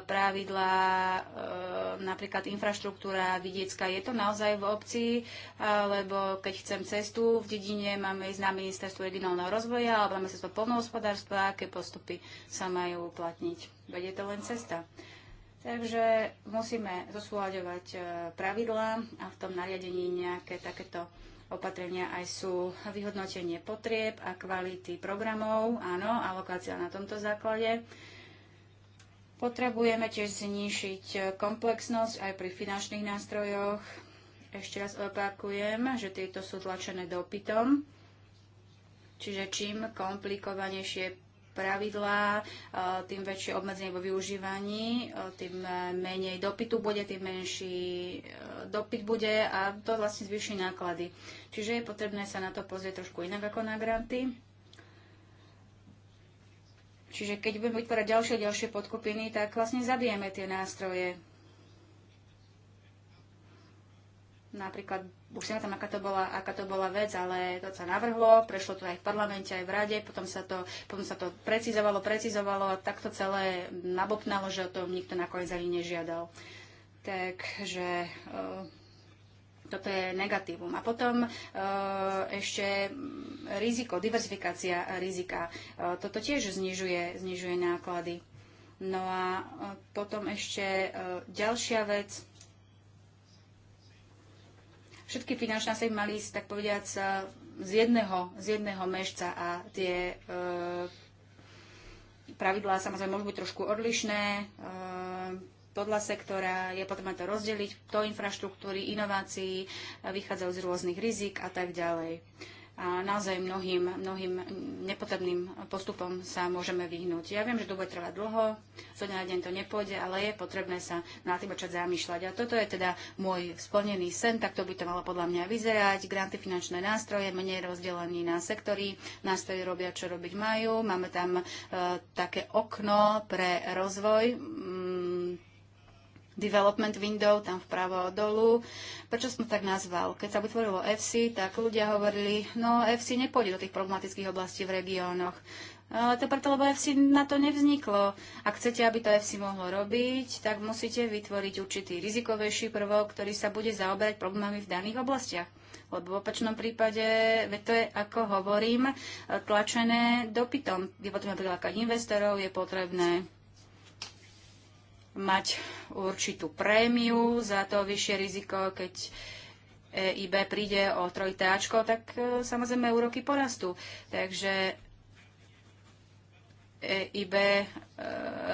pravidlá, e, napríklad infraštruktúra vidiecka je to naozaj v obci, lebo keď chcem cestu v dedine, máme ísť na ministerstvo regionálneho rozvoja alebo na ministerstvo polnohospodárstva, aké postupy sa majú uplatniť. Vedie to len cesta. Takže musíme zosúľadovať e, pravidlá a v tom nariadení nejaké takéto opatrenia aj sú vyhodnotenie potrieb a kvality programov, áno, alokácia na tomto základe. Potrebujeme tiež znišiť e, komplexnosť aj pri finančných nástrojoch. Ešte raz opakujem, že tieto sú tlačené dopytom, čiže čím komplikovanejšie pravidlá, eh, tým väčšie obmedzenie vo využívaní, eh, tým menej dopytu bude, tým menší eh, dopyt bude a to vlastne zvyšší náklady. Čiže je potrebné sa na to pozrieť trošku inak ako na granty. Čiže keď budeme vytvárať ďalšie a ďalšie podkupiny, tak vlastne zabijeme tie nástroje. Napríklad už si tam, aká to, bola, aká to bola vec, ale to sa navrhlo, prešlo to aj v parlamente, aj v rade, potom sa to, potom sa to precizovalo, precizovalo a tak to celé nabopnalo, že o tom nikto nakoniec ani nežiadal. Takže e, toto je negatívum. A potom e, ešte riziko, diverzifikácia rizika. E, toto tiež znižuje, znižuje náklady. No a potom ešte ďalšia vec, všetky finančné nástroje mali ísť, tak povediať, eh, z jedného, z jedného mešca a tie e, pravidlá samozrejme môžu byť trošku odlišné. E, podľa sektora je potrebné to rozdeliť do infraštruktúry, inovácií, vychádzajú z rôznych rizik a tak ďalej. E, a naozaj mnohým, mnohým nepotrebným postupom sa môžeme vyhnúť. Ja viem, že to bude trvať dlho, zo dňa na deň to nepôjde, ale je potrebné sa na tým začať zamýšľať. A toto je teda môj splnený sen, tak to by to malo podľa mňa vyzerať. Granty finančné nástroje, menej rozdelení na sektory, nástroje robia, čo robiť majú. Máme tam e, také okno pre rozvoj. Mm, development window, tam vpravo dolu. Prečo som tak nazval? Keď sa vytvorilo FC, tak ľudia hovorili, no FC nepôjde do tých problematických oblastí v regiónoch. Ale to preto, lebo FC na to nevzniklo. Ak chcete, aby to FC mohlo robiť, tak musíte vytvoriť určitý rizikovejší prvok, ktorý sa bude zaoberať problémami v daných oblastiach. Lebo v opačnom prípade, veď to je, ako hovorím, tlačené dopytom. Je potrebné prilákať investorov, je potrebné mať určitú prémiu za to vyššie riziko, keď EIB príde o trojtáčko, tak e, samozrejme úroky porastú. Takže EIB e,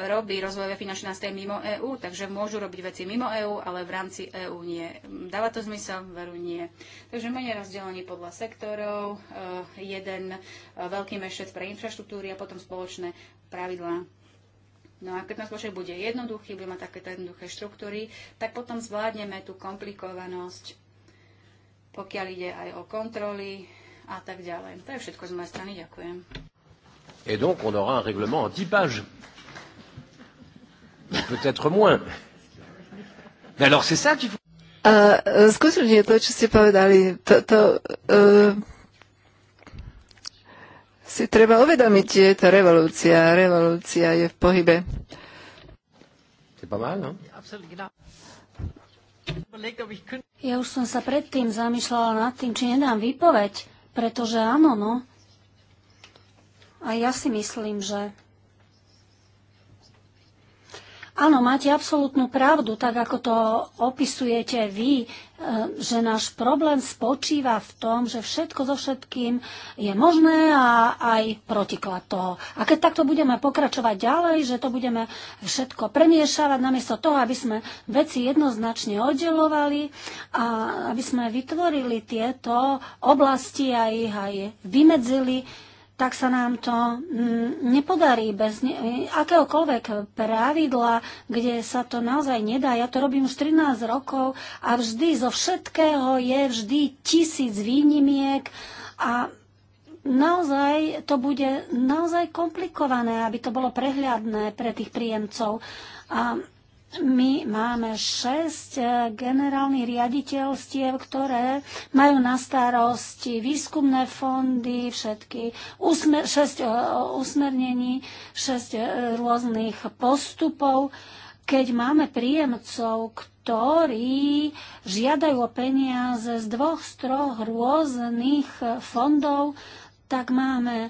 robí rozvojové finančné nástroje mimo EÚ, takže môžu robiť veci mimo EÚ, ale v rámci EÚ nie. Dáva to zmysel? Veru nie. Takže menej rozdelení podľa sektorov, e, jeden veľký mešec pre infraštruktúry a potom spoločné pravidlá No a keď náš počet bude jednoduchý, bude mať takéto jednoduché štruktúry, tak potom zvládneme tú komplikovanosť, pokiaľ ide aj o kontroly a tak ďalej. To je všetko z mojej strany. Ďakujem. Et donc, on aura un règlement en 10 pages. Peut-être moins. Mais alors, c'est ça qu'il faut... Uh, e, skutočne to, čo ste povedali, to, to uh, si treba uvedomiť, je to revolúcia. Revolúcia je v pohybe. No? Ja už som sa predtým zamýšľala nad tým, či nedám výpoveď, pretože áno, no. A ja si myslím, že Áno, máte absolútnu pravdu, tak ako to opisujete vy, e, že náš problém spočíva v tom, že všetko so všetkým je možné a aj protiklad toho. A keď takto budeme pokračovať ďalej, že to budeme všetko premiešavať namiesto toho, aby sme veci jednoznačne oddelovali a aby sme vytvorili tieto oblasti a ich aj vymedzili, tak sa nám to mm, nepodarí bez ne- akéhokoľvek pravidla, kde sa to naozaj nedá. Ja to robím už 13 rokov a vždy zo všetkého je vždy tisíc výnimiek a naozaj to bude naozaj komplikované, aby to bolo prehľadné pre tých príjemcov. A my máme šesť e, generálnych riaditeľstiev, ktoré majú na starosti výskumné fondy, všetky usmer, šesť e, usmernení, šesť e, rôznych postupov. Keď máme príjemcov, ktorí žiadajú o peniaze z dvoch, z troch rôznych fondov, tak máme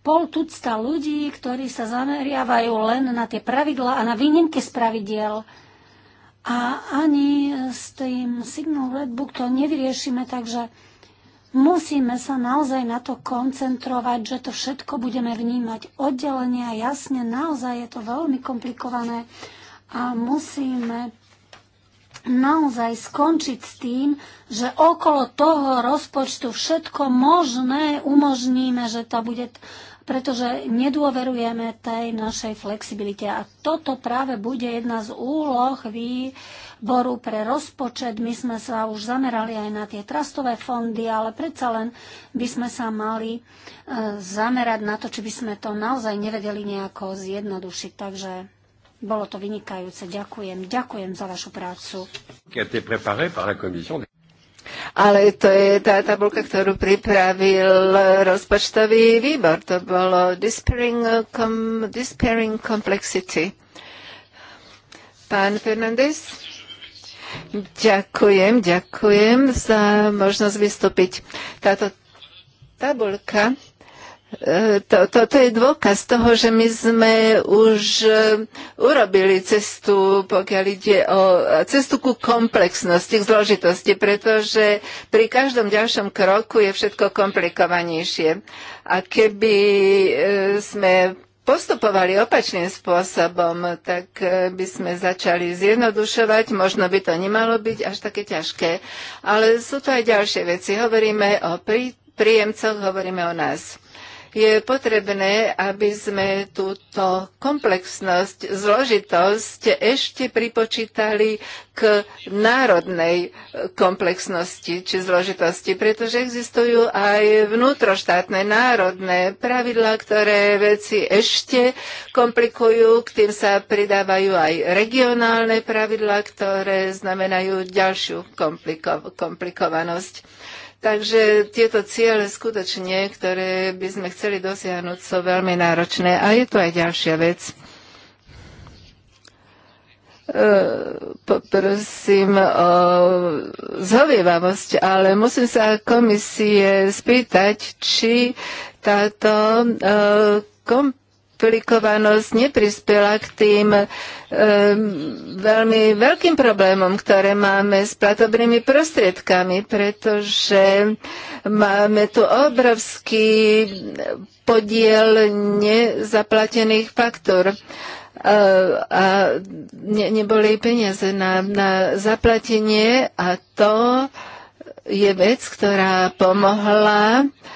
pol tucta ľudí, ktorí sa zameriavajú len na tie pravidla a na výnimky z pravidiel. A ani s tým Signal Redbook to nevyriešime, takže musíme sa naozaj na to koncentrovať, že to všetko budeme vnímať oddelenia. a jasne, naozaj je to veľmi komplikované a musíme naozaj skončiť s tým, že okolo toho rozpočtu všetko možné umožníme, že to bude pretože nedôverujeme tej našej flexibilite. A toto práve bude jedna z úloh výboru pre rozpočet. My sme sa už zamerali aj na tie trastové fondy, ale predsa len by sme sa mali e, zamerať na to, či by sme to naozaj nevedeli nejako zjednodušiť. Takže bolo to vynikajúce. Ďakujem. Ďakujem za vašu prácu. Ale to je tá tabulka, ktorú pripravil rozpočtový výbor. To bolo Despairing, com, despairing Complexity. Pán Fernández? Ďakujem, ďakujem za možnosť vystúpiť. Táto tabulka to, toto to je dôkaz toho, že my sme už e, urobili cestu, pokiaľ ide o e, cestu ku komplexnosti, k zložitosti, pretože pri každom ďalšom kroku je všetko komplikovanejšie. A keby e, sme postupovali opačným spôsobom, tak by sme začali zjednodušovať, možno by to nemalo byť až také ťažké. Ale sú to aj ďalšie veci. Hovoríme o príjemcoch, hovoríme o nás je potrebné, aby sme túto komplexnosť, zložitosť ešte pripočítali k národnej komplexnosti či zložitosti, pretože existujú aj vnútroštátne národné pravidlá, ktoré veci ešte komplikujú, k tým sa pridávajú aj regionálne pravidlá, ktoré znamenajú ďalšiu kompliko- komplikovanosť. Takže tieto ciele skutočne, ktoré by sme chceli dosiahnuť, sú veľmi náročné. A je tu aj ďalšia vec. E, poprosím o zhovievavosť, ale musím sa komisie spýtať, či táto e, komp- aplikovanosť neprispela k tým e, veľmi veľkým problémom, ktoré máme s platobnými prostriedkami, pretože máme tu obrovský podiel nezaplatených faktúr a, e, a ne, neboli peniaze na, na zaplatenie a to je vec, ktorá pomohla uh,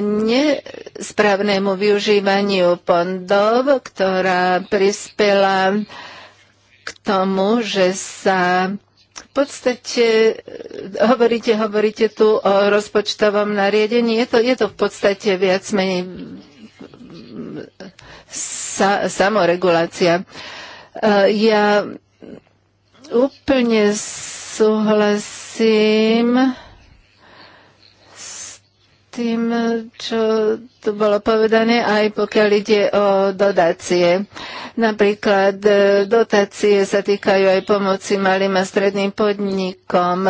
nesprávnemu využívaniu fondov, ktorá prispela k tomu, že sa v podstate hovoríte, hovoríte tu o rozpočtovom nariadení. Je to, je to v podstate viac menej sa, samoregulácia. E, ja úplne súhlasím tým, čo tu bolo povedané, aj pokiaľ ide o dotácie. Napríklad e, dotácie sa týkajú aj pomoci malým a stredným podnikom.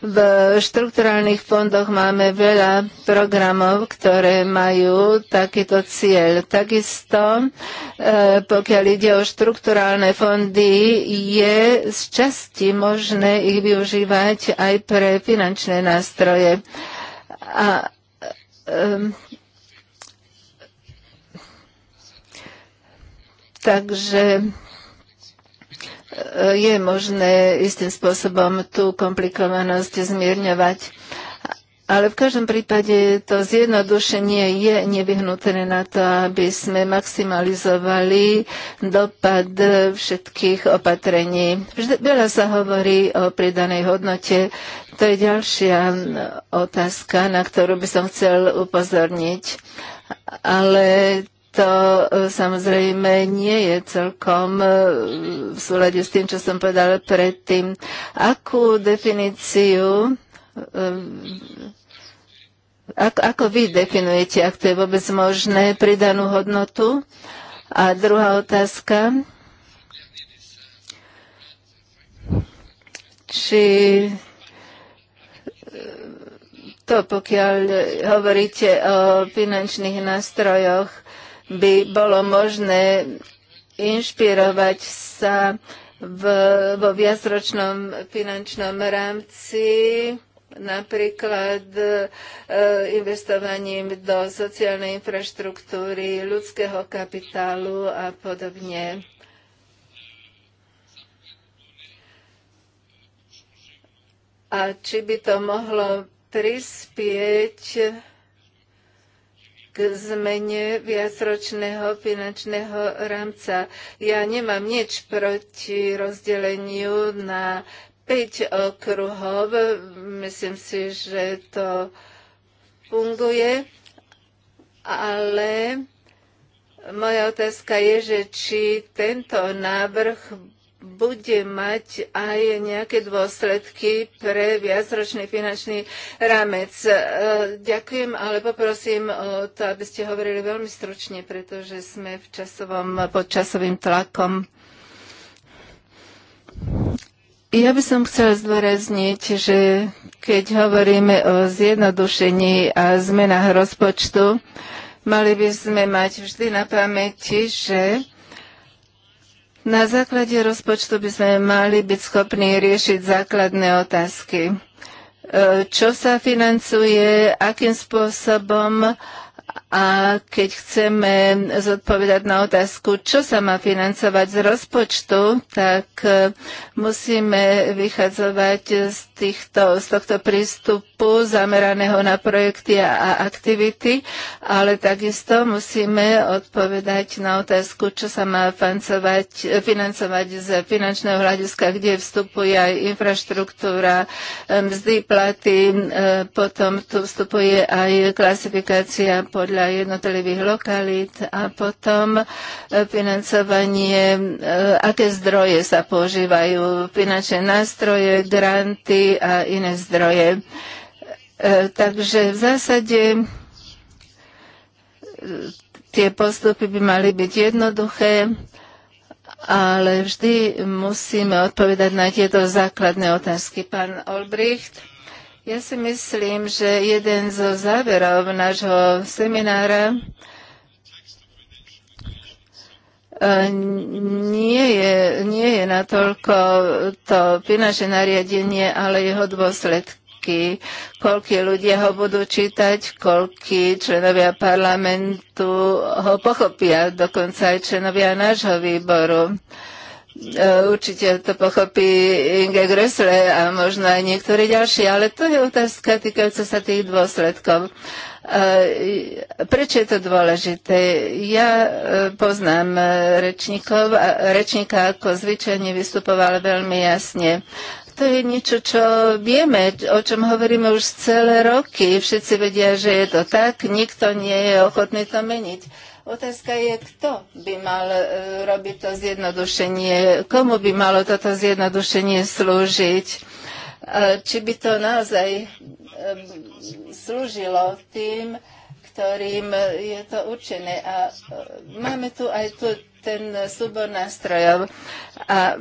V štrukturálnych fondoch máme veľa programov, ktoré majú takýto cieľ. Takisto, e, pokiaľ ide o štrukturálne fondy, je z časti možné ich využívať aj pre finančné nástroje. A Ehm, takže e, je možné istým spôsobom tú komplikovanosť zmierňovať. Ale v každom prípade to zjednodušenie je nevyhnutné na to, aby sme maximalizovali dopad všetkých opatrení. Vždy, veľa sa hovorí o pridanej hodnote. To je ďalšia otázka, na ktorú by som chcel upozorniť. Ale to e, samozrejme nie je celkom e, v súlade s tým, čo som povedala predtým. Akú definíciu e, ak, ako vy definujete, ak to je vôbec možné, pridanú hodnotu? A druhá otázka, či to, pokiaľ hovoríte o finančných nástrojoch, by bolo možné inšpirovať sa v, vo viacročnom finančnom rámci napríklad e, investovaním do sociálnej infraštruktúry, ľudského kapitálu a podobne. A či by to mohlo prispieť k zmene viacročného finančného rámca. Ja nemám nič proti rozdeleniu na 5 okruhov. Myslím si, že to funguje, ale moja otázka je, že či tento návrh bude mať aj nejaké dôsledky pre viacročný finančný rámec. E, ďakujem, ale poprosím o to, aby ste hovorili veľmi stručne, pretože sme v časovom, pod časovým tlakom. Ja by som chcela zdôrazniť, že keď hovoríme o zjednodušení a zmenách rozpočtu, mali by sme mať vždy na pamäti, že na základe rozpočtu by sme mali byť schopní riešiť základné otázky. E, čo sa financuje, akým spôsobom a keď chceme zodpovedať na otázku, čo sa má financovať z rozpočtu, tak e, musíme vychádzovať z, týchto, z tohto prístupu zameraného na projekty a aktivity, ale takisto musíme odpovedať na otázku, čo sa má financovať, financovať z finančného hľadiska, kde vstupuje aj infraštruktúra, e, mzdy, platy, e, potom tu vstupuje aj klasifikácia podľa podľa jednotlivých lokalít a potom e, financovanie, e, aké zdroje sa používajú, finančné nástroje, granty a iné zdroje. E, takže v zásade tie postupy by mali byť jednoduché, ale vždy musíme odpovedať na tieto základné otázky. Pán Olbricht. Ja si myslím, že jeden zo záverov nášho seminára e, nie je, nie je natoľko to finančné nariadenie, ale jeho dôsledky roky, koľko ľudia ho budú čítať, koľko členovia parlamentu ho pochopia, dokonca aj členovia nášho výboru. E, určite to pochopí Inge Grösle a možno aj niektorí ďalší, ale to je otázka týkajúca sa tých dôsledkov. E, prečo je to dôležité? Ja e, poznám rečníkov, rečníka ako zvyčajne vystupoval veľmi jasne to je niečo, čo vieme, o čom hovoríme už celé roky. Všetci vedia, že je to tak, nikto nie je ochotný to meniť. Otázka je, kto by mal e, robiť to zjednodušenie, komu by malo toto zjednodušenie slúžiť, e, či by to naozaj e, slúžilo tým, ktorým je to určené. A máme tu aj tu ten súbor nástrojov. A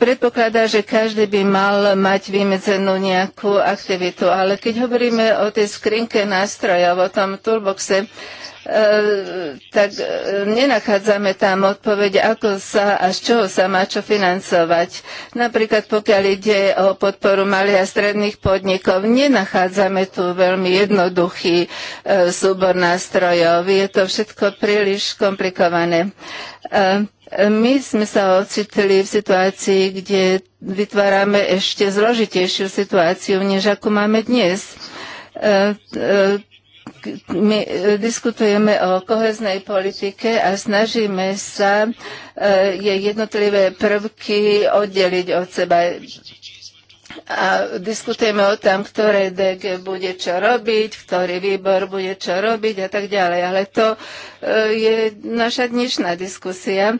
predpokladá, že každý by mal mať vymedzenú nejakú aktivitu. Ale keď hovoríme o tej skrinke nástrojov, o tom toolboxe, E, tak e, nenachádzame tam odpoveď, ako sa a z čoho sa má čo financovať. Napríklad pokiaľ ide o podporu malých a stredných podnikov, nenachádzame tu veľmi jednoduchý e, súbor nástrojov. Je to všetko príliš komplikované. my sme sa ocitli v situácii, kde vytvárame ešte zložitejšiu situáciu, než ako máme dnes my e, diskutujeme o koheznej politike a snažíme sa e, jej jednotlivé prvky oddeliť od seba a diskutujeme o tom, ktoré DG bude čo robiť, ktorý výbor bude čo robiť a tak ďalej. Ale to e, je naša dnešná diskusia.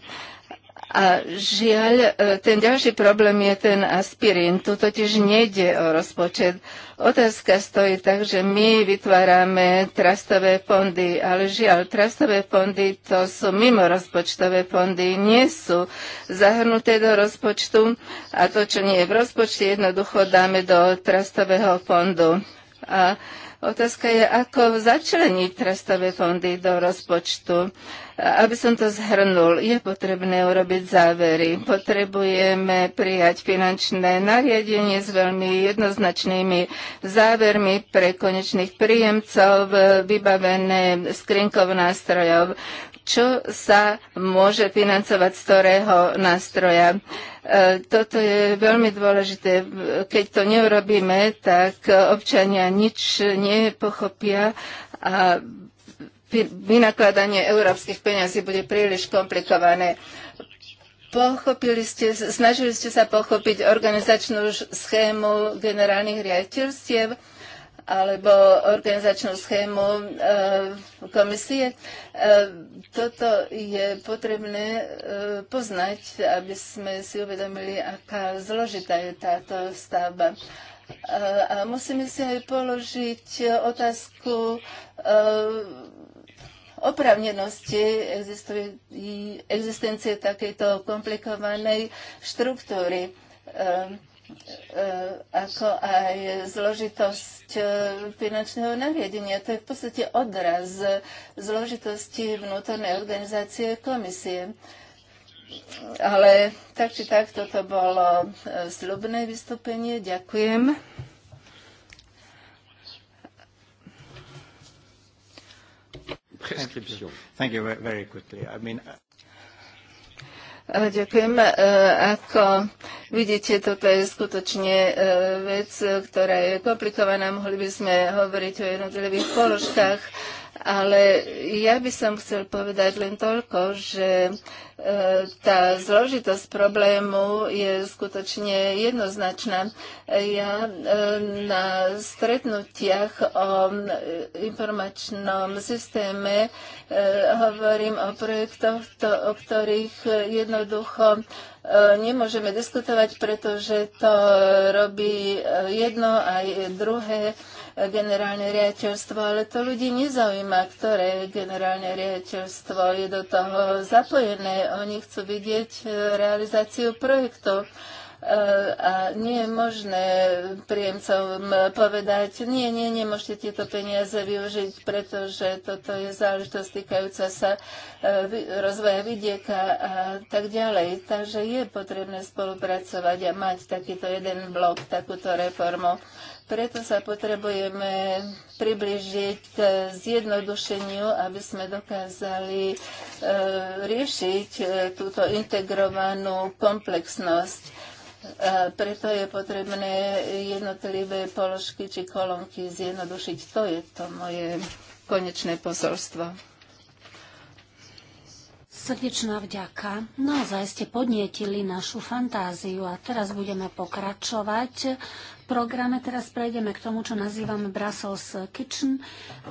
A žiaľ, e, ten ďalší problém je ten aspirín. Tu totiž nejde o rozpočet. Otázka stojí tak, že my vytvárame trastové fondy, ale žiaľ, trastové fondy to sú mimo rozpočtové fondy, nie sú zahrnuté do rozpočtu a to, čo nie je v rozpočte, jednoducho dáme do trastového fondu. A Otázka je, ako začleniť trestové fondy do rozpočtu. Aby som to zhrnul, je potrebné urobiť závery. Potrebujeme prijať finančné nariadenie s veľmi jednoznačnými závermi pre konečných príjemcov, vybavené skrinkou nástrojov čo sa môže financovať z ktorého nástroja. E, toto je veľmi dôležité. Keď to neurobíme, tak občania nič nepochopia a vynakladanie európskych peňazí bude príliš komplikované. Pochopili ste, snažili ste sa pochopiť organizačnú schému generálnych riaditeľstiev alebo organizačnú schému eh, komisie. Eh, toto je potrebné eh, poznať, aby sme si uvedomili, aká zložitá je táto stavba. A musíme si aj položiť otázku opravnenosti existencie takejto komplikovanej štruktúry E, ako aj zložitosť e, finančného nariadenia. To je v podstate odraz zložitosti vnútornej organizácie komisie. Ale tak či tak, toto bolo e, slubné vystúpenie. Ďakujem. Thank you very quickly. I mean, Ďakujem. E, ako vidíte, toto je skutočne e, vec, e, ktorá je komplikovaná. Mohli by sme hovoriť o jednotlivých položkách ale ja by som chcel povedať len toľko, že e, tá zložitosť problému je skutočne jednoznačná. Ja e, na stretnutiach o informačnom systéme e, hovorím o projektoch, to, o ktorých jednoducho nemôžeme diskutovať, pretože to robí jedno aj druhé generálne riaditeľstvo, ale to ľudí nezaujíma, ktoré generálne riaditeľstvo je do toho zapojené. Oni chcú vidieť e, realizáciu projektov e, a nie je možné príjemcom povedať, nie, nie, nemôžete tieto peniaze využiť, pretože toto je záležitosť týkajúca sa e, rozvoja vidieka a tak ďalej. Takže je potrebné spolupracovať a mať takýto jeden blok, takúto reformu. Preto sa potrebujeme približiť k zjednodušeniu, aby sme dokázali e, riešiť e, túto integrovanú komplexnosť. A preto je potrebné jednotlivé položky či kolónky zjednodušiť. To je to moje konečné posolstvo. Srdečná vďaka. Naozaj ste podnietili našu fantáziu a teraz budeme pokračovať v programe. Teraz prejdeme k tomu, čo nazývame Brussels Kitchen,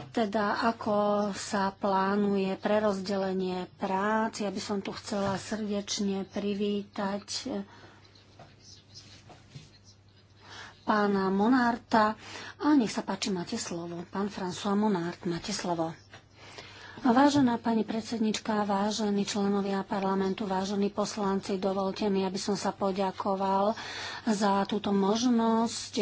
teda ako sa plánuje prerozdelenie prác. Ja by som tu chcela srdečne privítať pána Monárta. A nech sa páči, máte slovo. Pán François Monárt, máte slovo. Vážená pani predsednička, vážení členovia parlamentu, vážení poslanci, dovolte mi, aby som sa poďakoval za túto možnosť,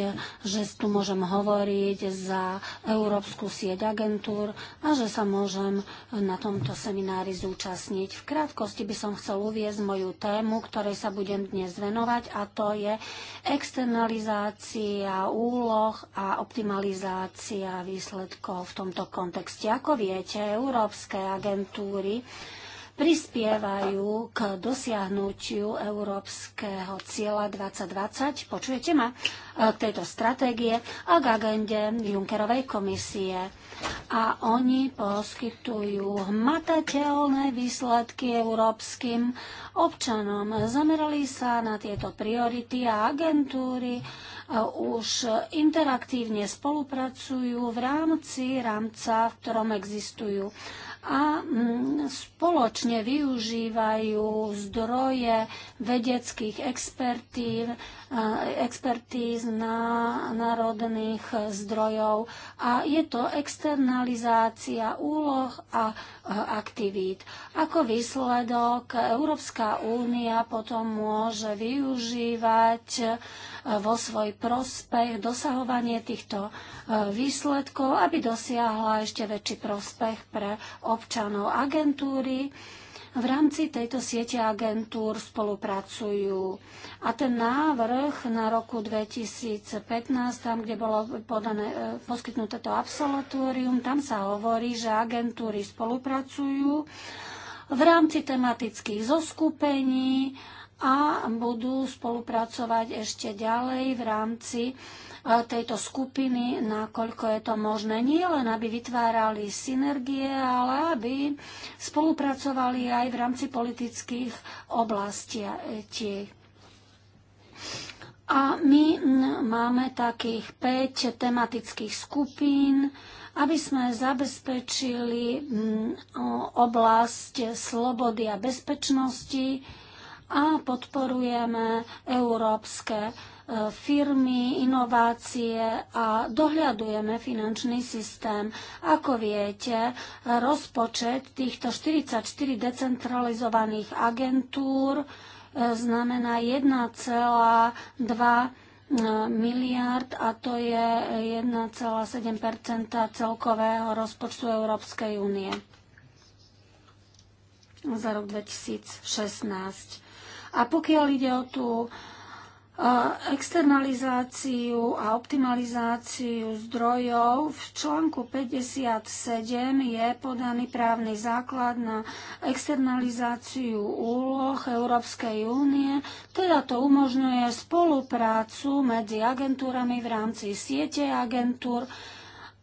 že tu môžem hovoriť za Európsku sieť agentúr a že sa môžem na tomto seminári zúčastniť. V krátkosti by som chcel uviezť moju tému, ktorej sa budem dnes venovať a to je externalizácia úloh a optimalizácia výsledkov v tomto kontexte. Ako viete, Európa Európskej agentúry prispievajú k dosiahnutiu európskeho cieľa 2020, počujete ma, e, k tejto stratégie a k agende Junckerovej komisie. A oni poskytujú hmatateľné výsledky európskym občanom. Zamerali sa na tieto priority a agentúry e, už interaktívne spolupracujú v rámci rámca, v ktorom existujú a mm, spoločne využívajú zdroje vedeckých expertív, expertíz na národných zdrojov a je to externalizácia úloh a aktivít. Ako výsledok Európska únia potom môže využívať vo svoj prospech dosahovanie týchto e, výsledkov, aby dosiahla ešte väčší prospech pre občanov agentúry. V rámci tejto siete agentúr spolupracujú. A ten návrh na roku 2015, tam, kde bolo podané, e, poskytnuté to absolutórium, tam sa hovorí, že agentúry spolupracujú v rámci tematických zoskupení a budú spolupracovať ešte ďalej v rámci e, tejto skupiny, nakoľko je to možné. Nie len, aby vytvárali synergie, ale aby spolupracovali aj v rámci politických oblastí. E, a my máme takých 5 tematických skupín, aby sme zabezpečili oblasť slobody a bezpečnosti, a podporujeme európske e, firmy, inovácie a dohľadujeme finančný systém. Ako viete, rozpočet týchto 44 decentralizovaných agentúr e, znamená 1,2 e, miliard a to je 1,7 celkového rozpočtu Európskej únie za rok 2016. A pokiaľ ide o tú uh, externalizáciu a optimalizáciu zdrojov. V článku 57 je podaný právny základ na externalizáciu úloh Európskej únie, teda to umožňuje spoluprácu medzi agentúrami v rámci siete agentúr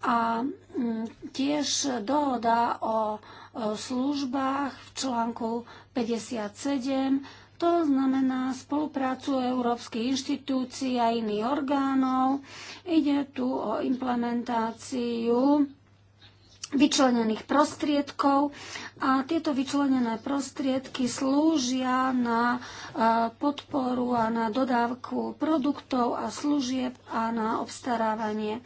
a mm, tiež dohoda o službách v článku 57 to znamená spoluprácu európskych inštitúcií a iných orgánov. Ide tu o implementáciu vyčlenených prostriedkov a tieto vyčlenené prostriedky slúžia na e, podporu a na dodávku produktov a služieb a na obstarávanie. E,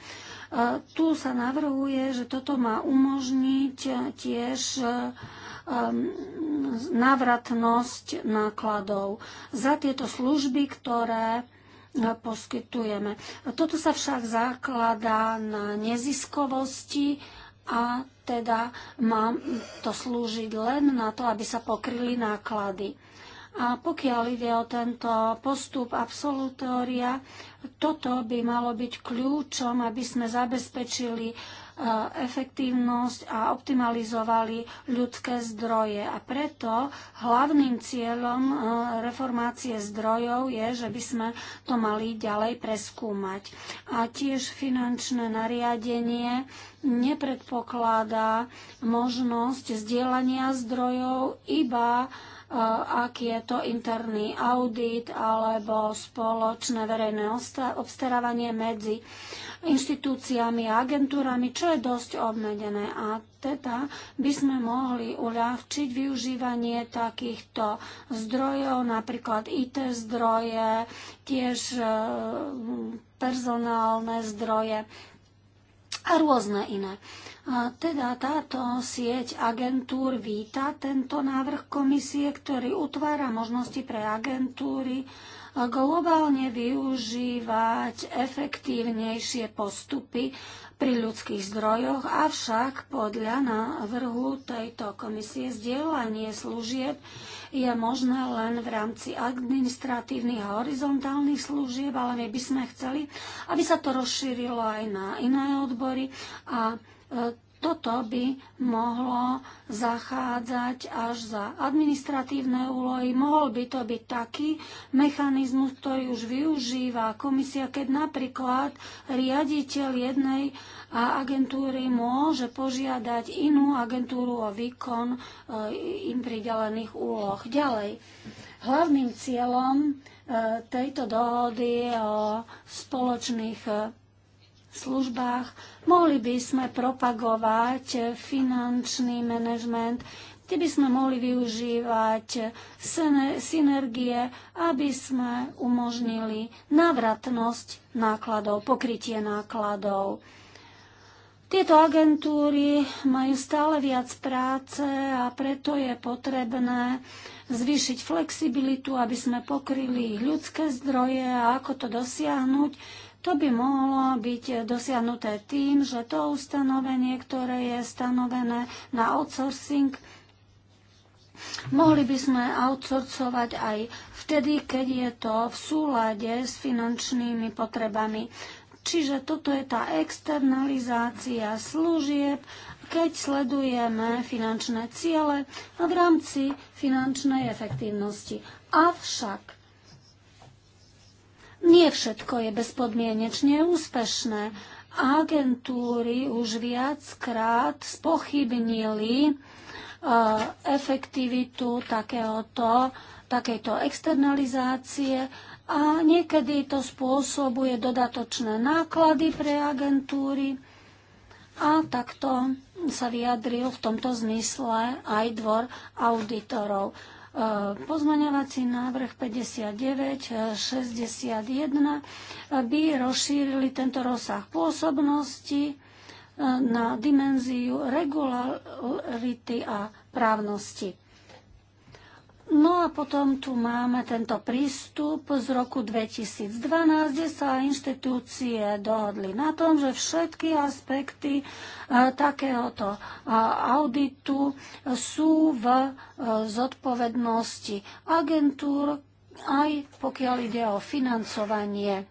tu sa navrhuje, že toto má umožniť tiež e, Um, návratnosť nákladov za tieto služby, ktoré uh, poskytujeme. Toto sa však základá na neziskovosti a teda má to slúžiť len na to, aby sa pokryli náklady. A pokiaľ ide o tento postup absolutória, toto by malo byť kľúčom, aby sme zabezpečili efektívnosť a optimalizovali ľudské zdroje. A preto hlavným cieľom e, reformácie zdrojov je, že by sme to mali ďalej preskúmať. A tiež finančné nariadenie nepredpokladá možnosť zdieľania zdrojov iba E, aký je to interný audit alebo spoločné verejné obstarávanie medzi inštitúciami a agentúrami, čo je dosť obmedené. A teda by sme mohli uľahčiť využívanie takýchto zdrojov, napríklad IT zdroje, tiež e, personálne zdroje a rôzne iné. Teda táto sieť agentúr víta tento návrh komisie, ktorý utvára možnosti pre agentúry e, globálne využívať efektívnejšie postupy pri ľudských zdrojoch, avšak podľa návrhu tejto komisie zdieľanie služieb je možné len v rámci administratívnych a horizontálnych služieb, ale my by sme chceli, aby sa to rozšírilo aj na iné odbory a E, toto by mohlo zachádzať až za administratívne úlohy. Mohol by to byť taký mechanizmus, ktorý už využíva komisia, keď napríklad riaditeľ jednej agentúry môže požiadať inú agentúru o výkon e, im pridelených úloh. Ďalej, hlavným cieľom e, tejto dohody je o spoločných službách. Mohli by sme propagovať finančný manažment, kde by sme mohli využívať synergie, aby sme umožnili návratnosť nákladov, pokrytie nákladov. Tieto agentúry majú stále viac práce a preto je potrebné zvýšiť flexibilitu, aby sme pokryli ľudské zdroje a ako to dosiahnuť to by mohlo byť dosiahnuté tým, že to ustanovenie, ktoré je stanovené na outsourcing, Mohli by sme outsourcovať aj vtedy, keď je to v súlade s finančnými potrebami. Čiže toto je tá externalizácia služieb, keď sledujeme finančné ciele v rámci finančnej efektívnosti. Avšak nie všetko je bezpodmienečne úspešné. Agentúry už viackrát spochybnili e, efektivitu takéhoto, takejto externalizácie a niekedy to spôsobuje dodatočné náklady pre agentúry a takto sa vyjadril v tomto zmysle aj dvor auditorov. Pozmaňovací návrh 59, 61 eh, eh, by rozšírili tento rozsah pôsobnosti eh, na dimenziu regularity a právnosti. No a potom tu máme tento prístup z roku 2012, kde sa inštitúcie dohodli na tom, že všetky aspekty e, takéhoto e, auditu sú v e, zodpovednosti agentúr, aj pokiaľ ide o financovanie.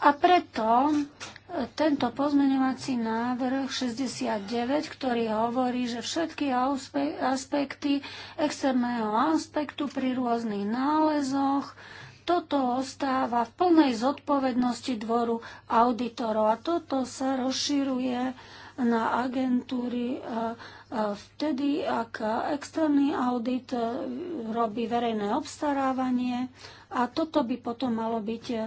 A preto tento pozmeňovací návrh 69, ktorý hovorí, že všetky aspekty externého aspektu pri rôznych nálezoch, toto ostáva v plnej zodpovednosti dvoru auditorov a toto sa rozširuje na agentúry eh, Vtedy, ak externý audit e, robí verejné obstarávanie a toto by potom malo byť e,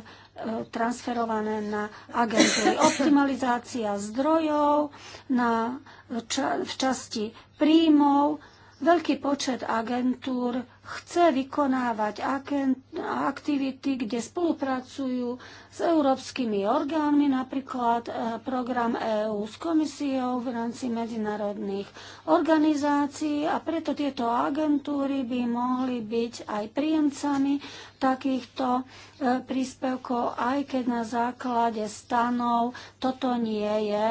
transferované na agentúry. *coughs* Optimalizácia zdrojov na e, ča- v časti príjmov, Veľký počet agentúr chce vykonávať aktivity, kde spolupracujú s európskymi orgánmi, napríklad e, program EÚ s komisiou v rámci medzinárodných organizácií a preto tieto agentúry by mohli byť aj príjemcami takýchto e, príspevkov, aj keď na základe stanov toto nie je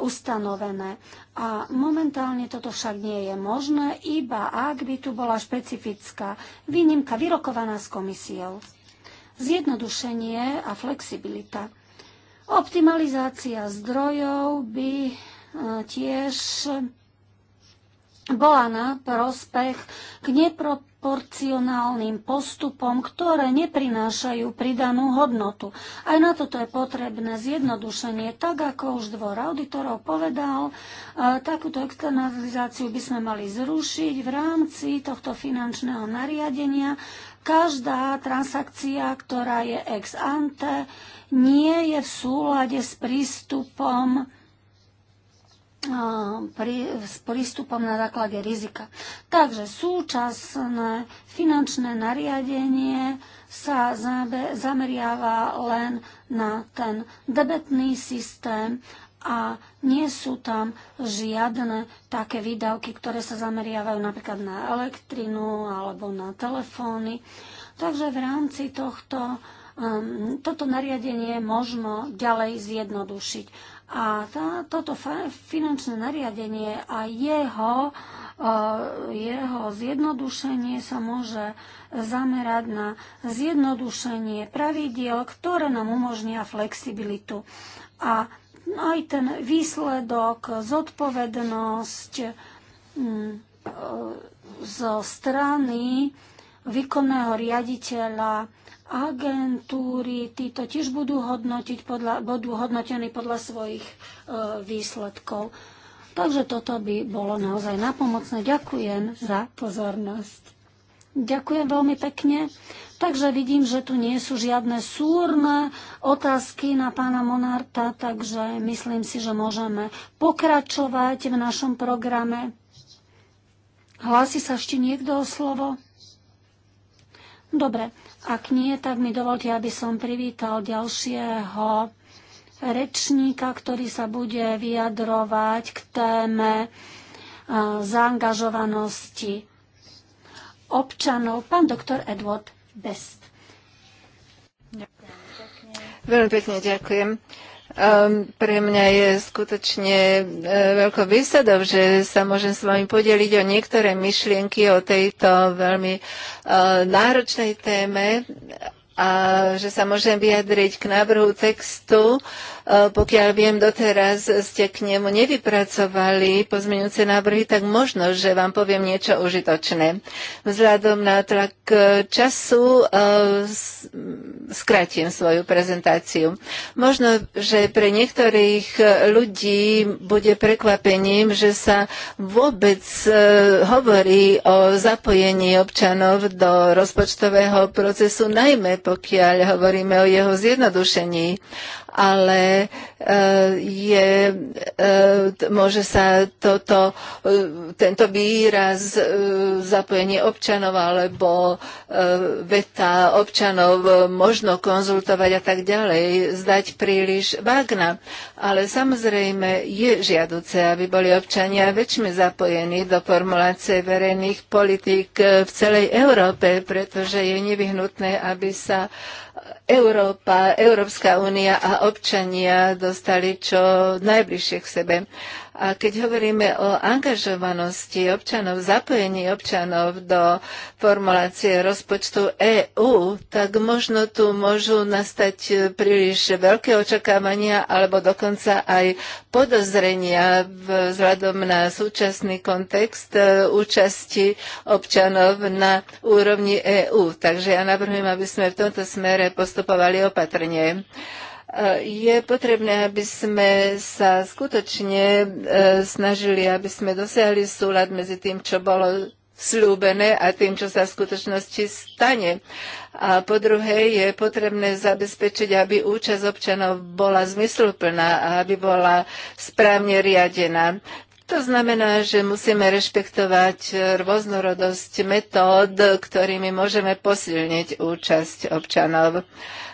ustanovené. A momentálne toto však nie je možné, iba ak by tu bola špecifická výnimka vyrokovaná s komisiou. Zjednodušenie a flexibilita. Optimalizácia zdrojov by e, tiež bola na prospech k nepro proporcionálnym postupom, ktoré neprinášajú pridanú hodnotu. Aj na toto je potrebné zjednodušenie. Tak ako už dvor auditorov povedal, e, takúto externalizáciu by sme mali zrušiť v rámci tohto finančného nariadenia. Každá transakcia, ktorá je ex ante, nie je v súlade s prístupom pri, s prístupom na základe rizika. Takže súčasné finančné nariadenie sa zameriava len na ten debetný systém a nie sú tam žiadne také výdavky, ktoré sa zameriavajú napríklad na elektrinu alebo na telefóny. Takže v rámci tohto um, toto nariadenie možno ďalej zjednodušiť. A tá, toto finančné nariadenie a jeho, e, jeho zjednodušenie sa môže zamerať na zjednodušenie pravidiel, ktoré nám umožnia flexibilitu. A aj ten výsledok, zodpovednosť mm, e, zo strany výkonného riaditeľa agentúry, títo tiež budú, hodnotiť podľa, budú hodnotení podľa svojich e, výsledkov. Takže toto by bolo naozaj napomocné. Ďakujem za pozornosť. Ďakujem veľmi pekne. Takže vidím, že tu nie sú žiadne súrne otázky na pána Monarta, takže myslím si, že môžeme pokračovať v našom programe. Hlási sa ešte niekto o slovo? Dobre, ak nie, tak mi dovolte, aby som privítal ďalšieho rečníka, ktorý sa bude vyjadrovať k téme e, zaangažovanosti občanov, pán doktor Edward Best. Veľmi pekne ďakujem. Ehm, pre mňa je skutočne e, veľkou výsadou, že sa môžem s vami podeliť o niektoré myšlienky o tejto veľmi e, náročnej téme a že sa môžem vyjadriť k návrhu textu, Eh, pokiaľ viem, doteraz ste k nemu nevypracovali pozmeňujúce návrhy, tak možno, že vám poviem niečo užitočné. Vzhľadom na tlak eh, času eh, skratím svoju prezentáciu. Možno, že pre niektorých ľudí bude prekvapením, že sa vôbec hovorí o zapojení občanov do rozpočtového procesu, najmä pokiaľ hovoríme o jeho zjednodušení ale eh, je, eh, môže sa toto, eh, tento výraz zapojenie občanov alebo veta občanov možno konzultovať a tak ďalej zdať príliš vágna. Ale samozrejme je žiaduce, aby boli občania väčšmi zapojení do formulácie verejných politík v celej Európe, pretože je nevyhnutné, aby sa Európa, Európska únia a občania dostali čo najbližšie k sebe. A keď hovoríme o angažovanosti občanov, zapojení občanov do formulácie rozpočtu EÚ, tak možno tu môžu nastať príliš veľké očakávania alebo dokonca aj podozrenia vzhľadom na súčasný kontext e, účasti občanov na úrovni EÚ. Takže ja navrhujem, aby sme v tomto smere postupovali opatrne. Je potrebné, aby sme sa skutočne e, snažili, aby sme dosiahli súlad medzi tým, čo bolo slúbené a tým, čo sa v skutočnosti stane. A po druhé je potrebné zabezpečiť, aby účasť občanov bola zmysluplná a aby bola správne riadená. To znamená, že musíme rešpektovať rôznorodosť metód, ktorými môžeme posilniť účasť občanov.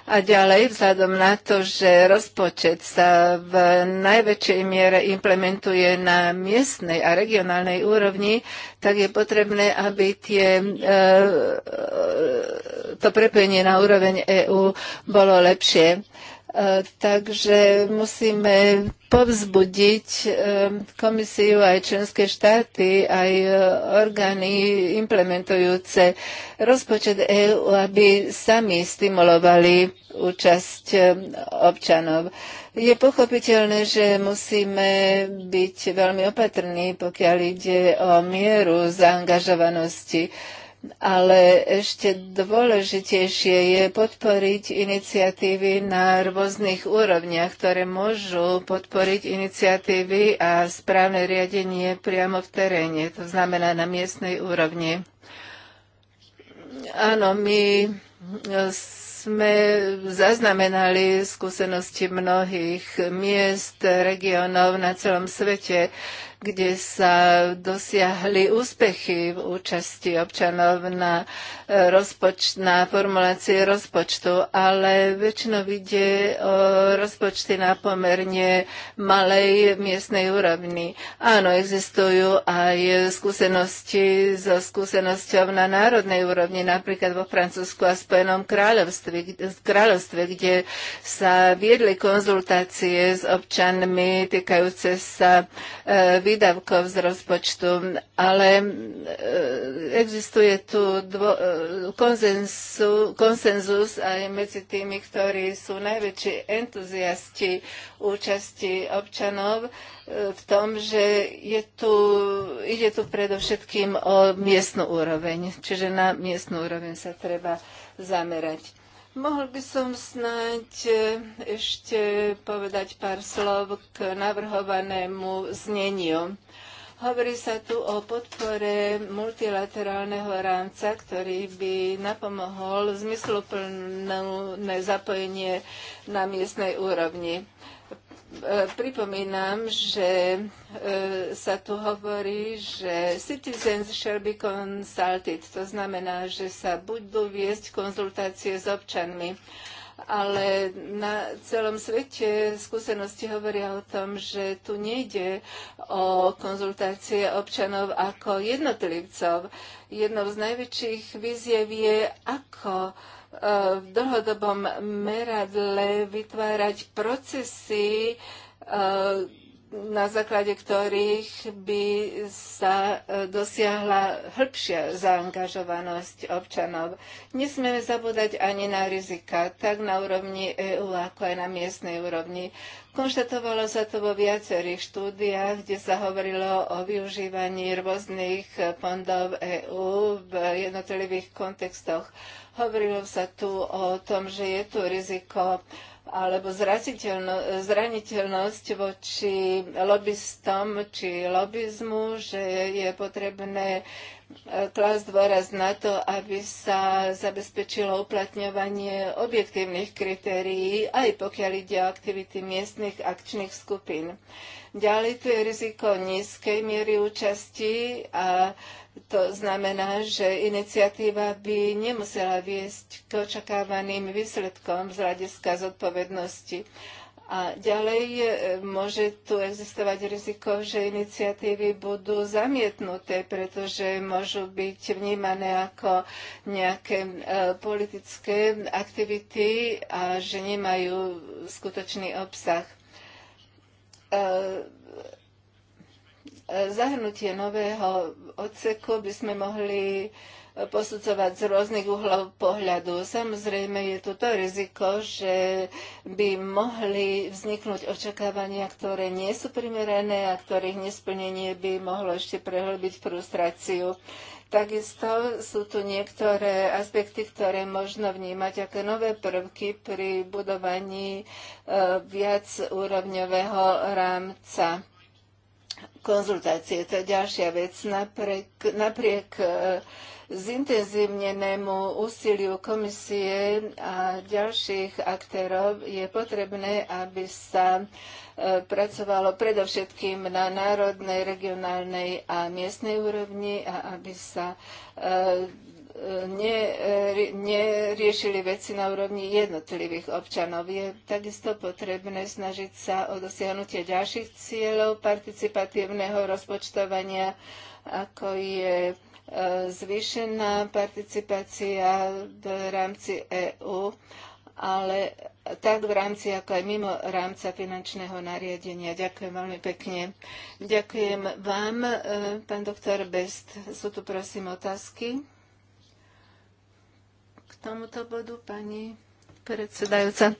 A ďalej, vzhľadom na to, že rozpočet sa v najväčšej miere implementuje na miestnej a regionálnej úrovni, tak je potrebné, aby tie, e, e, to prepojenie na úroveň EÚ bolo lepšie. Takže musíme povzbudiť eh, komisiu aj členské štáty, aj eh, orgány implementujúce rozpočet EÚ, aby sami stimulovali účasť eh, občanov. Je pochopiteľné, že musíme byť veľmi opatrní, pokiaľ ide o mieru zaangažovanosti ale ešte dôležitejšie je podporiť iniciatívy na rôznych úrovniach, ktoré môžu podporiť iniciatívy a správne riadenie priamo v teréne, to znamená na miestnej úrovni. Áno, my sme zaznamenali skúsenosti mnohých miest, regionov na celom svete, kde sa dosiahli úspechy v účasti občanov na, e, rozpoč- na formulácie rozpočtu, ale väčšinou ide o rozpočty na pomerne malej miestnej úrovni. Áno, existujú aj skúsenosti so skúsenosťou na národnej úrovni, napríklad vo Francúzsku a Spojenom kráľovstve, kráľovstve kde sa viedli konzultácie s občanmi týkajúce sa e, výdavkov z rozpočtu, ale e, existuje tu dvo, e, konsensu, konsenzus aj medzi tými, ktorí sú najväčší entuziasti účasti občanov e, v tom, že je tu, ide tu predovšetkým o miestnu úroveň, čiže na miestnu úroveň sa treba zamerať. Mohol by som snáď e, ešte povedať pár slov k navrhovanému zneniu. Hovorí sa tu o podpore multilaterálneho rámca, ktorý by napomohol zmysluplné zapojenie na miestnej úrovni. E, pripomínam, že e, sa tu hovorí, že citizens shall be consulted. To znamená, že sa budú viesť konzultácie s občanmi ale na celom svete skúsenosti hovoria o tom, že tu nejde o konzultácie občanov ako jednotlivcov. Jednou z najväčších výziev je, ako E, v dlhodobom meradle vytvárať procesy, e, na základe ktorých by sa e, dosiahla hĺbšia zaangažovanosť občanov. Nesmieme zabúdať ani na rizika, tak na úrovni EÚ, ako aj na miestnej úrovni. Konštatovalo sa to vo viacerých štúdiách, kde sa hovorilo o využívaní rôznych fondov EÚ v jednotlivých kontextoch Hovorilo sa tu o tom, že je tu riziko alebo zraniteľnosť voči lobbystom či lobizmu, že je potrebné E, klas dôraz na to, aby sa zabezpečilo uplatňovanie objektívnych kritérií, aj pokiaľ ide o aktivity miestnych akčných skupín. Ďalej tu je riziko nízkej miery účasti a to znamená, že iniciatíva by nemusela viesť k očakávaným výsledkom z hľadiska zodpovednosti. A ďalej e, môže tu existovať riziko, že iniciatívy budú zamietnuté, pretože môžu byť vnímané ako nejaké e, politické aktivity a že nemajú skutočný obsah. E, zahrnutie nového odseku by sme mohli posudzovať z rôznych uhlov pohľadu. Samozrejme je tu to riziko, že by mohli vzniknúť očakávania, ktoré nie sú primerané a ktorých nesplnenie by mohlo ešte prehlbiť frustráciu. Takisto sú tu niektoré aspekty, ktoré možno vnímať ako nové prvky pri budovaní eh, viacúrovňového rámca konzultácie. To je ďalšia vec. Napriek, napriek e, zintenzívnenému úsiliu komisie a ďalších aktérov je potrebné, aby sa e, pracovalo predovšetkým na národnej, regionálnej a miestnej úrovni a aby sa e, neriešili veci na úrovni jednotlivých občanov. Je takisto potrebné snažiť sa o dosiahnutie ďalších cieľov participatívneho rozpočtovania, ako je e, zvýšená participácia v rámci EÚ, ale tak v rámci, ako aj mimo rámca finančného nariadenia. Ďakujem veľmi pekne. Ďakujem vám, e, pán doktor Best. Sú tu prosím otázky tomuto bodu, pani predsedajúca.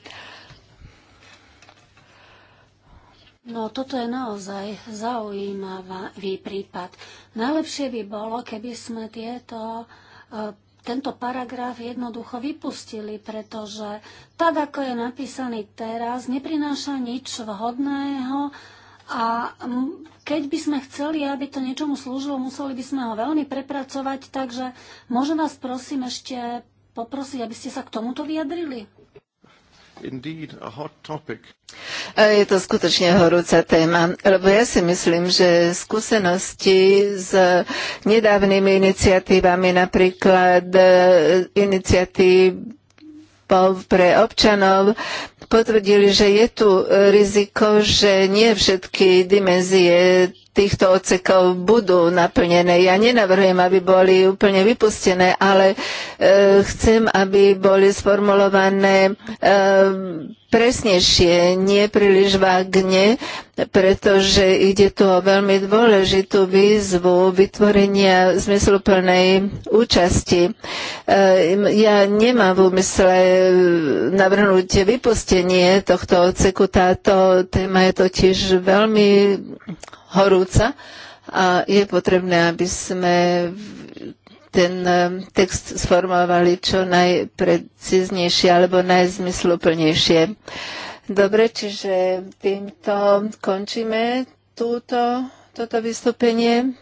No toto je naozaj zaujímavý prípad. Najlepšie by bolo, keby sme tieto, e, tento paragraf jednoducho vypustili, pretože tak, ako je napísaný teraz, neprináša nič vhodného a keď by sme chceli, aby to niečomu slúžilo, museli by sme ho veľmi prepracovať, takže môžem vás prosím ešte poprosiť, aby ste sa k tomuto vyjadrili. Indeed, a hot topic. Je to skutočne horúca téma, lebo ja si myslím, že skúsenosti s nedávnymi iniciatívami, napríklad e, iniciatív pre občanov potvrdili, že je tu e, riziko, že nie všetky dimenzie týchto odsekov budú naplnené. Ja nenavrhujem, aby boli úplne vypustené, ale e, chcem, aby boli sformulované e, presnejšie, nie príliš vágne, pretože ide tu o veľmi dôležitú výzvu vytvorenia zmysluplnej účasti. E, ja nemám v úmysle navrhnúť vypustenie zistenie tohto odseku. Táto téma je totiž veľmi horúca a je potrebné, aby sme ten e, text sformovali čo najpreciznejšie alebo najzmysluplnejšie. Dobre, čiže týmto končíme túto, toto vystúpenie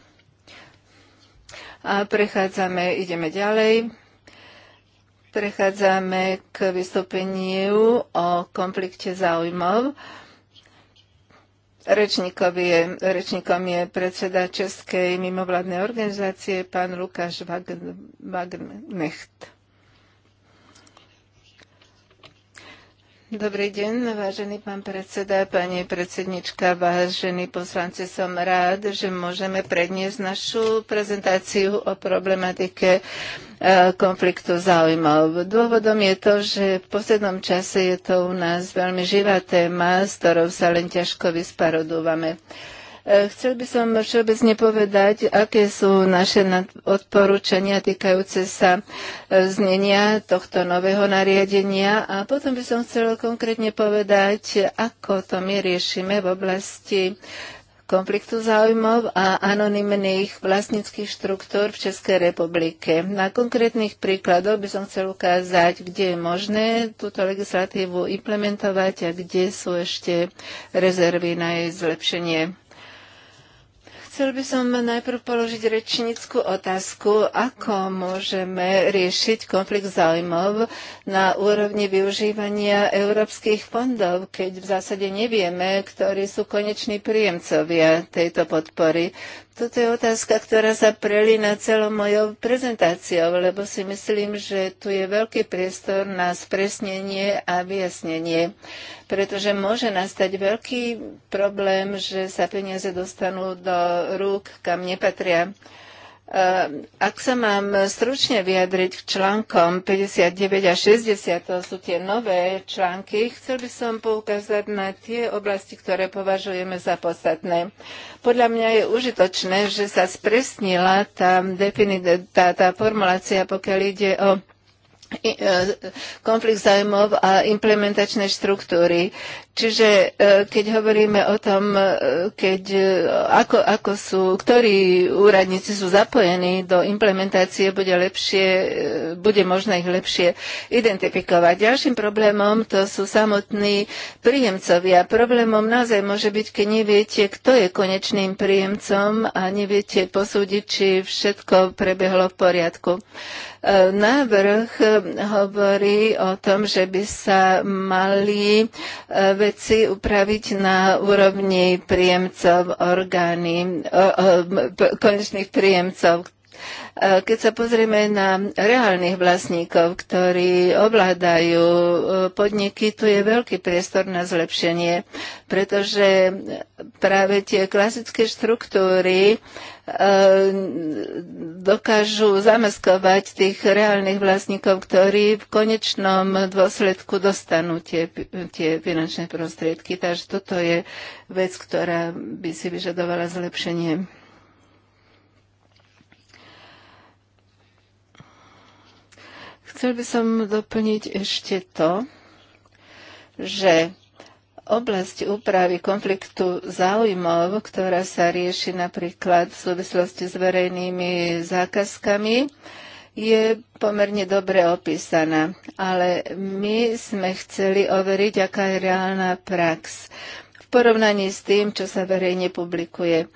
a prechádzame, ideme ďalej. Prechádzame k vystúpeniu o konflikte záujmov. Rečníkom je, rečníkom je predseda Českej mimovládnej organizácie pán Lukáš Wagnecht. Dobrý deň, vážený pán predseda, pani predsednička, vážení poslanci. Som rád, že môžeme predniesť našu prezentáciu o problematike e, konfliktu záujmov. Dôvodom je to, že v poslednom čase je to u nás veľmi živá téma, s ktorou sa len ťažko vysparodúvame. E, chcel by som všeobecne povedať, aké sú naše odporúčania týkajúce sa e, znenia tohto nového nariadenia a potom by som chcel konkrétne povedať, ako to my riešime v oblasti konfliktu záujmov a anonimných vlastníckých štruktúr v Českej republike. Na konkrétnych príkladoch by som chcel ukázať, kde je možné túto legislatívu implementovať a kde sú ešte rezervy na jej zlepšenie. Chcel by som najprv položiť rečnícku otázku, ako môžeme riešiť konflikt záujmov na úrovni využívania európskych fondov, keď v zásade nevieme, ktorí sú koneční príjemcovia tejto podpory. Toto je otázka, ktorá sa prelína celou mojou prezentáciou, lebo si myslím, že tu je veľký priestor na spresnenie a vyjasnenie, pretože môže nastať veľký problém, že sa peniaze dostanú do rúk, kam nepatria. Ehm, ak sa mám stručne vyjadriť k článkom 59 a 60, to sú tie nové články, chcel by som poukázať na tie oblasti, ktoré považujeme za podstatné. Podľa mňa je užitočné, že sa spresnila tá, tá, tá formulácia, pokiaľ ide o E, konflikt zájmov a implementačné štruktúry. Čiže e, keď hovoríme o tom, e, keď, ako, ako sú, ktorí úradníci sú zapojení do implementácie, bude, lepšie, bude možné ich lepšie identifikovať. Ďalším problémom to sú samotní príjemcovia. Problémom naozaj môže byť, keď neviete, kto je konečným príjemcom a neviete posúdiť, či všetko prebehlo v poriadku. Návrh eh, hovorí o tom, že by sa mali eh, veci upraviť na úrovni príjemcov orgány, konečných príjemcov, eh, keď sa pozrieme na reálnych vlastníkov, ktorí ovládajú podniky, tu je veľký priestor na zlepšenie, pretože práve tie klasické štruktúry E, dokážu zamaskovať tých reálnych vlastníkov, ktorí v konečnom dôsledku dostanú tie, tie finančné prostriedky. Takže toto je vec, ktorá by si vyžadovala zlepšenie. Chcel by som doplniť ešte to, že Oblasť úpravy konfliktu záujmov, ktorá sa rieši napríklad v súvislosti s verejnými zákazkami, je pomerne dobre opísaná, ale my sme chceli overiť, aká je reálna prax v porovnaní s tým, čo sa verejne publikuje.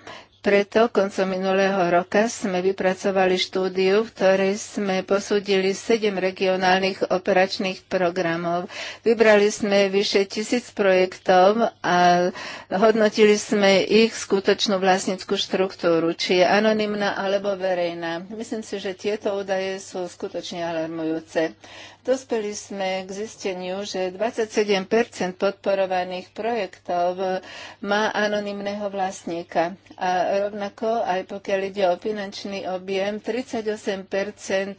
Preto koncom minulého roka sme vypracovali štúdiu, v ktorej sme posúdili sedem regionálnych operačných programov. Vybrali sme vyše tisíc projektov a hodnotili sme ich skutočnú vlastnickú štruktúru, či je anonimná alebo verejná. Myslím si, že tieto údaje sú skutočne alarmujúce. Dospeli sme k zisteniu, že 27 podporovaných projektov e, má anonimného vlastníka. A rovnako, aj pokiaľ ide o finančný objem, 38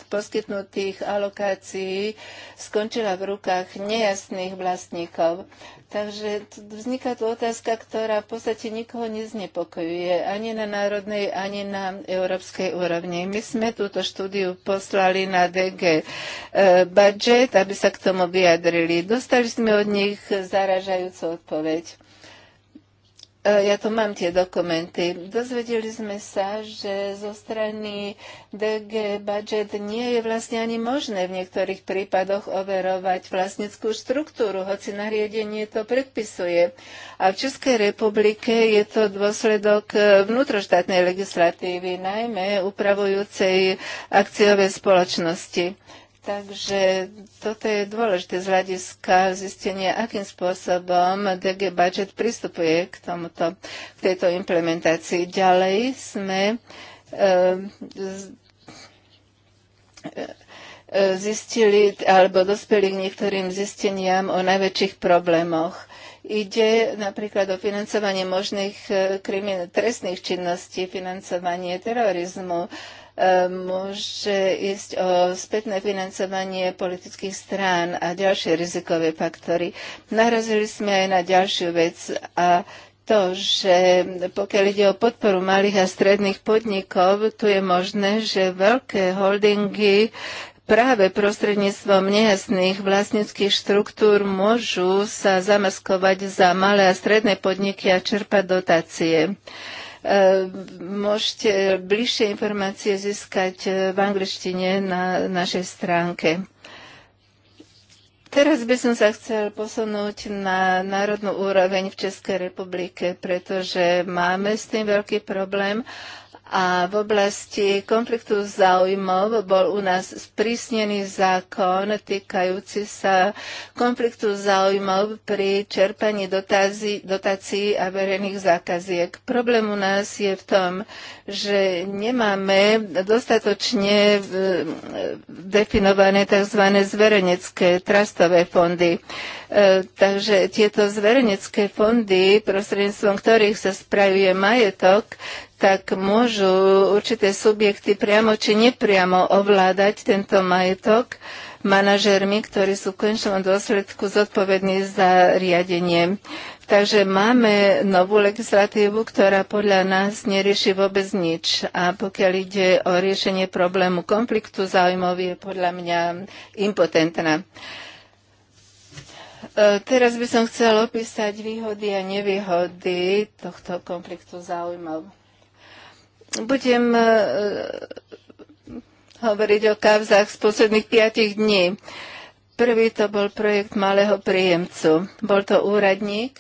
poskytnutých alokácií skončila v rukách nejasných vlastníkov. Takže tu vzniká tu otázka, ktorá v podstate nikoho neznepokojuje, ani na národnej, ani na európskej úrovni. My sme túto štúdiu poslali na DG eh, budget, aby sa k tomu vyjadrili. Dostali sme od nich zaražajúcu odpoveď. E, ja tu mám tie dokumenty. Dozvedeli sme sa, že zo strany DG budget nie je vlastne ani možné v niektorých prípadoch overovať vlastnickú štruktúru, hoci nariadenie to predpisuje. A v Českej republike je to dôsledok e, vnútroštátnej legislatívy, najmä upravujúcej akciové spoločnosti. Takže toto je dôležité z hľadiska zistenia, akým spôsobom DG Budget pristupuje k, tomuto, k tejto implementácii. Ďalej sme eh, eh, zistili alebo dospeli k niektorým zisteniam o najväčších problémoch. Ide napríklad o financovanie možných eh, trestných činností, financovanie terorizmu, môže ísť o spätné financovanie politických strán a ďalšie rizikové faktory. Narazili sme aj na ďalšiu vec a to, že pokiaľ ide o podporu malých a stredných podnikov, tu je možné, že veľké holdingy práve prostredníctvom nejasných vlastníckých štruktúr môžu sa zamaskovať za malé a stredné podniky a čerpať dotácie. Ehm, môžete bližšie informácie získať eh, v angličtine na našej stránke. Teraz by som sa chcel posunúť na národnú úroveň v Českej republike, pretože máme s tým veľký problém a v oblasti konfliktu záujmov bol u nás sprísnený zákon týkajúci sa konfliktu záujmov pri čerpaní dotázi, dotácií a verejných zákaziek. Problém u nás je v tom, že nemáme dostatočne e, e, definované tzv. zverejnecké trastové fondy. E, takže tieto zverejnecké fondy, prostredníctvom ktorých sa spravuje majetok, tak môžu určité subjekty priamo či nepriamo ovládať tento majetok manažermi, ktorí sú v končnom dôsledku zodpovední za riadenie. Takže máme novú legislatívu, ktorá podľa nás nerieši vôbec nič. A pokiaľ ide o riešenie problému konfliktu záujmov, je podľa mňa impotentná. E, teraz by som chcel opísať výhody a nevýhody tohto konfliktu záujmov. Budem e, e, hovoriť o kávzach z posledných piatich dní. Prvý to bol projekt malého príjemcu. Bol to úradník,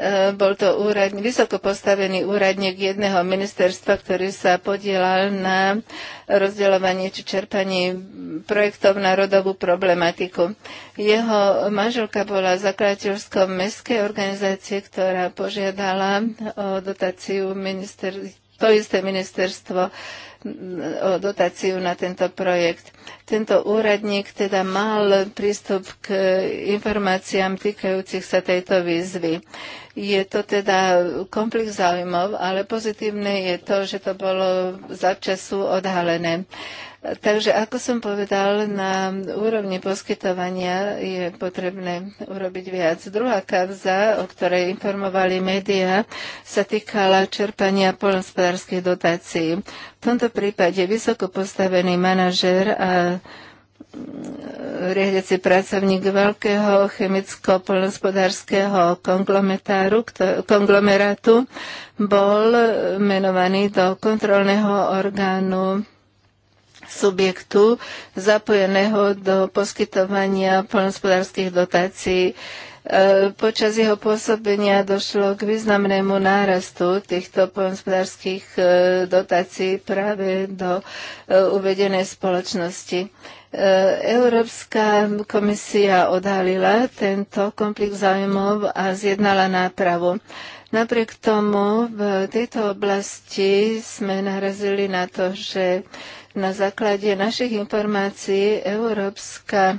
E, bol to úrad, vysoko postavený úradník jedného ministerstva, ktorý sa podielal na rozdeľovanie či čerpaní projektov na rodovú problematiku. Jeho manželka bola zakladateľskou mestskej organizácie, ktorá požiadala o dotáciu minister, to isté ministerstvo o dotáciu na tento projekt. Tento úradník teda mal prístup k informáciám týkajúcich sa tejto výzvy. Je to teda komplex záujmov, ale pozitívne je to, že to bolo času odhalené. Takže, ako som povedal, na úrovni poskytovania je potrebné urobiť viac. Druhá kauza, o ktorej informovali médiá, sa týkala čerpania polnospodárských dotácií. V tomto prípade vysoko postavený manažer a mm, riadiaci pracovník veľkého chemicko-polnospodárskeho konglomerátu bol menovaný do kontrolného orgánu subjektu zapojeného do poskytovania poľnospodárských dotácií. E, počas jeho pôsobenia došlo k významnému nárastu týchto poľnospodárských e, dotácií práve do e, uvedenej spoločnosti. Európska komisia odhalila tento komplikt zájmov a zjednala nápravu. Napriek tomu v tejto oblasti sme narazili na to, že na základe našich informácií Európska e,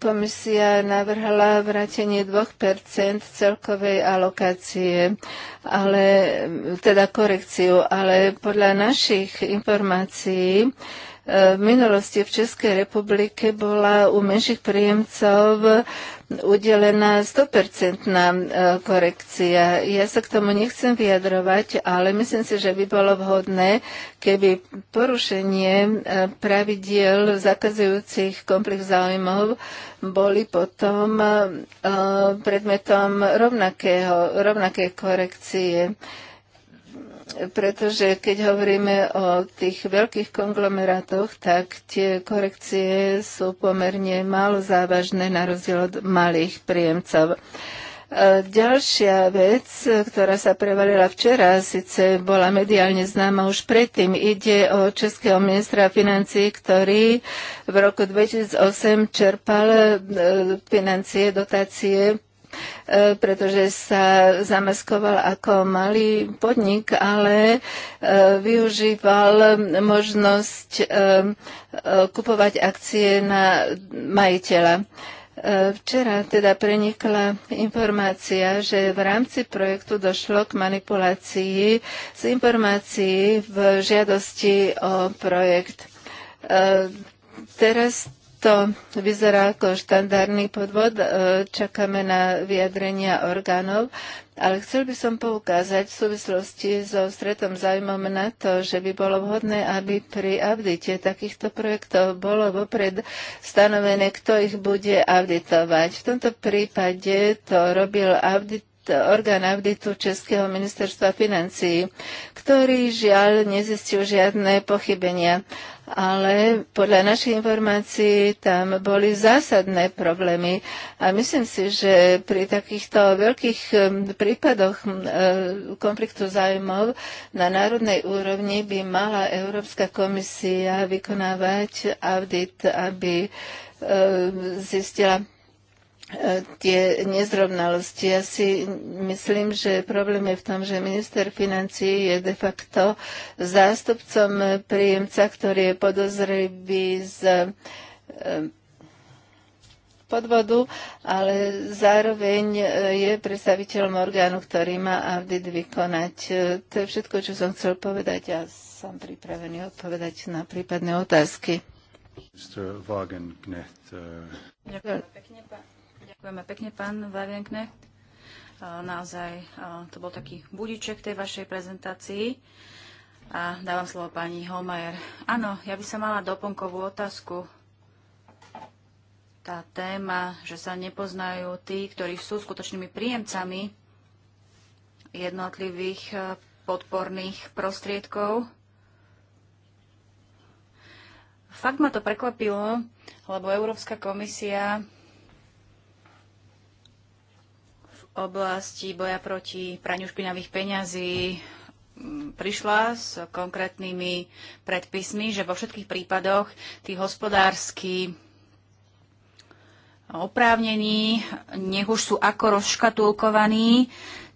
komisia navrhala vrátenie 2% celkovej alokácie, ale, teda korekciu, ale podľa našich informácií E, v minulosti v Českej republike bola u menších príjemcov udelená 100% e, korekcia. Ja sa k tomu nechcem vyjadrovať, ale myslím si, že by bolo vhodné, keby porušenie e, pravidiel zakazujúcich komplex záujmov boli potom predmetom rovnakého, rovnakej korekcie pretože keď hovoríme o tých veľkých konglomerátoch, tak tie korekcie sú pomerne málo závažné na rozdiel od malých príjemcov. E, ďalšia vec, ktorá sa prevalila včera, síce bola mediálne známa už predtým, ide o českého ministra financí, ktorý v roku 2008 čerpal e, financie, dotácie E, pretože sa zamaskoval ako malý podnik, ale e, využíval možnosť e, kupovať akcie na majiteľa. Včera teda prenikla informácia, že v rámci projektu došlo k manipulácii z informácií v žiadosti o projekt. Teraz to vyzerá ako štandardný podvod. E, čakáme na vyjadrenia orgánov, ale chcel by som poukázať v súvislosti so stretom zájmom na to, že by bolo vhodné, aby pri audite takýchto projektov bolo vopred stanovené, kto ich bude auditovať. V tomto prípade to robil audit orgán auditu Českého ministerstva financií, ktorý žiaľ nezistil žiadne pochybenia ale podľa našich informácií tam boli zásadné problémy a myslím si, že pri takýchto veľkých hm, prípadoch hm, e, konfliktu zájmov na národnej úrovni by mala Európska komisia vykonávať audit, aby e, zistila tie nezrovnalosti. Ja si myslím, že problém je v tom, že minister financí je de facto zástupcom príjemca, ktorý je podozrivý z eh, podvodu, ale zároveň eh, je predstaviteľom orgánu, ktorý má audit vykonať. Eh, to je všetko, čo som chcel povedať a ja som pripravený odpovedať na prípadné otázky. Ďakujem pekne, pán. Ďakujeme pekne, pán Vaviankne. Naozaj to bol taký budiček tej vašej prezentácii. A dávam slovo pani Holmajer. Áno, ja by som mala doplnkovú otázku. Tá téma, že sa nepoznajú tí, ktorí sú skutočnými príjemcami jednotlivých e, podporných prostriedkov. Fakt ma to prekvapilo, lebo Európska komisia oblasti boja proti praniu špinavých peňazí mm, prišla s konkrétnymi predpismi, že vo všetkých prípadoch tí hospodársky oprávnení, nech už sú ako rozškatulkovaní,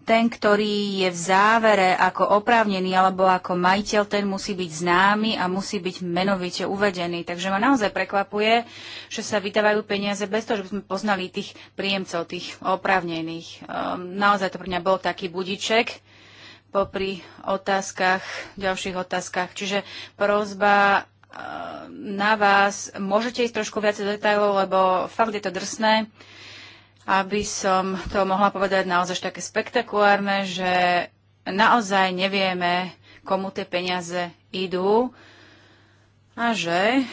ten, ktorý je v závere ako oprávnený alebo ako majiteľ, ten musí byť známy a musí byť menovite uvedený. Takže ma naozaj prekvapuje, že sa vydávajú peniaze bez toho, že by sme poznali tých príjemcov, tých oprávnených. Ehm, naozaj to pre mňa bol taký budiček popri otázkach, ďalších otázkach. Čiže prozba ehm, na vás, môžete ísť trošku viac do detajlov, lebo fakt je to drsné aby som to mohla povedať naozaj také spektakulárne, že naozaj nevieme, komu tie peniaze idú a že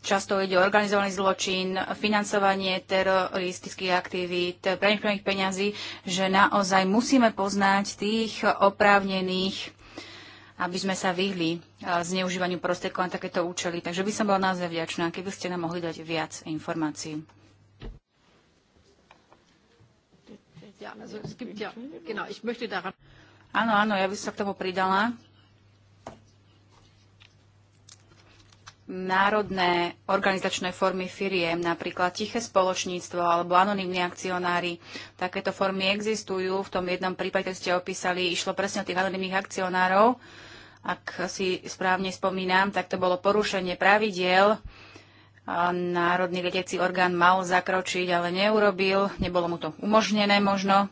Často ide o organizovaný zločin, financovanie teroristických aktivít, prenikvených peňazí, že naozaj musíme poznať tých oprávnených aby sme sa vyhli e, zneužívaniu prostriedkov na takéto účely. Takže by som bola naozaj vďačná, keby ste nám mohli dať viac informácií. Áno, áno, ja by som sa k tomu pridala. národné organizačné formy firiem, napríklad tiché spoločníctvo alebo anonimní akcionári. Takéto formy existujú. V tom jednom prípade, ktorý ste opísali, išlo presne o tých anonimných akcionárov ak si správne spomínam, tak to bolo porušenie pravidiel. Národný vedecí orgán mal zakročiť, ale neurobil. Nebolo mu to umožnené možno.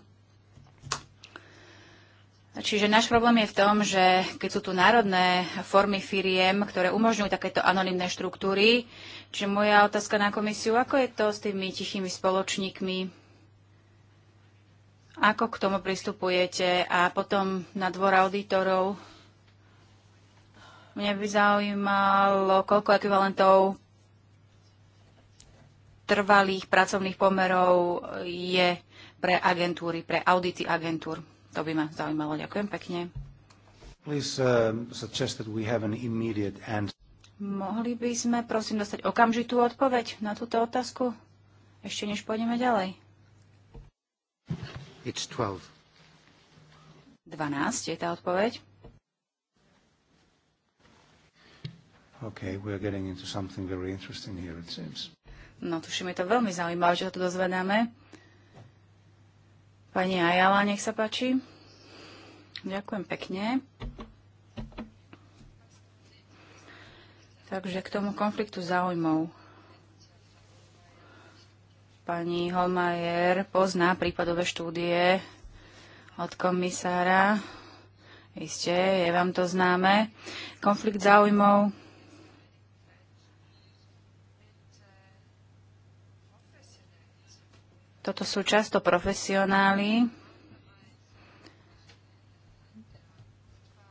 Čiže náš problém je v tom, že keď sú tu národné formy firiem, ktoré umožňujú takéto anonimné štruktúry, čiže moja otázka na komisiu, ako je to s tými tichými spoločníkmi, ako k tomu pristupujete a potom na dvor auditorov, Mňa by zaujímalo, koľko ekvivalentov trvalých pracovných pomerov je pre agentúry, pre audity agentúr. To by ma zaujímalo. Ďakujem pekne. Please, uh, Mohli by sme, prosím, dostať okamžitú odpoveď na túto otázku, ešte než pôjdeme ďalej? It's 12. 12 je tá odpoveď. Okay, we are getting into something very interesting here, it seems. No, tuším, je to veľmi zaujímavé, že sa tu dozvedáme. Pani Ajala, nech sa páči. Ďakujem pekne. Takže k tomu konfliktu záujmov. Pani Holmajer pozná prípadové štúdie od komisára. Isté, je vám to známe. Konflikt záujmov Toto sú často profesionáli,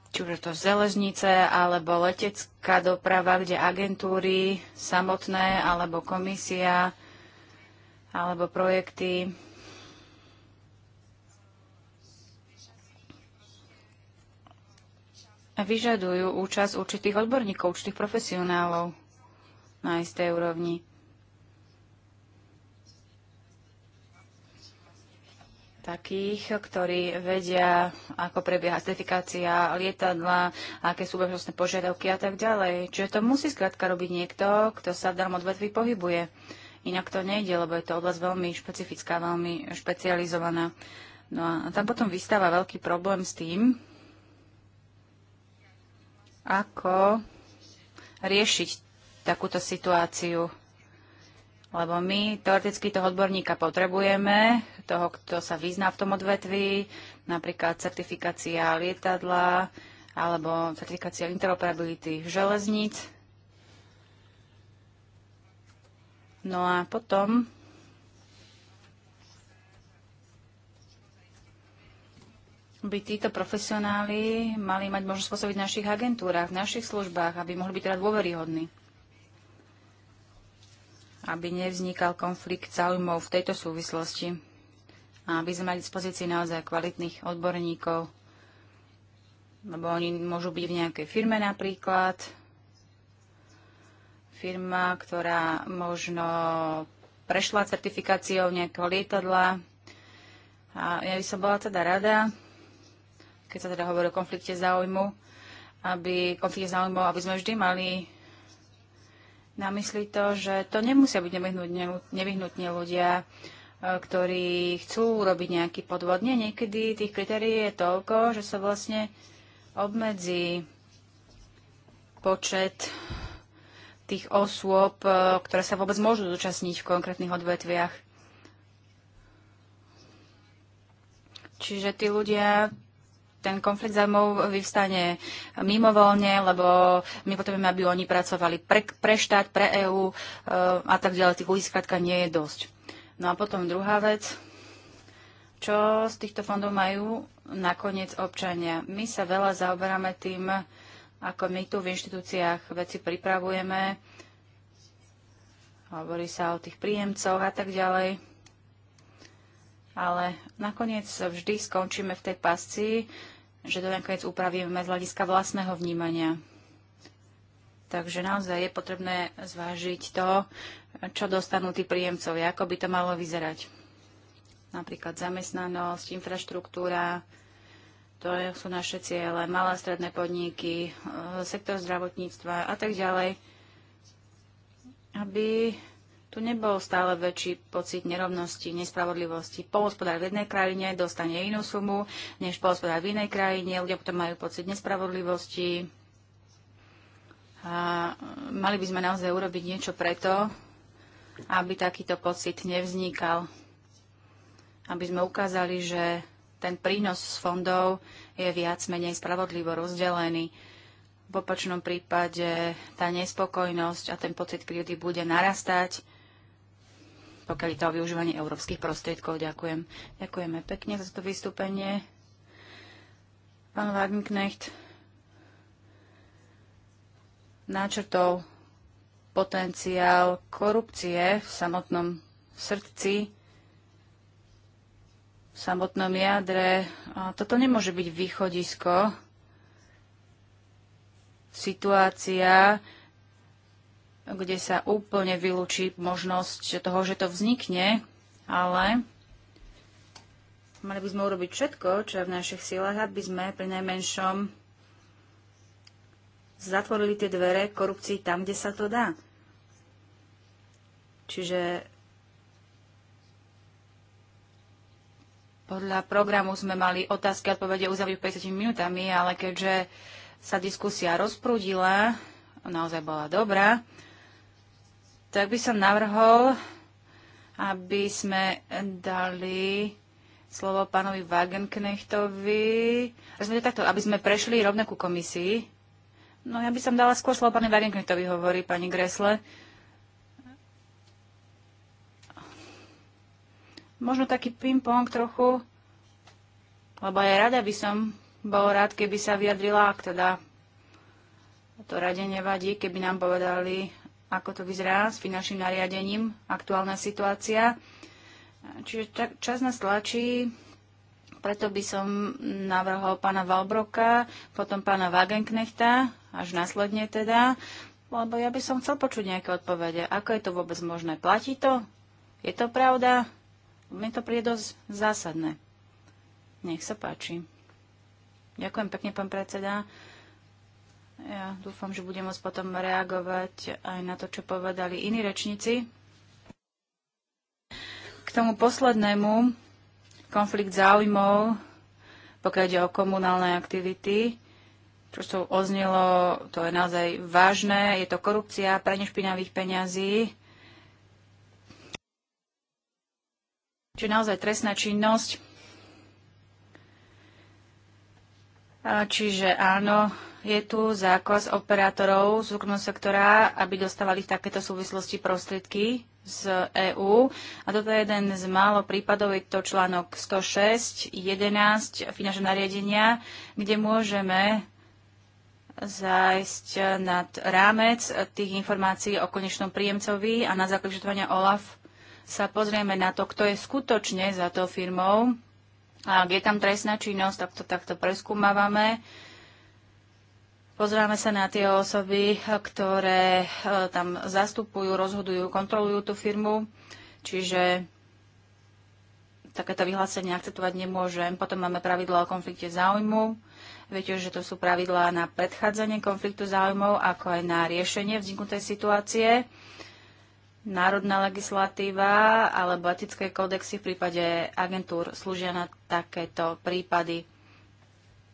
či už to železnice alebo letecká doprava, kde agentúry samotné alebo komisia alebo projekty vyžadujú účasť určitých odborníkov, určitých profesionálov na istej úrovni. takých, ktorí vedia, ako prebieha certifikácia lietadla, aké sú bezpečnostné požiadavky a tak ďalej. Čiže to musí skrátka robiť niekto, kto sa v danom odvetví pohybuje. Inak to nejde, lebo je to oblasť veľmi špecifická, veľmi špecializovaná. No a tam potom vystáva veľký problém s tým, ako riešiť takúto situáciu. Lebo my teoreticky toho odborníka potrebujeme, toho, kto sa vyzná v tom odvetvi, napríklad certifikácia lietadla alebo certifikácia interoperability železníc. No a potom by títo profesionáli mali mať možnosť pôsobiť v našich agentúrach, v našich službách, aby mohli byť teda dôveryhodní. Aby nevznikal konflikt záujmov v tejto súvislosti a aby sme mali dispozícii naozaj kvalitných odborníkov, lebo oni môžu byť v nejakej firme napríklad, firma, ktorá možno prešla certifikáciou nejakého lietadla. A ja by som bola teda rada, keď sa teda hovorí o konflikte záujmu, aby konflikte záujmu, aby sme vždy mali na mysli to, že to nemusia byť nevyhnutne, nevyhnutne ľudia, ktorí chcú urobiť nejaký podvod. Nie, niekedy tých kritérií je toľko, že sa vlastne obmedzí počet tých osôb, e, ktoré sa vôbec môžu zúčastniť v konkrétnych odvetviach. Čiže tí ľudia ten konflikt zájmov vyvstane mimovoľne, lebo my potrebujeme, aby oni pracovali pre, pre štát, pre EÚ e, a tak ďalej. Tých ľudí skrátka nie je dosť. No a potom druhá vec, čo z týchto fondov majú nakoniec občania. My sa veľa zaoberáme tým, ako my tu v inštitúciách veci pripravujeme, hovorí sa o tých príjemcoch a tak ďalej ale nakoniec vždy skončíme v tej pasci, že to nakoniec upravíme z hľadiska vlastného vnímania. Takže naozaj je potrebné zvážiť to, čo dostanú tí príjemcovia, ako by to malo vyzerať. Napríklad zamestnanosť, infraštruktúra, to sú naše ciele, malé a stredné podniky, e, sektor zdravotníctva a tak ďalej, aby tu nebol stále väčší pocit nerovnosti, nespravodlivosti. Pohospodár v jednej krajine dostane inú sumu, než pohospodár v inej krajine. Ľudia potom majú pocit nespravodlivosti, a mali by sme naozaj urobiť niečo preto, aby takýto pocit nevznikal. Aby sme ukázali, že ten prínos z fondov je viac menej spravodlivo rozdelený. V opačnom prípade tá nespokojnosť a ten pocit krivdy bude narastať, pokiaľ je to využívanie európskych prostriedkov. Ďakujem. Ďakujeme pekne za to vystúpenie. Pán Wagenknecht náčrtol potenciál korupcie v samotnom srdci, v samotnom jadre. A toto nemôže byť východisko. Situácia, kde sa úplne vylúči možnosť toho, že to vznikne, ale mali by sme urobiť všetko, čo je v našich silách, aby sme pri najmenšom zatvorili tie dvere korupcii tam, kde sa to dá. Čiže podľa programu sme mali otázky a odpovede uzavrieť 50 minútami, ale keďže sa diskusia rozprúdila, naozaj bola dobrá, tak by som navrhol, aby sme dali slovo pánovi Wagenknechtovi, takto, aby sme prešli ku komisii, No ja by som dala skôr slovo pani Varinknitovi, hovorí pani Gresle. Možno taký ping-pong trochu, lebo aj rada by som bol rád, keby sa vyjadrila, ak teda to rade nevadí, keby nám povedali, ako to vyzerá s finančným nariadením, aktuálna situácia. Čiže čas nás tlačí, preto by som navrhol pána Valbroka, potom pána Wagenknechta až následne teda, lebo ja by som chcel počuť nejaké odpovede. Ako je to vôbec možné? Platí to? Je to pravda? Mne to príde dosť zásadné. Nech sa páči. Ďakujem pekne, pán predseda. Ja dúfam, že budem môcť potom reagovať aj na to, čo povedali iní rečníci. K tomu poslednému konflikt záujmov, pokiaľ ide o komunálne aktivity, čo tu oznelo, to je naozaj vážne. Je to korupcia, pranie špinavých peňazí. Čiže naozaj trestná činnosť. Čiže áno, je tu zákaz operátorov z súkromného sektora, aby dostávali v takéto súvislosti prostriedky z EÚ. A toto je jeden z málo prípadov, je to článok 106, 11 finančného nariadenia, kde môžeme zájsť nad rámec tých informácií o konečnom príjemcovi a na základe vyšetrovania OLAF sa pozrieme na to, kto je skutočne za tou firmou. A ak je tam trestná činnosť, tak to takto preskúmavame. Pozrieme sa na tie osoby, ktoré e, tam zastupujú, rozhodujú, kontrolujú tú firmu. Čiže takéto vyhlásenie akceptovať nemôžem. Potom máme pravidlo o konflikte záujmu Viete, že to sú pravidlá na predchádzanie konfliktu záujmov, ako aj na riešenie vzniknutej situácie národná legislatíva alebo etické kódexy v prípade agentúr slúžia na takéto prípady.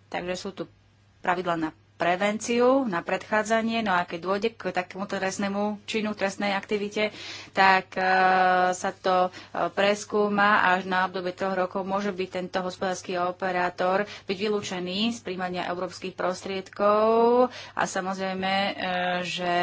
Takže sú tu pravidlá na prevenciu, na predchádzanie, no a keď dôjde k takému trestnému činu, trestnej aktivite, tak e, sa to e, preskúma a až na obdobie troch rokov môže byť tento hospodársky operátor byť vylúčený z príjmania európskych prostriedkov a samozrejme, e, že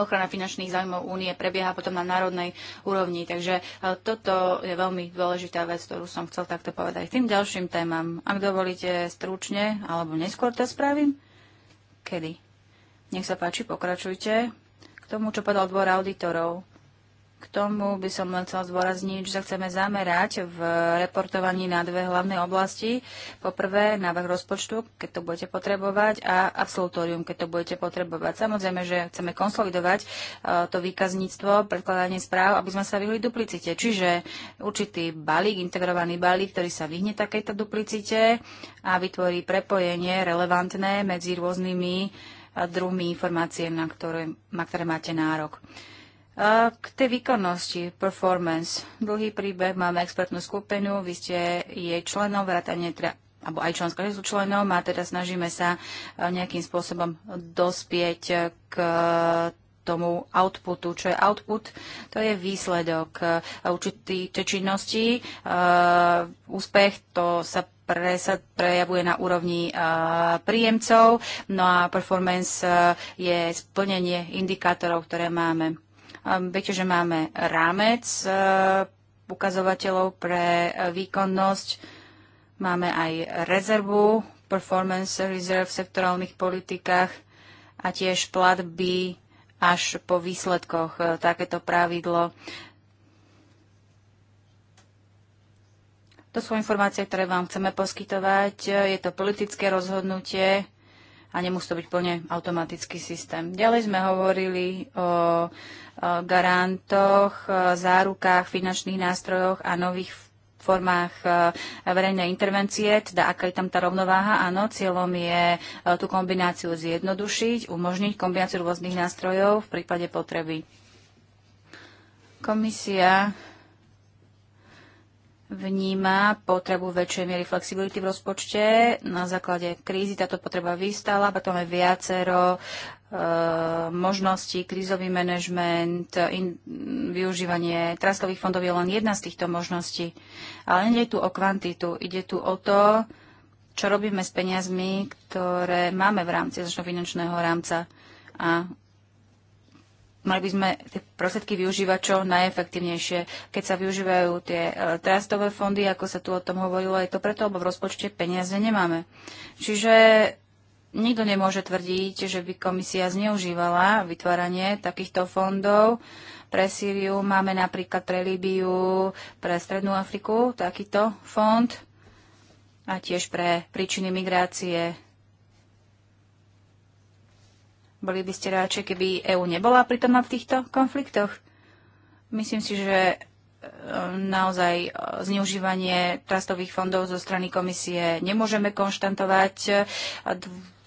ochrana finančných záujmov únie prebieha potom na národnej úrovni. Takže e, toto je veľmi dôležitá vec, ktorú som chcel takto povedať. Tým ďalším témam, ak dovolíte stručne, alebo neskôr to spravím, kedy? Nech sa páči, pokračujte. K tomu, čo povedal dvor auditorov, k tomu by som len chcel zdôrazniť, že sa chceme zamerať v reportovaní na dve hlavné oblasti. Poprvé návrh rozpočtu, keď to budete potrebovať, a absolutórium, keď to budete potrebovať. Samozrejme, že chceme konsolidovať e, to výkazníctvo, predkladanie správ, aby sme sa vyhli duplicite. Čiže určitý balík, integrovaný balík, ktorý sa vyhne takejto duplicite a vytvorí prepojenie relevantné medzi rôznymi e, druhmi informácie, na ktoré, na ktoré máte nárok. K tej výkonnosti, performance, dlhý príbeh, máme expertnú skupinu, vy ste jej členom, vrátane teda alebo aj členská, že sú členom a teda snažíme sa e, nejakým spôsobom dospieť k tomu outputu. Čo je output? To je výsledok e, určitej činnosti. E, úspech to sa prejavuje na úrovni príjemcov, no a performance je splnenie indikátorov, ktoré máme. Ehm, viete, že máme rámec eh, ukazovateľov pre eh, výkonnosť, máme aj rezervu, performance reserve v sektorálnych politikách a tiež platby až po výsledkoch. Eh, takéto pravidlo To sú informácie, ktoré vám chceme poskytovať. Je to politické rozhodnutie, a nemusí to byť plne automatický systém. Ďalej sme hovorili o garantoch, zárukách, finančných nástrojoch a nových formách verejnej intervencie, teda aká je tam tá rovnováha. Áno, cieľom je tú kombináciu zjednodušiť, umožniť kombináciu rôznych nástrojov v prípade potreby. Komisia vníma potrebu väčšej miery flexibility v rozpočte. Na základe krízy táto potreba vystala, potom je viacero e, možností, krízový manažment, využívanie trastových fondov je len jedna z týchto možností. Ale nie je tu o kvantitu, ide tu o to, čo robíme s peniazmi, ktoré máme v rámci začno finančného rámca. A Mali by sme tie prostriedky využívať čo najefektívnejšie. Keď sa využívajú tie e, trastové fondy, ako sa tu o tom hovorilo, je to preto, lebo v rozpočte peniaze nemáme. Čiže nikto nemôže tvrdiť, že by komisia zneužívala vytváranie takýchto fondov. Pre Sýriu máme napríklad pre Líbiu, pre Strednú Afriku takýto fond a tiež pre príčiny migrácie boli by ste radšej, keby EÚ nebola pritomná v týchto konfliktoch? Myslím si, že e, naozaj e, zneužívanie trastových fondov zo strany komisie nemôžeme konštantovať. E,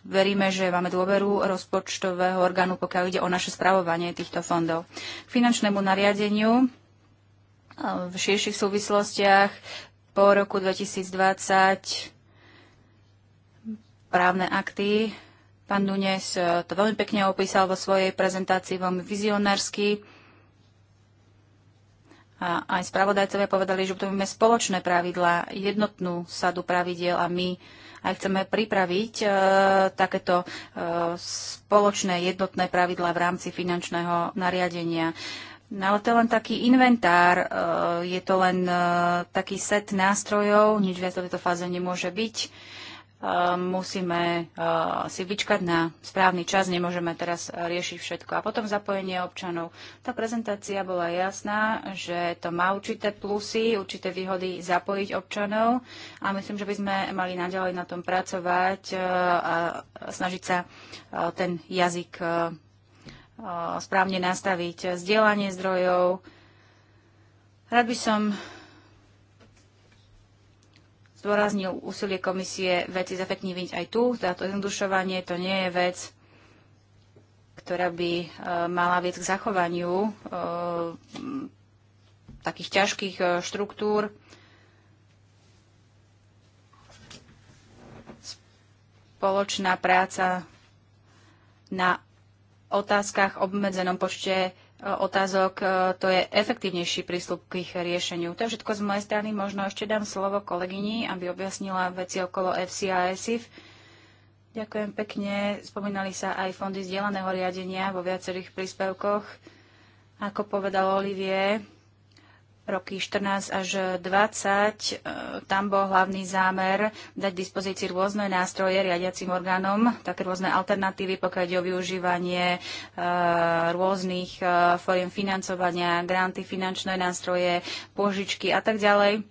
veríme, že máme dôveru rozpočtového orgánu, pokiaľ ide o naše spravovanie týchto fondov. K finančnému nariadeniu v širších súvislostiach po roku 2020 právne akty Pán dunes e, to veľmi pekne opísal vo svojej prezentácii, veľmi vizionársky. A aj spravodajcovia povedali, že budeme spoločné pravidlá, jednotnú sadu pravidiel a my aj chceme pripraviť e, takéto e, spoločné jednotné pravidla v rámci finančného nariadenia. No ale to je len taký inventár, e, je to len e, taký set nástrojov, nič viac v tejto fáze nemôže byť. E, Eh, musíme eh, si vyčkať na správny čas, nemôžeme teraz eh, riešiť všetko. A potom zapojenie občanov. Tá prezentácia bola jasná, že to má určité plusy, určité výhody zapojiť občanov a myslím, že by sme mali naďalej na tom pracovať a snažiť sa ten jazyk správne nastaviť. Zdieľanie zdrojov. Rád by som zdôraznil úsilie komisie veci zefektívniť aj tu. Táto to zjednodušovanie to nie je vec, ktorá by e, mala viesť k zachovaniu e, takých ťažkých e, štruktúr. Spoločná práca na otázkach obmedzenom počte otázok, e, to je efektívnejší prístup k ich riešeniu. To je všetko z mojej strany. Možno ešte dám slovo kolegyni, aby objasnila veci okolo FCI. a ESIF. Ďakujem pekne. Spomínali sa aj fondy zdieľaného riadenia vo viacerých príspevkoch. Ako povedal Olivier, roky 14 až 20. E, tam bol hlavný zámer dať dispozícii rôzne nástroje riadiacim orgánom, také rôzne alternatívy, pokiaľ ide o využívanie e, rôznych e, foriem financovania, granty, finančné nástroje, požičky a tak ďalej.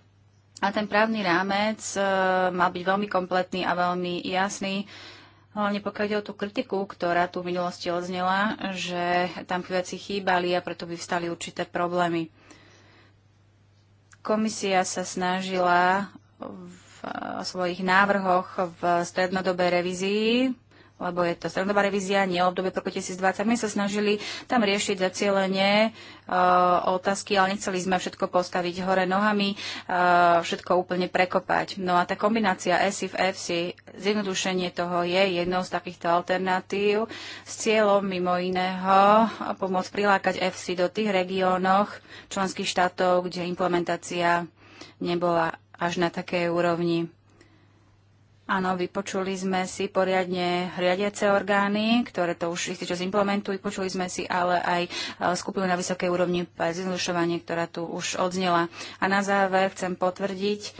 A ten právny rámec mal byť veľmi kompletný a veľmi jasný. Hlavne pokiaľ ide o tú kritiku, ktorá tu v minulosti odznela, že tam veci chýbali a preto by vstali určité problémy. Komisia sa snažila v svojich návrhoch v strednodobej revízii lebo je to strednodobá revízia, nie obdobie po 2020. My sa snažili tam riešiť zacielenie e, otázky, ale nechceli sme všetko postaviť hore nohami, e, všetko úplne prekopať. No a tá kombinácia ESIF, EFSI, zjednodušenie toho je jednou z takýchto alternatív s cieľom mimo iného eh, pomôcť prilákať EFSI do tých regiónoch členských štátov, kde implementácia nebola až na takej úrovni Áno, vypočuli sme si poriadne riadiace orgány, ktoré to už istý čas implementujú. Počuli sme si ale aj e, skupinu na vysokej úrovni pre zjednodušovanie, ktorá tu už odznela. A na záver chcem potvrdiť,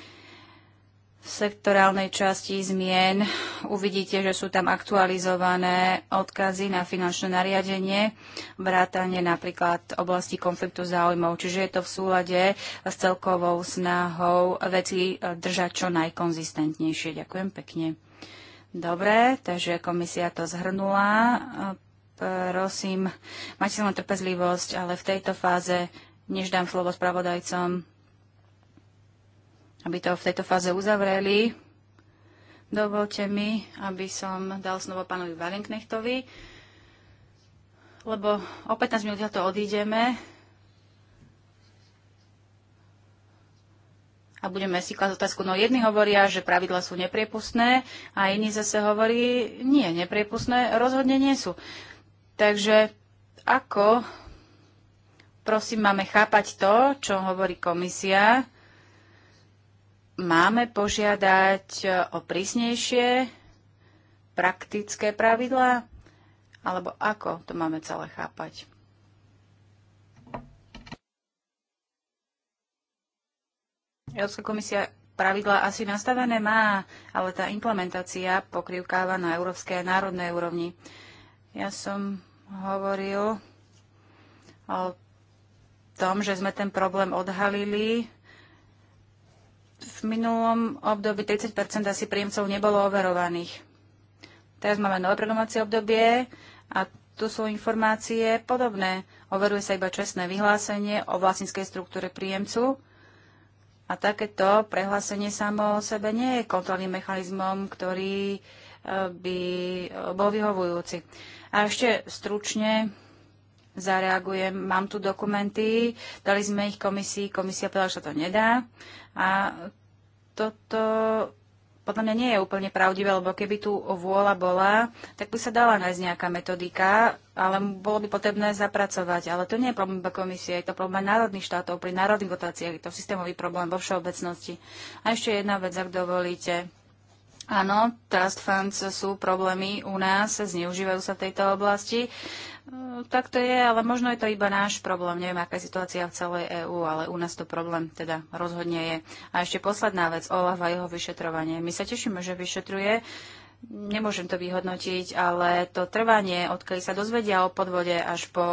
v sektorálnej časti zmien uvidíte, že sú tam aktualizované odkazy na finančné nariadenie, vrátanie napríklad oblasti konfliktu záujmov. Čiže je to v súlade s celkovou snahou veci eh, držať čo najkonzistentnejšie. Ďakujem pekne. Dobre, takže komisia to zhrnula. Eh, prosím, sa len trpezlivosť, ale v tejto fáze, než dám slovo spravodajcom, aby to v tejto fáze uzavreli. Dovolte mi, aby som dal slovo pánovi Valenknechtovi, lebo o 15 minút to odídeme a budeme si klásť otázku. No jedni hovoria, že pravidla sú nepriepustné a iní zase hovorí, nie, nepriepustné rozhodne nie sú. Takže ako prosím máme chápať to, čo hovorí komisia, máme požiadať e, o prísnejšie praktické pravidlá? Alebo ako to máme celé chápať? Európska komisia pravidlá asi nastavené má, ale tá implementácia pokrývkáva na európskej a národnej úrovni. Ja som hovoril o tom, že sme ten problém odhalili v minulom období 30 asi príjemcov nebolo overovaných. Teraz máme nové programovacie obdobie a tu sú informácie podobné. Overuje sa iba čestné vyhlásenie o vlastníckej struktúre príjemcu a takéto prehlásenie samo o sebe nie je kontrolným mechanizmom, ktorý e, by e, bol vyhovujúci. A ešte stručne zareagujem. Mám tu dokumenty, dali sme ich komisii, komisia povedala, že sa to nedá. A toto podľa mňa nie je úplne pravdivé, lebo keby tu vôľa bola, tak by sa dala nájsť nejaká metodika, ale bolo by potrebné zapracovať. Ale to nie je problém komisie, je to problém národných štátov pri národných dotáciách, je to systémový problém vo všeobecnosti. A ešte jedna vec, ak dovolíte. Áno, trust funds sú problémy u nás, zneužívajú sa v tejto oblasti. E, tak to je, ale možno je to iba náš problém. Neviem, aká je situácia v celej EÚ, ale u nás to problém teda rozhodne je. A ešte posledná vec, Olaf a jeho vyšetrovanie. My sa tešíme, že vyšetruje Nemôžem to vyhodnotiť, ale to trvanie, odkedy sa dozvedia o podvode až po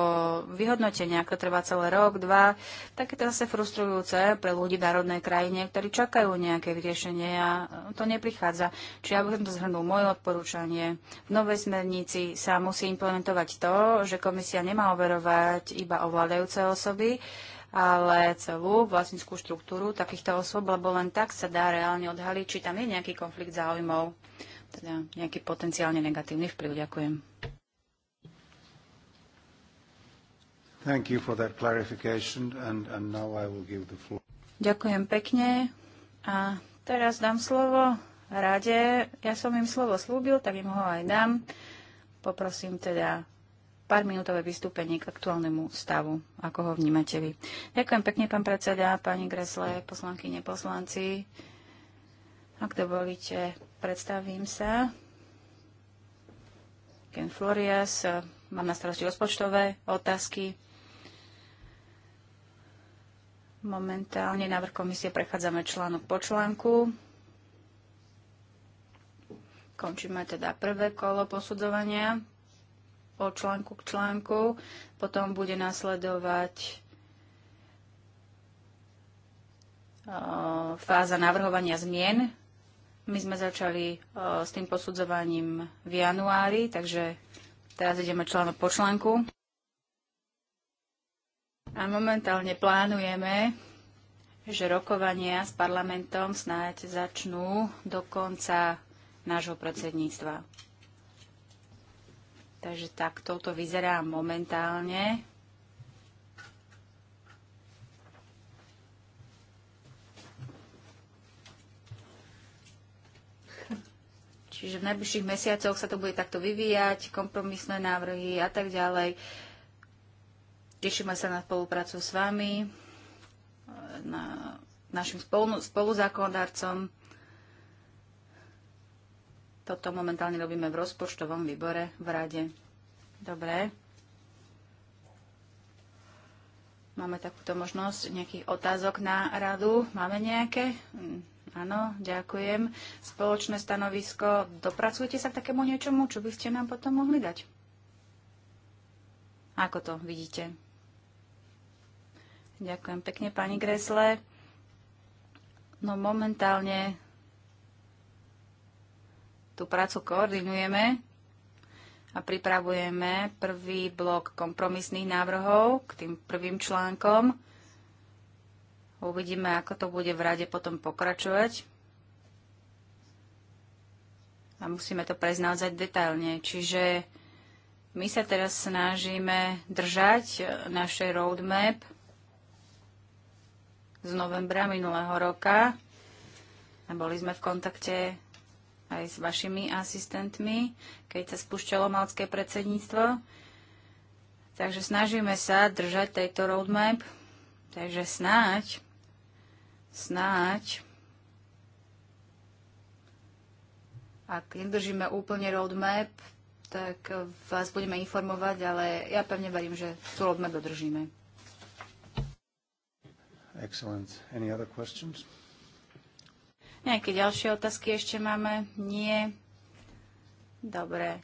vyhodnotení, ako trvá celé rok, dva, tak je to zase frustrujúce pre ľudí v národnej krajine, ktorí čakajú nejaké vyriešenie a to neprichádza. Čiže ja by som to zhrnul moje odporúčanie. V novej smernici sa musí implementovať to, že komisia nemá overovať iba ovládajúce osoby, ale celú vlastnickú štruktúru takýchto osôb, lebo len tak sa dá reálne odhaliť, či tam je nejaký konflikt záujmov teda nejaký potenciálne negatívny vplyv. Ďakujem. Ďakujem pekne a teraz dám slovo rade. Ja som im slovo slúbil, tak im ho aj dám. Poprosím teda pár minútové vystúpenie k aktuálnemu stavu, ako ho vnímate vy. Ďakujem pekne, pán predseda, pani Gresle, poslankyne, poslanci. Ak dovolíte, Predstavím sa. Ken Florias, eh, mám na starosti rozpočtové otázky. Momentálne návrh komisie prechádzame článok po článku. Končíme teda prvé kolo posudzovania po článku k článku. Potom bude nasledovať eh, fáza navrhovania zmien my sme začali e, s tým posudzovaním v januári, takže teraz ideme článok po článku. A momentálne plánujeme, že rokovania s parlamentom snáď začnú do konca nášho predsedníctva. Takže tak toto vyzerá momentálne Čiže v najbližších mesiacoch sa to bude takto vyvíjať, kompromisné návrhy a tak ďalej. Tešíme sa na spoluprácu s vami, na našim spolu, spoluzákonodárcom. Toto momentálne robíme v rozpočtovom výbore v rade. Dobre. Máme takúto možnosť nejakých otázok na radu. Máme nejaké? Hm. Áno, ďakujem. Spoločné stanovisko. Dopracujete sa k takému niečomu, čo by ste nám potom mohli dať? Ako to vidíte? Ďakujem pekne, pani Gresle. No momentálne tú prácu koordinujeme a pripravujeme prvý blok kompromisných návrhov k tým prvým článkom. Uvidíme, ako to bude v rade potom pokračovať. A musíme to prejsť naozaj detailne. Čiže my sa teraz snažíme držať e, naše roadmap z novembra minulého roka. A boli sme v kontakte aj s vašimi asistentmi, keď sa spúšťalo malcké predsedníctvo. Takže snažíme sa držať tejto roadmap. Takže snáď snáď, ak nedržíme úplne roadmap, tak vás budeme informovať, ale ja pevne verím, že tú roadmap dodržíme. Excellent. Any other questions? Nejaké ďalšie otázky ešte máme? Nie. Dobre.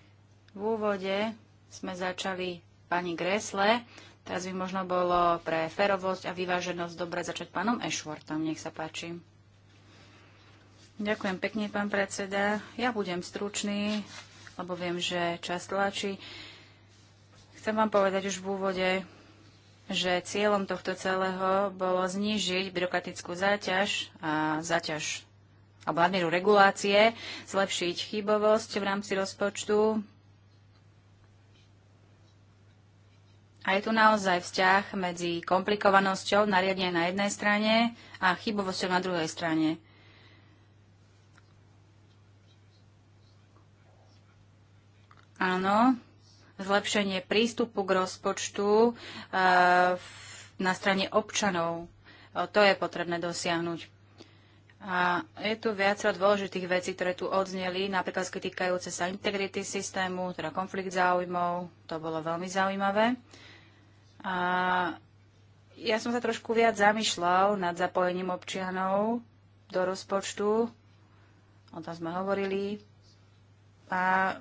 V úvode sme začali pani Gresle. Teraz by možno bolo pre ferovosť a vyváženosť dobre začať pánom Ešvortom. Nech sa páči. Ďakujem pekne, pán predseda. Ja budem stručný, lebo viem, že čas tlačí. Chcem vám povedať už v úvode, že cieľom tohto celého bolo znížiť byrokratickú záťaž a záťaž alebo nadmieru regulácie, zlepšiť chybovosť v rámci rozpočtu, A je tu naozaj vzťah medzi komplikovanosťou nariadenia na jednej strane a chybovosťou na druhej strane. Áno, zlepšenie prístupu k rozpočtu eh, na strane občanov. To je potrebné dosiahnuť. A je tu viacero dôležitých vecí, ktoré tu odzneli, napríklad týkajúce sa integrity systému, teda konflikt záujmov, to bolo veľmi zaujímavé. A ja som sa trošku viac zamýšľal nad zapojením občianov do rozpočtu. O tom sme hovorili. A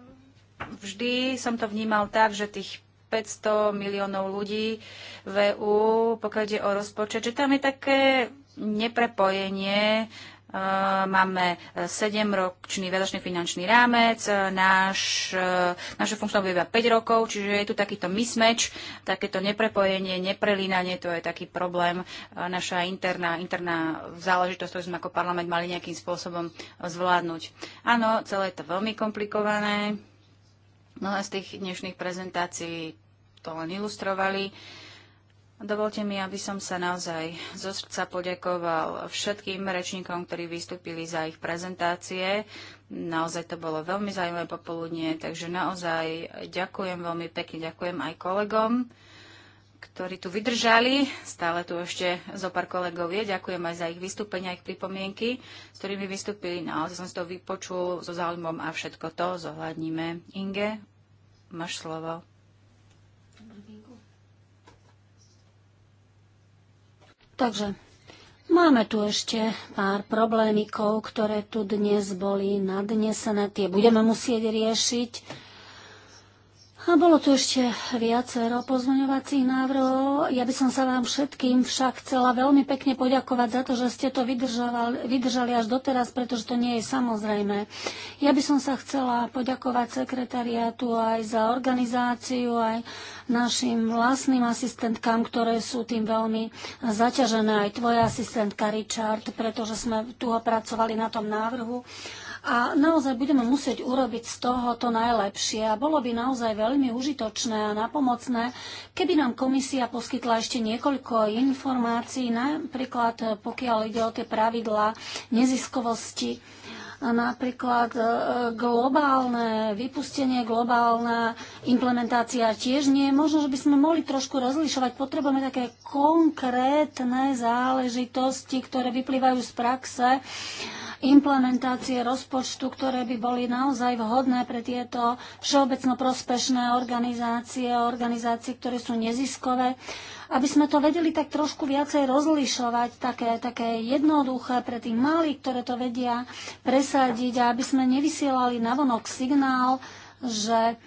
vždy som to vnímal tak, že tých 500 miliónov ľudí v EU, pokiaľ ide o rozpočet, že tam je také neprepojenie Máme 7-ročný e, vedačný finančný rámec, e, náš, e, naše funkčné obdobie iba 5 rokov, čiže je tu takýto mismeč, takéto neprepojenie, neprelínanie, to je taký problém, naša interná, interná záležitosť, ktorú sme ako parlament mali nejakým spôsobom zvládnuť. Áno, celé je to veľmi komplikované. Mnohé z tých dnešných prezentácií to len ilustrovali. Uh, Dovolte mi, aby som sa naozaj zo srdca poďakoval všetkým rečníkom, ktorí vystúpili za ich prezentácie. Naozaj to bolo veľmi zaujímavé popoludne, takže naozaj ďakujem veľmi pekne, ďakujem aj kolegom, ktorí tu vydržali. Stále tu ešte zo pár kolegov je. Ďakujem aj za ich vystúpenia, ich pripomienky, s ktorými vystúpili. Naozaj som si to vypočul so záujmom a všetko to zohľadníme. Inge, máš slovo. Takže máme tu ešte pár problémikov, ktoré tu dnes boli nadnesené. Tie budeme musieť riešiť. A bolo tu ešte viacero pozmeňovacích návrhov. Ja by som sa vám všetkým však chcela veľmi pekne poďakovať za to, že ste to vydržali až doteraz, pretože to nie je samozrejme. Ja by som sa chcela poďakovať sekretariatu aj za organizáciu, aj našim vlastným asistentkám, ktoré sú tým veľmi zaťažené, aj tvoja asistentka Richard, pretože sme tu opracovali na tom návrhu a naozaj budeme musieť urobiť z toho to najlepšie. A bolo by naozaj veľmi užitočné a napomocné, keby nám komisia poskytla ešte niekoľko informácií, napríklad eh, pokiaľ ide o tie pravidlá neziskovosti napríklad eh, globálne vypustenie, globálna implementácia tiež nie. Možno, že by sme mohli trošku rozlišovať. Potrebujeme také konkrétne záležitosti, ktoré vyplývajú z praxe implementácie rozpočtu, ktoré by boli naozaj vhodné pre tieto všeobecno prospešné organizácie, organizácie, ktoré sú neziskové, aby sme to vedeli tak trošku viacej rozlišovať, také, také jednoduché pre tých malých, ktoré to vedia presadiť a aby sme nevysielali navonok signál, že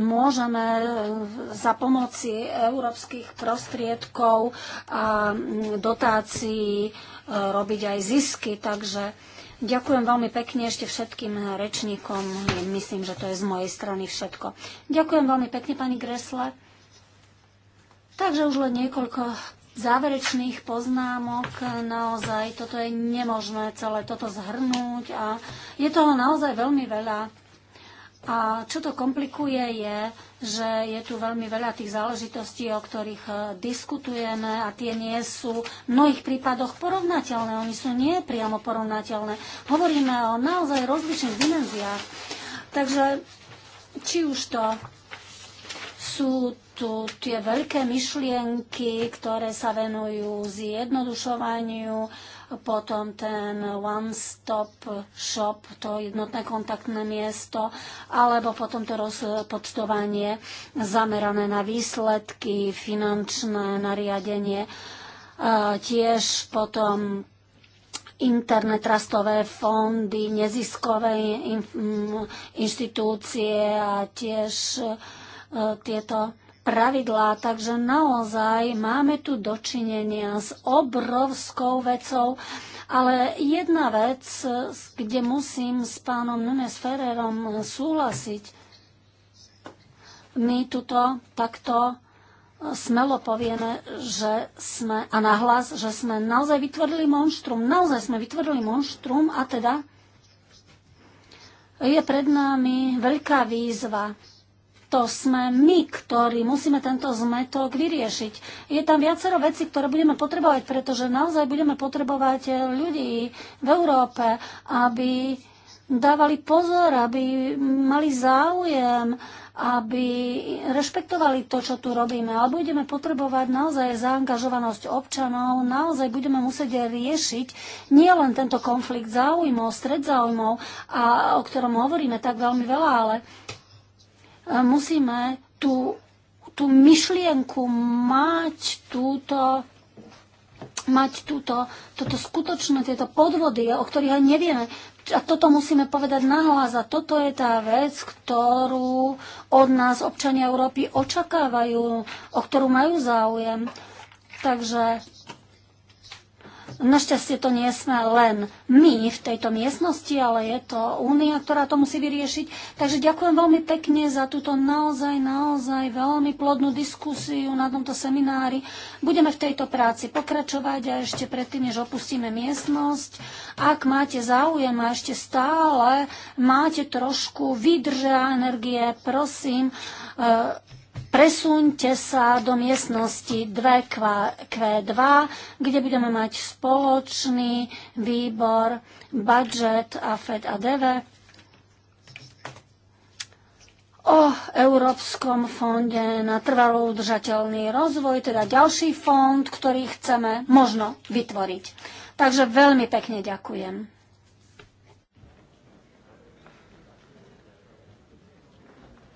môžeme e, za pomoci európskych prostriedkov a mm, dotácií e, robiť aj zisky. Takže ďakujem veľmi pekne ešte všetkým rečníkom. Myslím, že to je z mojej strany všetko. Ďakujem veľmi pekne, pani Gresle. Takže už len niekoľko záverečných poznámok. Naozaj toto je nemožné celé toto zhrnúť a je toho naozaj veľmi veľa. A čo to komplikuje je, že je tu veľmi veľa tých záležitostí, o ktorých eh, diskutujeme a tie nie sú v mnohých prípadoch porovnateľné. Oni sú nie priamo porovnateľné. Hovoríme o naozaj rozličných dimenziách. Takže či už to sú tu tie veľké myšlienky, ktoré sa venujú zjednodušovaniu, potom ten one-stop shop, to jednotné kontaktné miesto, alebo potom to rozpočtovanie zamerané na výsledky, finančné nariadenie, tiež potom interné trustové fondy, neziskové inštitúcie a tiež e, tieto pravidlá, takže naozaj máme tu dočinenia s obrovskou vecou, ale jedna vec, kde musím s pánom Nunes Ferrerom súhlasiť, my tuto takto smelo povieme, že sme, a nahlas, že sme naozaj vytvorili monštrum. Naozaj sme vytvorili monštrum a teda je pred nami veľká výzva to sme my, ktorí musíme tento zmetok vyriešiť. Je tam viacero vecí, ktoré budeme potrebovať, pretože naozaj budeme potrebovať ľudí v Európe, aby dávali pozor, aby mali záujem, aby rešpektovali to, čo tu robíme. Ale budeme potrebovať naozaj zaangažovanosť občanov, naozaj budeme musieť riešiť nielen tento konflikt záujmov, stred záujmov, a, o ktorom hovoríme tak veľmi veľa, ale E, musíme tú, tú myšlienku mať túto mať túto, toto skutočné, tieto podvody, o ktorých aj nevieme. A toto musíme povedať nahlas. A toto je tá vec, ktorú od nás občania Európy očakávajú, o ktorú majú záujem. Takže Našťastie to nie sme len my v tejto miestnosti, ale je to únia, ktorá to musí vyriešiť. Takže ďakujem veľmi pekne za túto naozaj, naozaj veľmi plodnú diskusiu na tomto seminári. Budeme v tejto práci pokračovať a ešte predtým, než opustíme miestnosť, ak máte záujem a ešte stále máte trošku vydrža energie, prosím, e, Presuňte sa do miestnosti 2Q2, kde budeme mať spoločný výbor, budget a FED a DV o Európskom fonde na trvalú udržateľný rozvoj, teda ďalší fond, ktorý chceme možno vytvoriť. Takže veľmi pekne ďakujem.